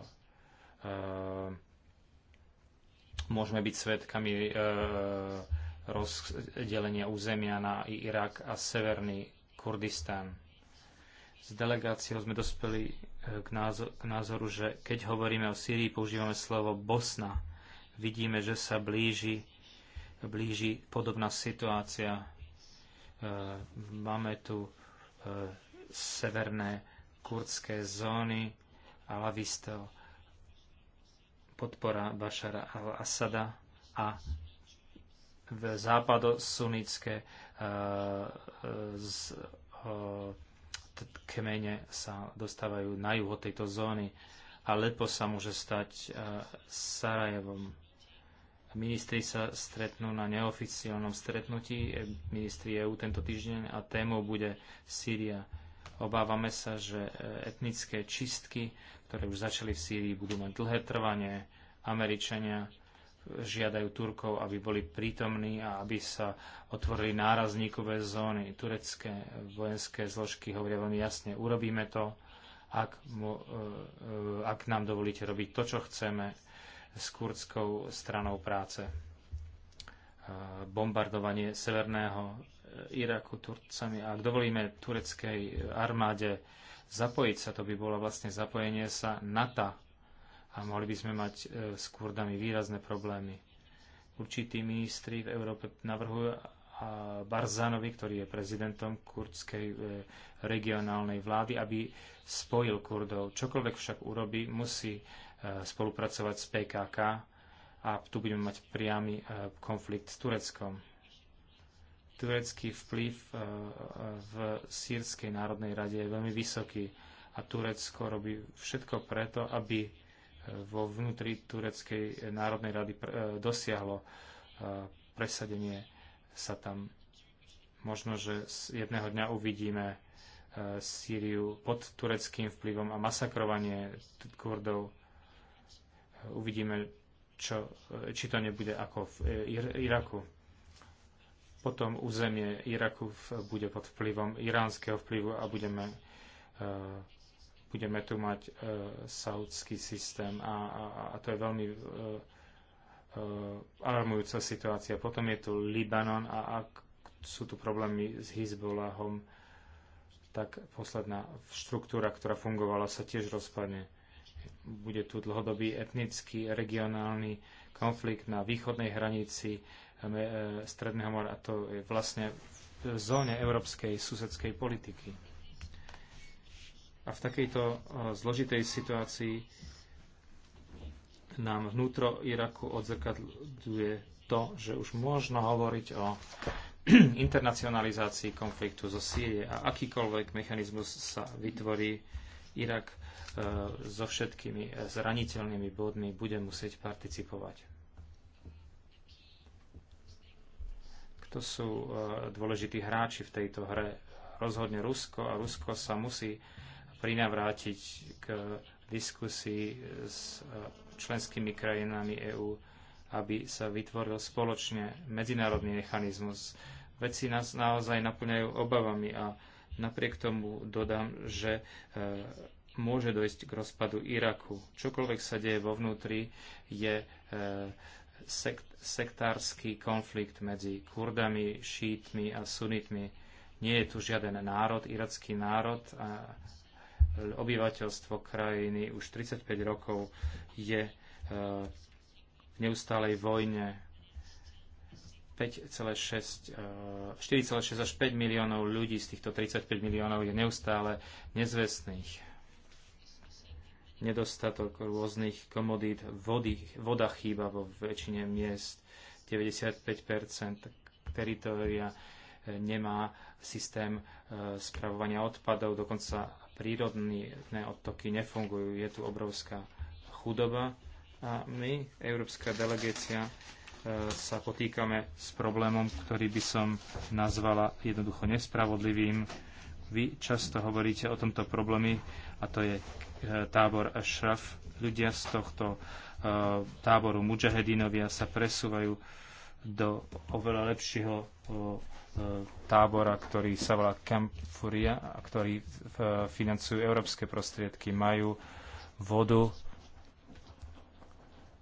uh, môžeme byť svedkami uh, rozdelenia územia na Irak a severný Kurdistán. S delegáciou sme dospeli k, názoru, k názoru, že keď hovoríme o Sýrii, používame slovo Bosna. Vidíme, že sa blíži, blíži podobná situácia. Eh, máme tu eh, severné kurdské zóny Alavistel, podpora Bašara al-Asada a v západosunické eh, z, kmene sa dostávajú na juho tejto zóny a Lepo sa môže stať Sarajevom Ministri sa stretnú na neoficiálnom stretnutí e, ministri EÚ tento týždeň a témou bude Sýria. Obávame sa, že e, etnické čistky, ktoré už začali v Sýrii, budú mať dlhé trvanie. Američania žiadajú Turkov, aby boli prítomní a aby sa otvorili nárazníkové zóny. Turecké vojenské zložky hovoria veľmi jasne, urobíme to, ak, mu, e, ak nám dovolíte robiť to, čo chceme, s kurdskou stranou práce. E, bombardovanie severného Iraku Turcami. A ak dovolíme tureckej armáde zapojiť sa, to by bolo vlastne zapojenie sa NATO a mohli by sme mať e, s Kurdami výrazné problémy. Určití ministri v Európe navrhujú a Barzanovi, ktorý je prezidentom kurdskej e, regionálnej vlády, aby spojil Kurdov. Čokoľvek však urobí, musí spolupracovať s PKK a tu budeme mať priamy e, konflikt s Tureckom. Turecký vplyv e, v Sýrskej národnej rade je veľmi vysoký a Turecko robí všetko preto, aby e, vo vnútri Tureckej národnej rady dosiahlo presadenie sa tam. Možno, že z jedného dňa uvidíme Sýriu pod tureckým vplyvom a masakrovanie Kurdov Uvidíme, čo, e, či to nebude ako v e, Iraku. Potom územie Iraku bude pod vplyvom iránskeho vplyvu a budeme, e, budeme tu mať saudský systém a, a, a to je veľmi alarmujúca situácia. Potom je tu Libanon a ak sú tu problémy s Hezbollahom, tak posledná štruktúra, ktorá fungovala, sa tiež rozpadne. Bude tu dlhodobý etnický regionálny konflikt na východnej hranici eh, eh, Stredného mora a to je vlastne v zóne európskej susedskej politiky. A v takejto eh, zložitej situácii nám vnútro Iraku odzrkadľuje to, že už možno hovoriť o *clears throat* internacionalizácii konfliktu zo Sýrie a akýkoľvek mechanizmus sa vytvorí, Irak E, so všetkými e, zraniteľnými bodmi bude musieť participovať. Kto sú e, dôležití hráči v tejto hre? Rozhodne Rusko a Rusko sa musí prinavrátiť k diskusii s členskými krajinami EÚ, aby sa vytvoril spoločne medzinárodný mechanizmus. Veci nás naozaj naplňajú obavami a napriek tomu dodám, že môže dojsť k rozpadu Iraku. Čokoľvek sa deje vo vnútri, je e, sekt, sektársky konflikt medzi Kurdami, Šítmi a Sunitmi. Nie je tu žiaden národ, iracký národ a obyvateľstvo krajiny už 35 rokov je e, v neustálej vojne. 4,6 e, až 5 miliónov ľudí z týchto 35 miliónov je neustále nezvestných nedostatok rôznych komodít, vody, voda chýba vo väčšine miest, 95% teritória e, nemá systém e, spravovania odpadov, dokonca prírodné odtoky nefungujú, je tu obrovská chudoba a my, Európska delegácia, e, sa potýkame s problémom, ktorý by som nazvala jednoducho nespravodlivým. Vy často hovoríte o tomto probléme a to je Eh, tábor Ashraf. Ľudia z tohto eh, táboru mujahedinovia sa presúvajú do oveľa lepšieho eh, tábora, ktorý sa volá Camp Furia a ktorý financujú európske prostriedky. Majú vodu,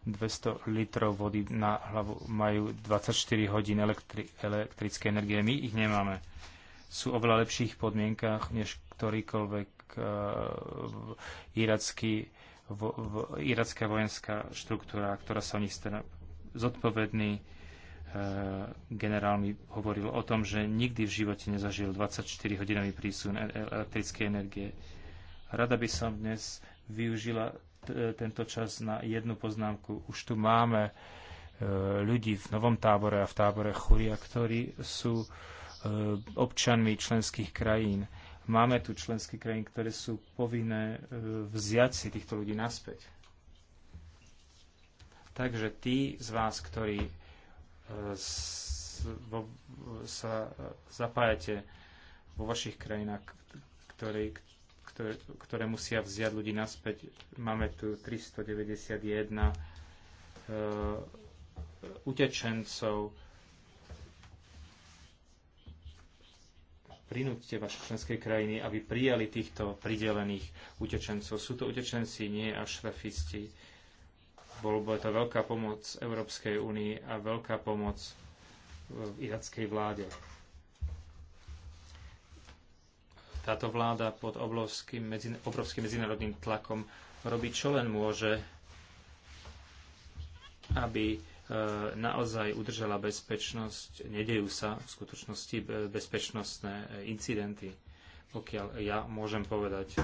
200 litrov vody na hlavu, majú 24 hodín elektri- elektrické energie. My ich nemáme. Sú oveľa lepších podmienkách, než ktorýkoľvek E, iracký, vo, vo, iracká vojenská štruktúra, ktorá sa o nich stará. Zodpovedný e, generál mi hovoril o tom, že nikdy v živote nezažil 24-hodinový prísun e, elektrickej energie. Rada by som dnes využila tento čas na jednu poznámku. Už tu máme ľudí v novom tábore a v tábore Churia, ktorí sú občanmi členských krajín Máme tu členské krajiny, ktoré sú povinné e, vziať si týchto ľudí naspäť. Takže tí z vás, ktorí e, sa zapájate vo vašich krajinách, ktoré, ktoré, ktoré musia vziať ľudí naspäť, máme tu 391 e, utečencov, prinúťte vaše členské krajiny, aby prijali týchto pridelených utečencov. Sú to utečenci, nie až šrafisti. Bolo by to veľká pomoc Európskej únii a veľká pomoc v irackej vláde. Táto vláda pod obrovským, medzi, obrovským medzinárodným tlakom robí čo len môže, aby E, naozaj udržala bezpečnosť. Nedejú sa v skutočnosti bezpečnostné e, incidenty, pokiaľ ja môžem povedať. E,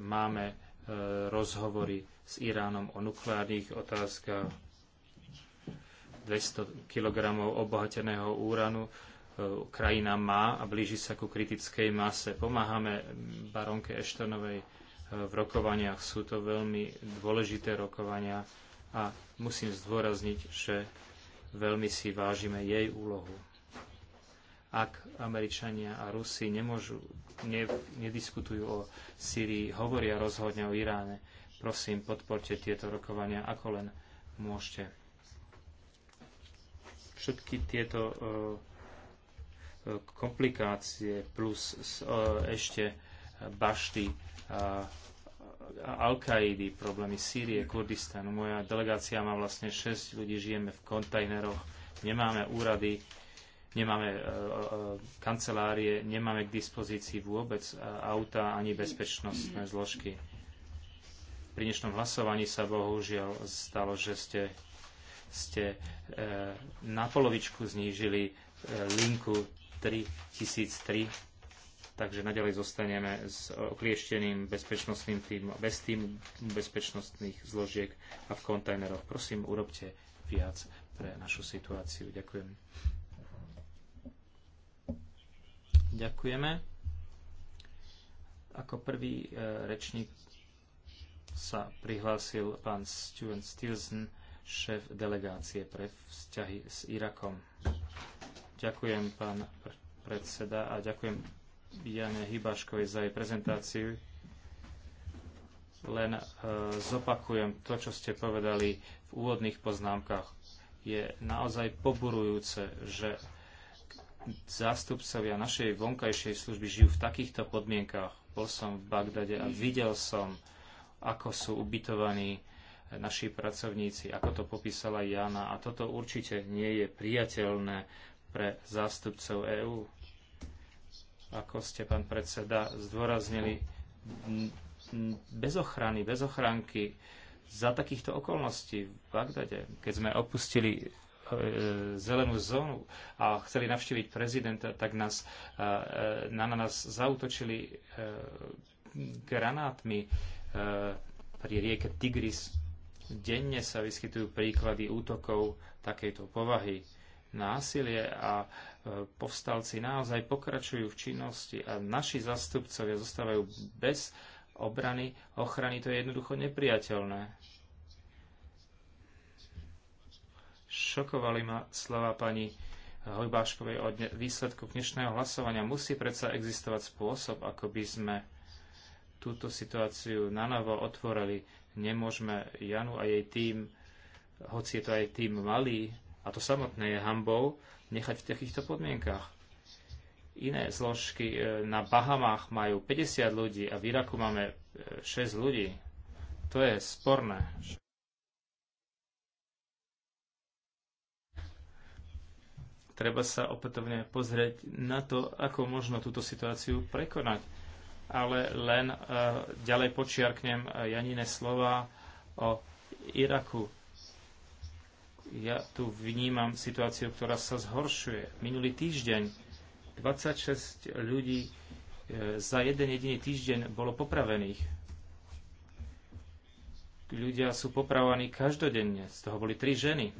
máme rozhovory s Iránom o nukleárnych otázkach 200 kg obohateného úranu. Krajina má a blíži sa ku kritickej mase. Pomáhame baronke Eštonovej v rokovaniach. Sú to veľmi dôležité rokovania a musím zdôrazniť, že veľmi si vážime jej úlohu. Ak Američania a Rusi nemôžu, ne, nediskutujú o Syrii, hovoria rozhodne o Iráne, prosím, podporte tieto rokovania, ako len môžete. Všetky tieto e, e, komplikácie plus e, ešte bašty Al-Kaidy, problémy Sýrie, Kurdistanu. Moja delegácia má vlastne 6 ľudí, žijeme v kontajneroch, nemáme úrady, nemáme uh, uh, kancelárie, nemáme k dispozícii vôbec e, auta ani bezpečnostné zložky. Pri dnešnom hlasovaní sa bohužiaľ stalo, že ste, ste uh, na polovičku znížili linku 3003 takže naďalej zostaneme s oklieštením e, bezpečnostným týmom, bez týmu bezpečnostných zložiek a v kontajneroch. Prosím, urobte viac pre našu situáciu. Ďakujem. Ďakujeme. Ako prvý e, rečník sa prihlásil pán Steven Stilson, šéf delegácie pre vzťahy s Irakom. Ďakujem, pán predseda, a ďakujem Jane Hybaškovi za jej prezentáciu. Len e, zopakujem to, čo ste povedali v úvodných poznámkach. Je naozaj poburujúce, že zástupcovia našej vonkajšej služby žijú v takýchto podmienkach. Bol som v Bagdade a videl som, ako sú ubytovaní e, naši pracovníci, ako to popísala Jana. A toto určite nie je priateľné pre zástupcov EÚ ako ste, pán predseda, zdôraznili, bez ochrany, bez ochránky, za takýchto okolností v Bagdade, keď sme opustili e, zelenú zónu a chceli navštíviť prezidenta, tak nás, e, e, na nás zautočili granátmi pri rieke Tigris. Denne sa vyskytujú príklady útokov takejto povahy násilie a e, povstalci naozaj pokračujú v činnosti a naši zastupcovia zostávajú bez obrany, ochrany, to je jednoducho nepriateľné. Šokovali ma slova pani Hojbáškovej o výsledku dnešného hlasovania. Musí predsa existovať spôsob, ako by sme túto situáciu nanovo otvorili. Nemôžeme Janu a jej tým, hoci je to aj tým malý, a to samotné je hambou, nechať v takýchto podmienkach. Iné zložky e, na Bahamách majú 50 ľudí a v Iraku máme 6 e, ľudí. To je sporné. Treba sa opätovne pozrieť na to, ako možno túto situáciu prekonať. Ale len uh, ďalej počiarknem Janine slova o Iraku ja tu vnímam situáciu, ktorá sa zhoršuje. Minulý týždeň 26 ľudí e, za jeden jediný týždeň bolo popravených. Ľudia sú popravovaní každodenne. Z toho boli tri ženy.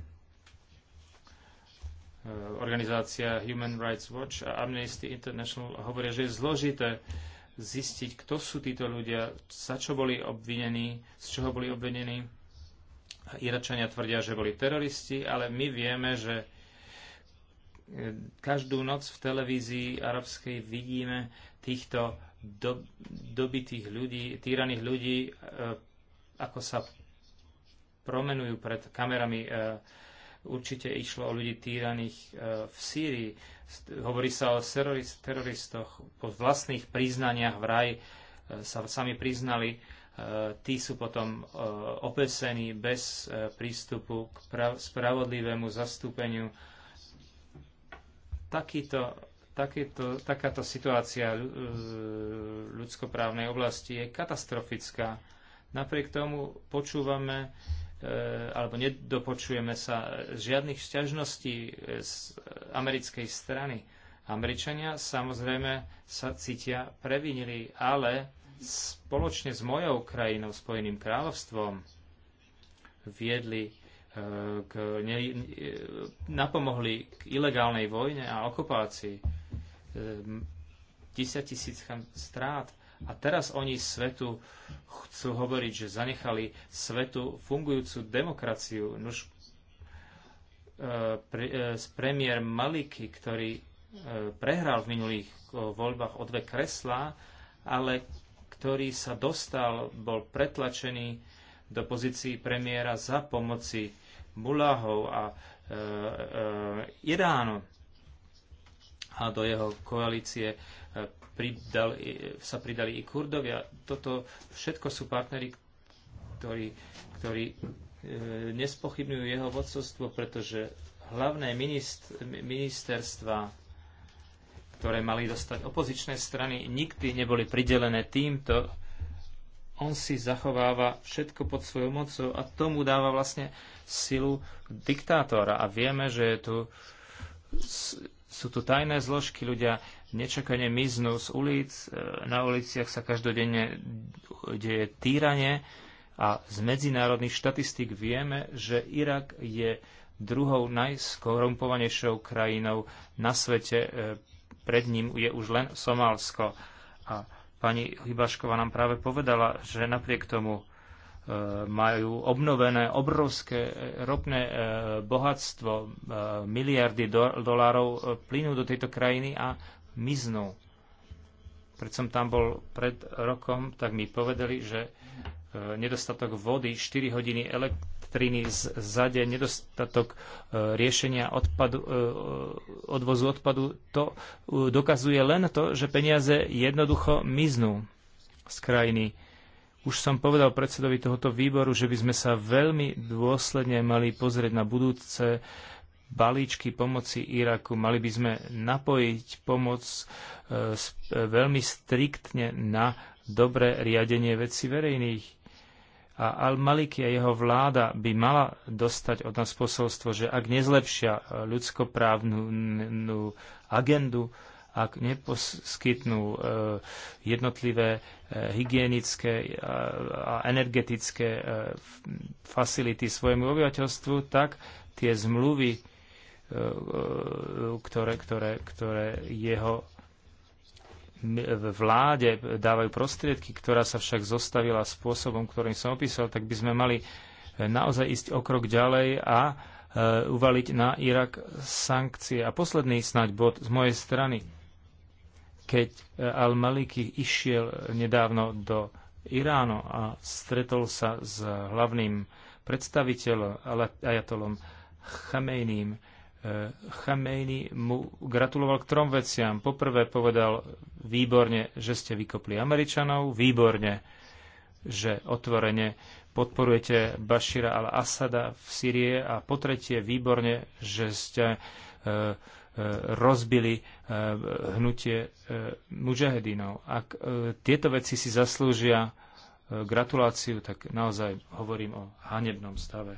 E, organizácia Human Rights Watch a Amnesty International hovoria, že je zložité zistiť, kto sú títo ľudia, za čo boli obvinení, z čoho boli obvinení Iračania tvrdia, že boli teroristi, ale my vieme, že e, každú noc v televízii arabskej vidíme týchto do, dobitých ľudí, týraných ľudí, e, ako sa promenujú pred kamerami. E, určite išlo o ľudí týraných v Sýrii. Hovorí sa o terorist, teroristoch. Po vlastných priznaniach v raj sa sami priznali Eh, tí sú potom eh, opesení bez eh, prístupu k spravodlivému zastúpeniu. Takýto, takýto, takáto situácia ľudskoprávnej oblasti je katastrofická. Napriek tomu počúvame alebo nedopočujeme sa žiadnych šťažností z americkej strany. Američania samozrejme sa cítia previnili, ale spoločne s mojou krajinou, Spojeným kráľovstvom, viedli e, k, ne, e, napomohli k ilegálnej vojne a okupácii. 10 e, tisíc strát. A teraz oni svetu chcú hovoriť, že zanechali svetu fungujúcu demokraciu. Nuž pre, premiér Maliky, ktorý prehral v minulých voľbách o dve kreslá, ale ktorý sa dostal, bol pretlačený do pozícií premiéra za pomoci Bulahov a e, e, Iránu a do jeho koalície e, pridal, sa pridali i Kurdovia. Toto všetko sú partnery, ktorí, ktorí e, nespochybňujú jeho vodcovstvo, pretože hlavné minister, ministerstva ktoré mali dostať opozičné strany, nikdy neboli pridelené týmto. On si zachováva všetko pod svojou mocou a tomu dáva vlastne silu diktátora. A vieme, že je tu, sú tu tajné zložky, ľudia nečakane miznú z ulic, e, na uliciach sa každodenne deje týranie a z medzinárodných štatistík vieme, že Irak je druhou najskorumpovanejšou krajinou na svete e, pred ním je už len Somálsko. A pani Hybašková nám práve povedala, že napriek tomu e, majú obnovené obrovské e, ropné e, bohatstvo, miliardy do, dolárov plynú do tejto krajiny a miznú. Keď som tam bol pred rokom, tak mi povedali, že E, nedostatok vody, 4 hodiny elektriny za deň, nedostatok e, riešenia odpadu, e, odvozu odpadu, to dokazuje len to, že peniaze jednoducho miznú z krajiny. Už som povedal predsedovi tohoto výboru, že by sme sa veľmi dôsledne mali pozrieť na budúce balíčky pomoci Iraku. Mali by sme napojiť pomoc veľmi striktne na dobré riadenie veci verejných a Al-Maliki a jeho vláda by mala dostať od nás posolstvo, že ak nezlepšia e, ľudskoprávnu agendu, ak neposkytnú e, jednotlivé e, hygienické a energetické facility svojemu obyvateľstvu, tak tie zmluvy, ktoré, ktoré, ktoré jeho vláde dávajú prostriedky, ktorá sa však zostavila spôsobom, ktorým som opísal, tak by sme mali eh, naozaj ísť o krok ďalej a eh, uvaliť na Irak sankcie. A posledný snáď bod z mojej strany. Keď eh, Al-Maliki išiel nedávno do Iránu a stretol sa s hlavným predstaviteľom, ajatolom Chamejným, Chamejný mu gratuloval k trom veciam. Poprvé povedal, výborne, že ste vykopli Američanov, výborne, že otvorene podporujete Bashira al assada v Syrie a po tretie výborne, že ste e, e, rozbili e, hnutie mužahedinov. Ak tieto veci si zaslúžia gratuláciu, tak naozaj hovorím o hanebnom stave.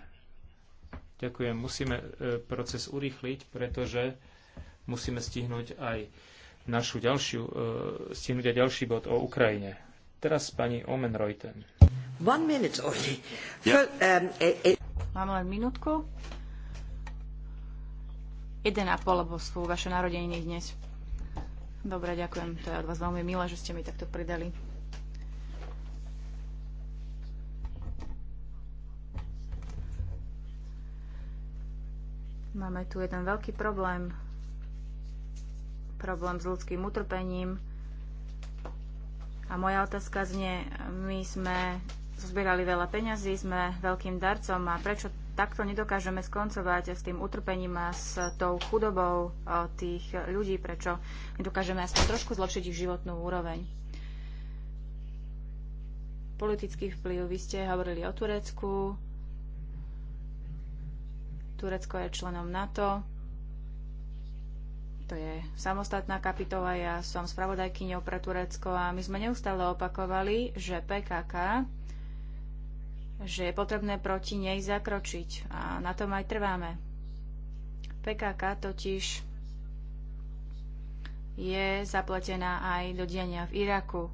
Ďakujem. Musíme proces urýchliť, pretože musíme stihnúť aj našu ďalšiu, e, stihnúť aj ďalší bod o Ukrajine. Teraz pani Omen Reuten. One minute only. Yeah. For, Um, a, a... Mám len minútku. 1,5, lebo sú vaše narodeniny dnes. Dobre, ďakujem. To je od vás veľmi milé, že ste mi takto pridali. Máme tu jeden veľký problém problém s ľudským utrpením. A moja otázka znie, my sme zbierali veľa peňazí, sme veľkým darcom a prečo takto nedokážeme skoncovať s tým utrpením a s tou chudobou e, tých ľudí, prečo nedokážeme aspoň trošku zlepšiť ich životnú úroveň. Politický vplyv, vy ste hovorili o Turecku, Turecko je členom NATO, to je samostatná kapitola. Ja som spravodajkyňou pre Turecko a my sme neustále opakovali, že PKK že je potrebné proti nej zakročiť a na tom aj trváme. PKK totiž je zapletená aj do diania v Iraku.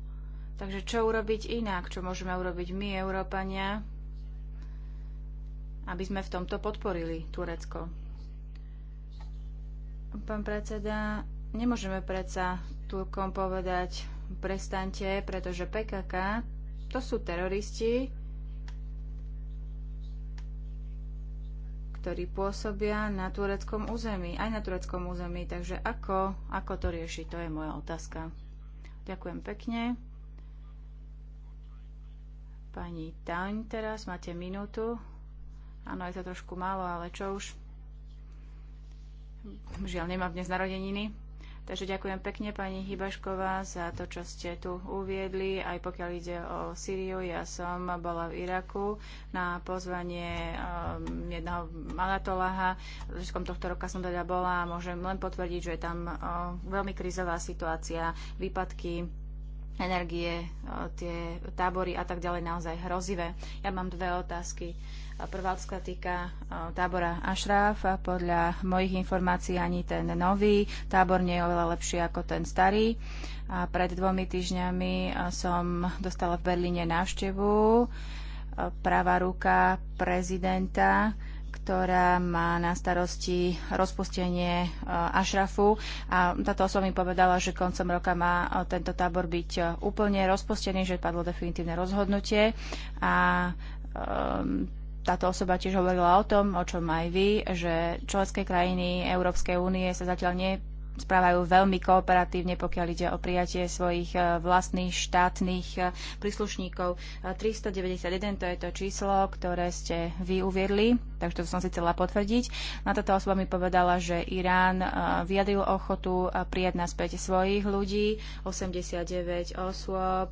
Takže čo urobiť inak? Čo môžeme urobiť my, Európania, aby sme v tomto podporili Turecko? Pán predseda, nemôžeme predsa Turkom povedať prestante, pretože PKK to sú teroristi, ktorí pôsobia na tureckom území, aj na tureckom území. Takže ako, ako to rieši, to je moja otázka. Ďakujem pekne. Pani Taň, teraz máte minútu. Áno, je to trošku málo, ale čo už? Žiaľ, nemám dnes narodeniny. Takže ďakujem pekne pani Hybašková za to, čo ste tu uviedli. Aj pokiaľ ide o Sýriu, ja som bola v Iraku na pozvanie um, jedného Anatolaha. Všetkom tohto roka som teda bola a môžem len potvrdiť, že je tam um, veľmi krizová situácia, výpadky energie, um, tie tábory a tak ďalej naozaj hrozivé. Ja mám dve otázky. Prvá otázka týka tábora Ašraf. Podľa mojich informácií ani ten nový tábor nie je oveľa lepší ako ten starý. A pred dvomi týždňami som dostala v Berlíne návštevu práva ruka prezidenta, ktorá má na starosti rozpustenie Ašrafu. A táto osoba mi povedala, že koncom roka má tento tábor byť úplne rozpustený, že padlo definitívne rozhodnutie. A um, táto osoba tiež hovorila o tom, o čom aj vy, že členské krajiny Európskej únie sa zatiaľ ne správajú veľmi kooperatívne, pokiaľ ide o prijatie svojich e, vlastných štátnych e, príslušníkov. 391 e, to je to číslo, ktoré ste vy uviedli, takže to som si chcela potvrdiť. Na toto osoba mi povedala, že Irán vyjadril ochotu prijať naspäť svojich ľudí. 89 osôb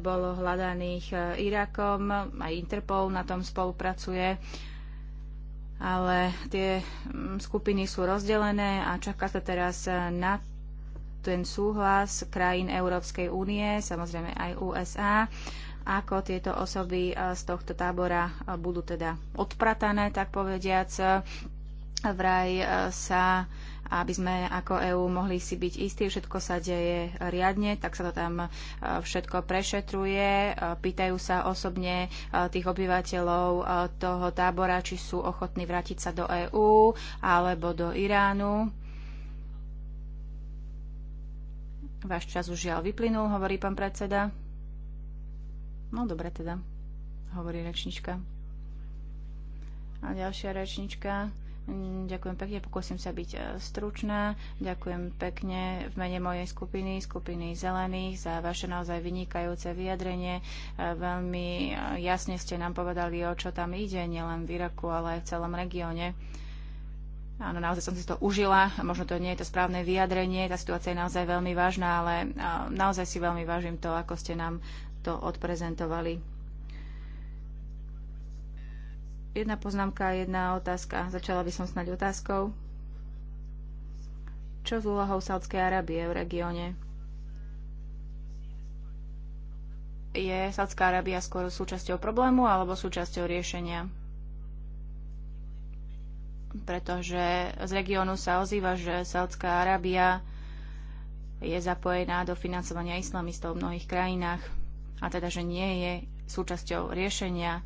bolo hľadaných Irakom, aj Interpol na tom spolupracuje ale tie mm, skupiny sú rozdelené a čaká sa teraz eh, na ten súhlas krajín Európskej únie, samozrejme aj USA, ako tieto osoby eh, z tohto tábora eh, budú teda odpratané, tak povediac. Vraj sa aby sme ako EÚ mohli si byť istí, všetko sa deje riadne, tak sa to tam e, všetko prešetruje, e, pýtajú sa osobne e, tých obyvateľov toho tábora, či sú ochotní vrátiť sa do EÚ alebo do Iránu. Váš čas už žiaľ vyplynul, hovorí pán predseda. No dobre teda, hovorí rečnička. A ďalšia rečnička. Ďakujem pekne, pokúsim sa byť e, stručná. Ďakujem pekne v mene mojej skupiny, skupiny Zelených, za vaše naozaj vynikajúce vyjadrenie. E, veľmi e, jasne ste nám povedali, o čo tam ide, nielen v Iraku, ale aj v celom regióne. Áno, naozaj som si to užila. Možno to nie je to správne vyjadrenie. Tá situácia je naozaj veľmi vážna, ale naozaj si veľmi vážim to, ako ste nám to odprezentovali. Jedna poznámka, jedna otázka. Začala by som snať otázkou. Čo s úlohou Saudskej Arábie v regióne? Je Saudská Arábia skôr súčasťou problému alebo súčasťou riešenia? Pretože z regiónu sa ozýva, že Saudská Arábia je zapojená do financovania islamistov v mnohých krajinách a teda, že nie je súčasťou riešenia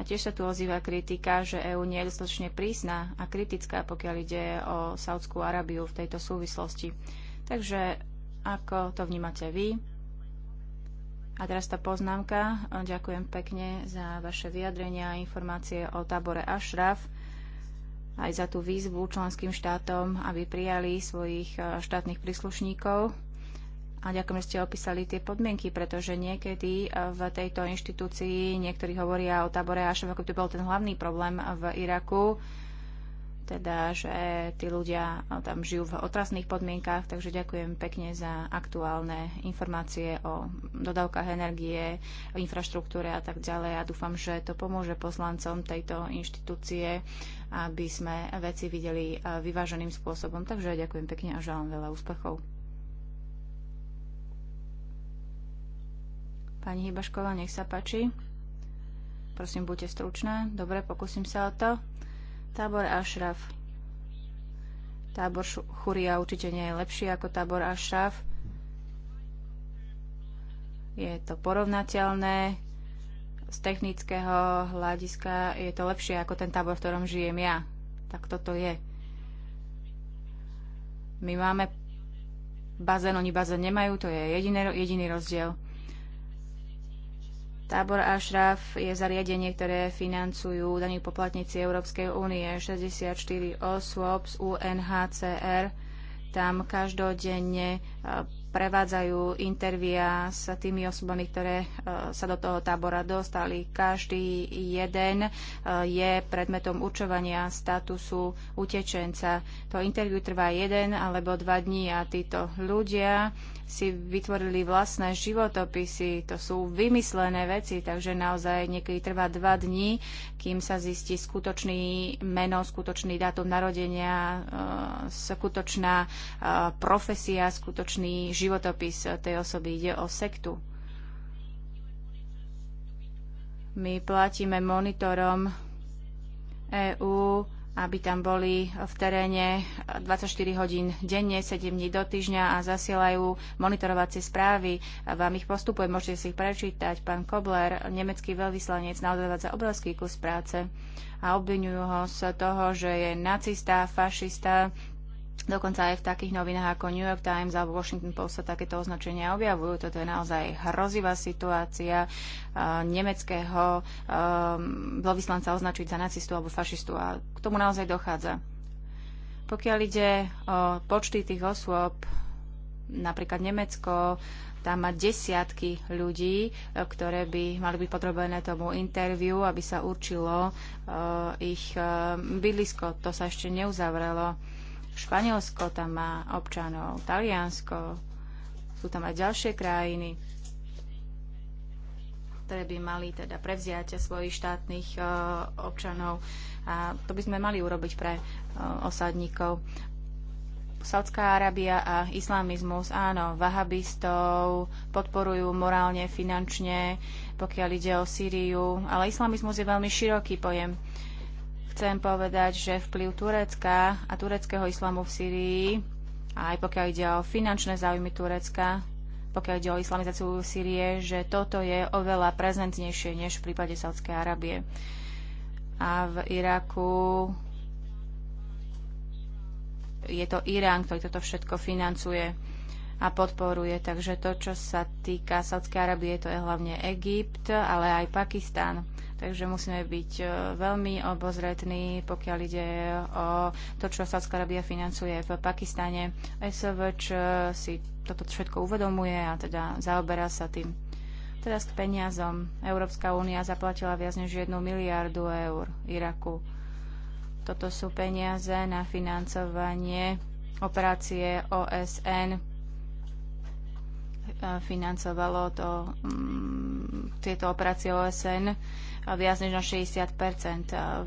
a tiež sa tu ozýva kritika, že EÚ nie je dostatočne prísna a kritická, pokiaľ ide o Saudskú Arabiu v tejto súvislosti. Takže ako to vnímate vy? A teraz tá poznámka. Ďakujem pekne za vaše vyjadrenia a informácie o tábore Ashraf aj za tú výzvu členským štátom, aby prijali svojich štátnych príslušníkov a ďakujem, že ste opísali tie podmienky, pretože niekedy eh, v tejto inštitúcii niektorí hovoria o tábore až ako by to bol ten hlavný problém v Iraku, teda, že tí ľudia eh, tam žijú v otrasných podmienkách, takže ďakujem pekne za aktuálne informácie o dodávkach energie, infraštruktúre a tak ďalej a dúfam, že to pomôže poslancom tejto inštitúcie, aby sme veci videli eh, vyváženým spôsobom. Takže ďakujem pekne a želám veľa úspechov. Pani Hybašková, nech sa páči. Prosím, buďte stručná. Dobre, pokúsim sa o to. Tábor Ašraf. Tábor Churia určite nie je lepší ako tábor Ašraf. Je to porovnateľné, z technického hľadiska je to lepšie ako ten tábor, v ktorom žijem ja. Tak toto je. My máme bazén, oni bazén nemajú, to je jediný, jediný rozdiel. Tábor Ashraf je zariadenie, ktoré financujú daní poplatníci Európskej únie. 64 osôb z UNHCR tam každodenne prevádzajú intervia s tými osobami, ktoré e, sa do toho tábora dostali. Každý jeden e, je predmetom určovania statusu utečenca. To interviu trvá jeden alebo dva dní a títo ľudia si vytvorili vlastné životopisy. To sú vymyslené veci, takže naozaj niekedy trvá dva dní, kým sa zistí skutočný meno, skutočný dátum narodenia, e, skutočná profesia, skutočný životopis tej osoby, ide o sektu. My platíme monitorom EÚ, aby tam boli v teréne 24 hodín denne, 7 dní do týždňa a zasielajú monitorovacie správy. A vám ich postupuje, môžete si ich prečítať. Pán Kobler, nemecký veľvyslanec, naozaj za obrovský kus práce a obvinujú ho z toho, že je nacista, fašista, Dokonca aj v takých novinách ako New York Times alebo Washington Post sa takéto označenia objavujú. Toto je naozaj hrozivá situácia nemeckého um, označiť za nacistu alebo fašistu. A k tomu naozaj dochádza. Pokiaľ ide o počty tých osôb, napríklad Nemecko, tam má desiatky ľudí, e, ktoré by mali byť podrobené tomu interviu, aby sa určilo e, ich e, bydlisko. To sa ešte neuzavrelo. Španielsko tam má občanov, Taliansko, sú tam aj ďalšie krajiny, ktoré by mali teda prevziať svojich štátnych e, občanov. A to by sme mali urobiť pre e, osadníkov. Saudská Arábia a islamizmus, áno, vahabistov podporujú morálne, finančne, pokiaľ ide o Sýriu, ale islamizmus je veľmi široký pojem. Uh, Chcem povedať, že vplyv Turecka a tureckého islamu v Syrii, aj pokiaľ ide o finančné záujmy Turecka, pokiaľ ide o islamizáciu Sýrie, že toto je oveľa prezentnejšie než v prípade Saudskej Arábie. A v Iraku je to Irán, ktorý toto všetko financuje a podporuje. Takže to, čo sa týka Saudskej Arábie, to je hlavne Egypt, ale aj Pakistan. Takže musíme byť e, veľmi obozretní, pokiaľ ide o to, čo Sádzka Arábia financuje v Pakistane. SVČ si toto všetko uvedomuje a teda zaoberá sa tým. Teraz k peniazom. Európska únia zaplatila viac než 1 miliardu eur Iraku. Toto sú peniaze na financovanie operácie OSN. E, financovalo to um, tieto operácie OSN viac než na 60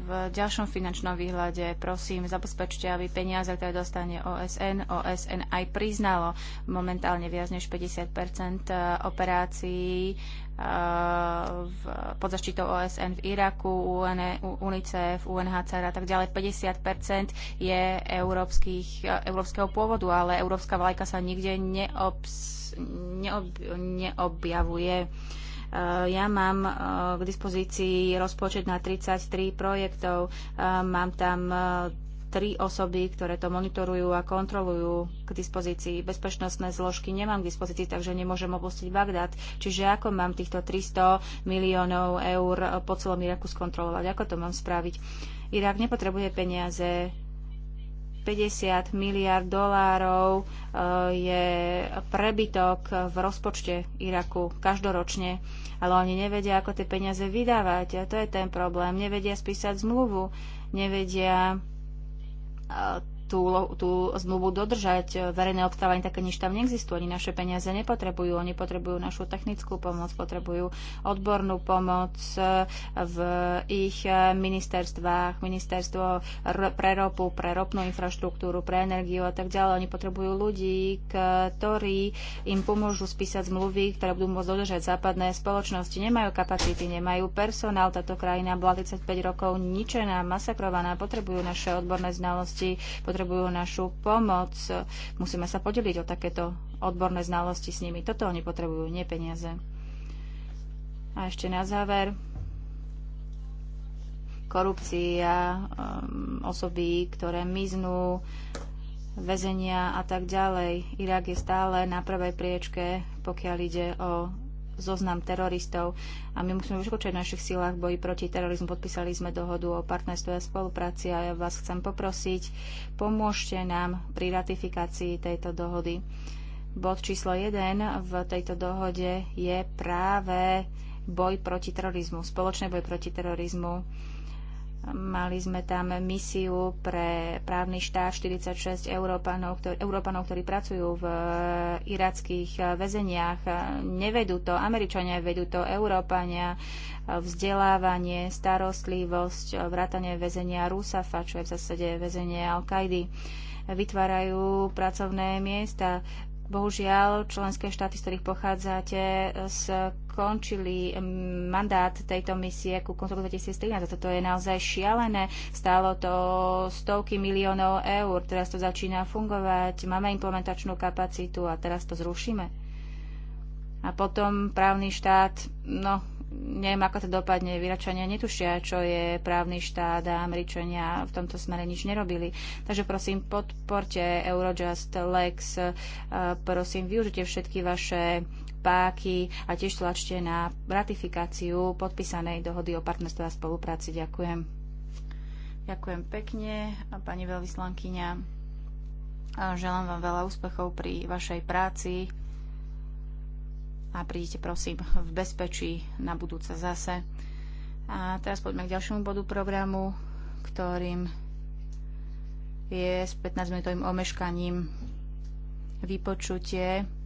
V ďalšom finančnom výhľade prosím, zabezpečte, aby peniaze, ktoré dostane OSN, OSN aj priznalo momentálne viac než 50 e, operácií e, v, pod zaštitou OSN v Iraku, UN, e, UNICEF, UNHCR a tak ďalej. 50 je európskych, európskeho pôvodu, ale európska vlajka sa nikde neobs, neob, neobjavuje. Eh, ja mám eh, k dispozícii rozpočet na 33 projektov, eh, mám tam tri osoby, ktoré to monitorujú a kontrolujú k dispozícii. Bezpečnostné zložky nemám k dispozícii, takže nemôžem opustiť Bagdad. Čiže ako mám týchto 300 miliónov eur po celom Iraku skontrolovať? Ako to mám spraviť? Irak nepotrebuje peniaze, 50 miliard dolárov e, je prebytok v rozpočte Iraku každoročne, ale oni nevedia, ako tie peniaze vydávať. A to je ten problém. Nevedia spísať zmluvu, nevedia e, tú, tú zmluvu dodržať. Verejné obstávanie také nič tam neexistuje. Oni naše peniaze nepotrebujú. Oni potrebujú našu technickú pomoc, potrebujú odbornú pomoc v ich ministerstvách, ministerstvo pre ropu, pre ropnú infraštruktúru, pre energiu a tak ďalej. Oni potrebujú ľudí, ktorí im pomôžu spísať zmluvy, ktoré budú môcť dodržať západné spoločnosti. Nemajú kapacity, nemajú personál. Táto krajina bola 35 rokov ničená, masakrovaná. Potrebujú naše odborné znalosti, potrebujú potrebujú našu pomoc. Musíme sa podeliť o takéto odborné znalosti s nimi. Toto oni potrebujú, nie peniaze. A ešte na záver korupcia, um, osoby, ktoré miznú, väzenia a tak ďalej. Irak je stále na prvej priečke, pokiaľ ide o zoznam teroristov a my musíme vyskúčať v našich silách boji proti terorizmu. Podpísali sme dohodu o partnerstve a spolupráci a ja vás chcem poprosiť, pomôžte nám pri ratifikácii tejto dohody. Bod číslo 1 v tejto dohode je práve boj proti terorizmu, spoločný boj proti terorizmu Mali sme tam misiu pre právny štát 46 Európanov, ktorí, Európanov, ktorí pracujú v eh, irackých eh, väzeniach. Nevedú to Američania, vedú to Európania, eh, vzdelávanie, starostlivosť, vrátanie väzenia Rusafa, čo je v zásade väzenie Al-Kaidy. Vytvárajú pracovné miesta. Bohužiaľ, členské štáty, z ktorých pochádzate, z končili mandát tejto misie ku koncu 2013. Toto je naozaj šialené. Stálo to stovky miliónov eur. Teraz to začína fungovať. Máme implementačnú kapacitu a teraz to zrušíme. A potom právny štát, no, neviem, ako to dopadne. Vyračania netušia, čo je právny štát a Američania v tomto smere nič nerobili. Takže prosím, podporte Eurojust, Lex, prosím, využite všetky vaše páky a tiež tlačte na ratifikáciu podpísanej dohody o partnerstve a spolupráci. Ďakujem. Ďakujem pekne, pani veľvyslankyňa. Želám vám veľa úspechov pri vašej práci a prídite prosím v bezpečí na budúce zase. A teraz poďme k ďalšiemu bodu programu, ktorým je s 15-minútovým omeškaním vypočutie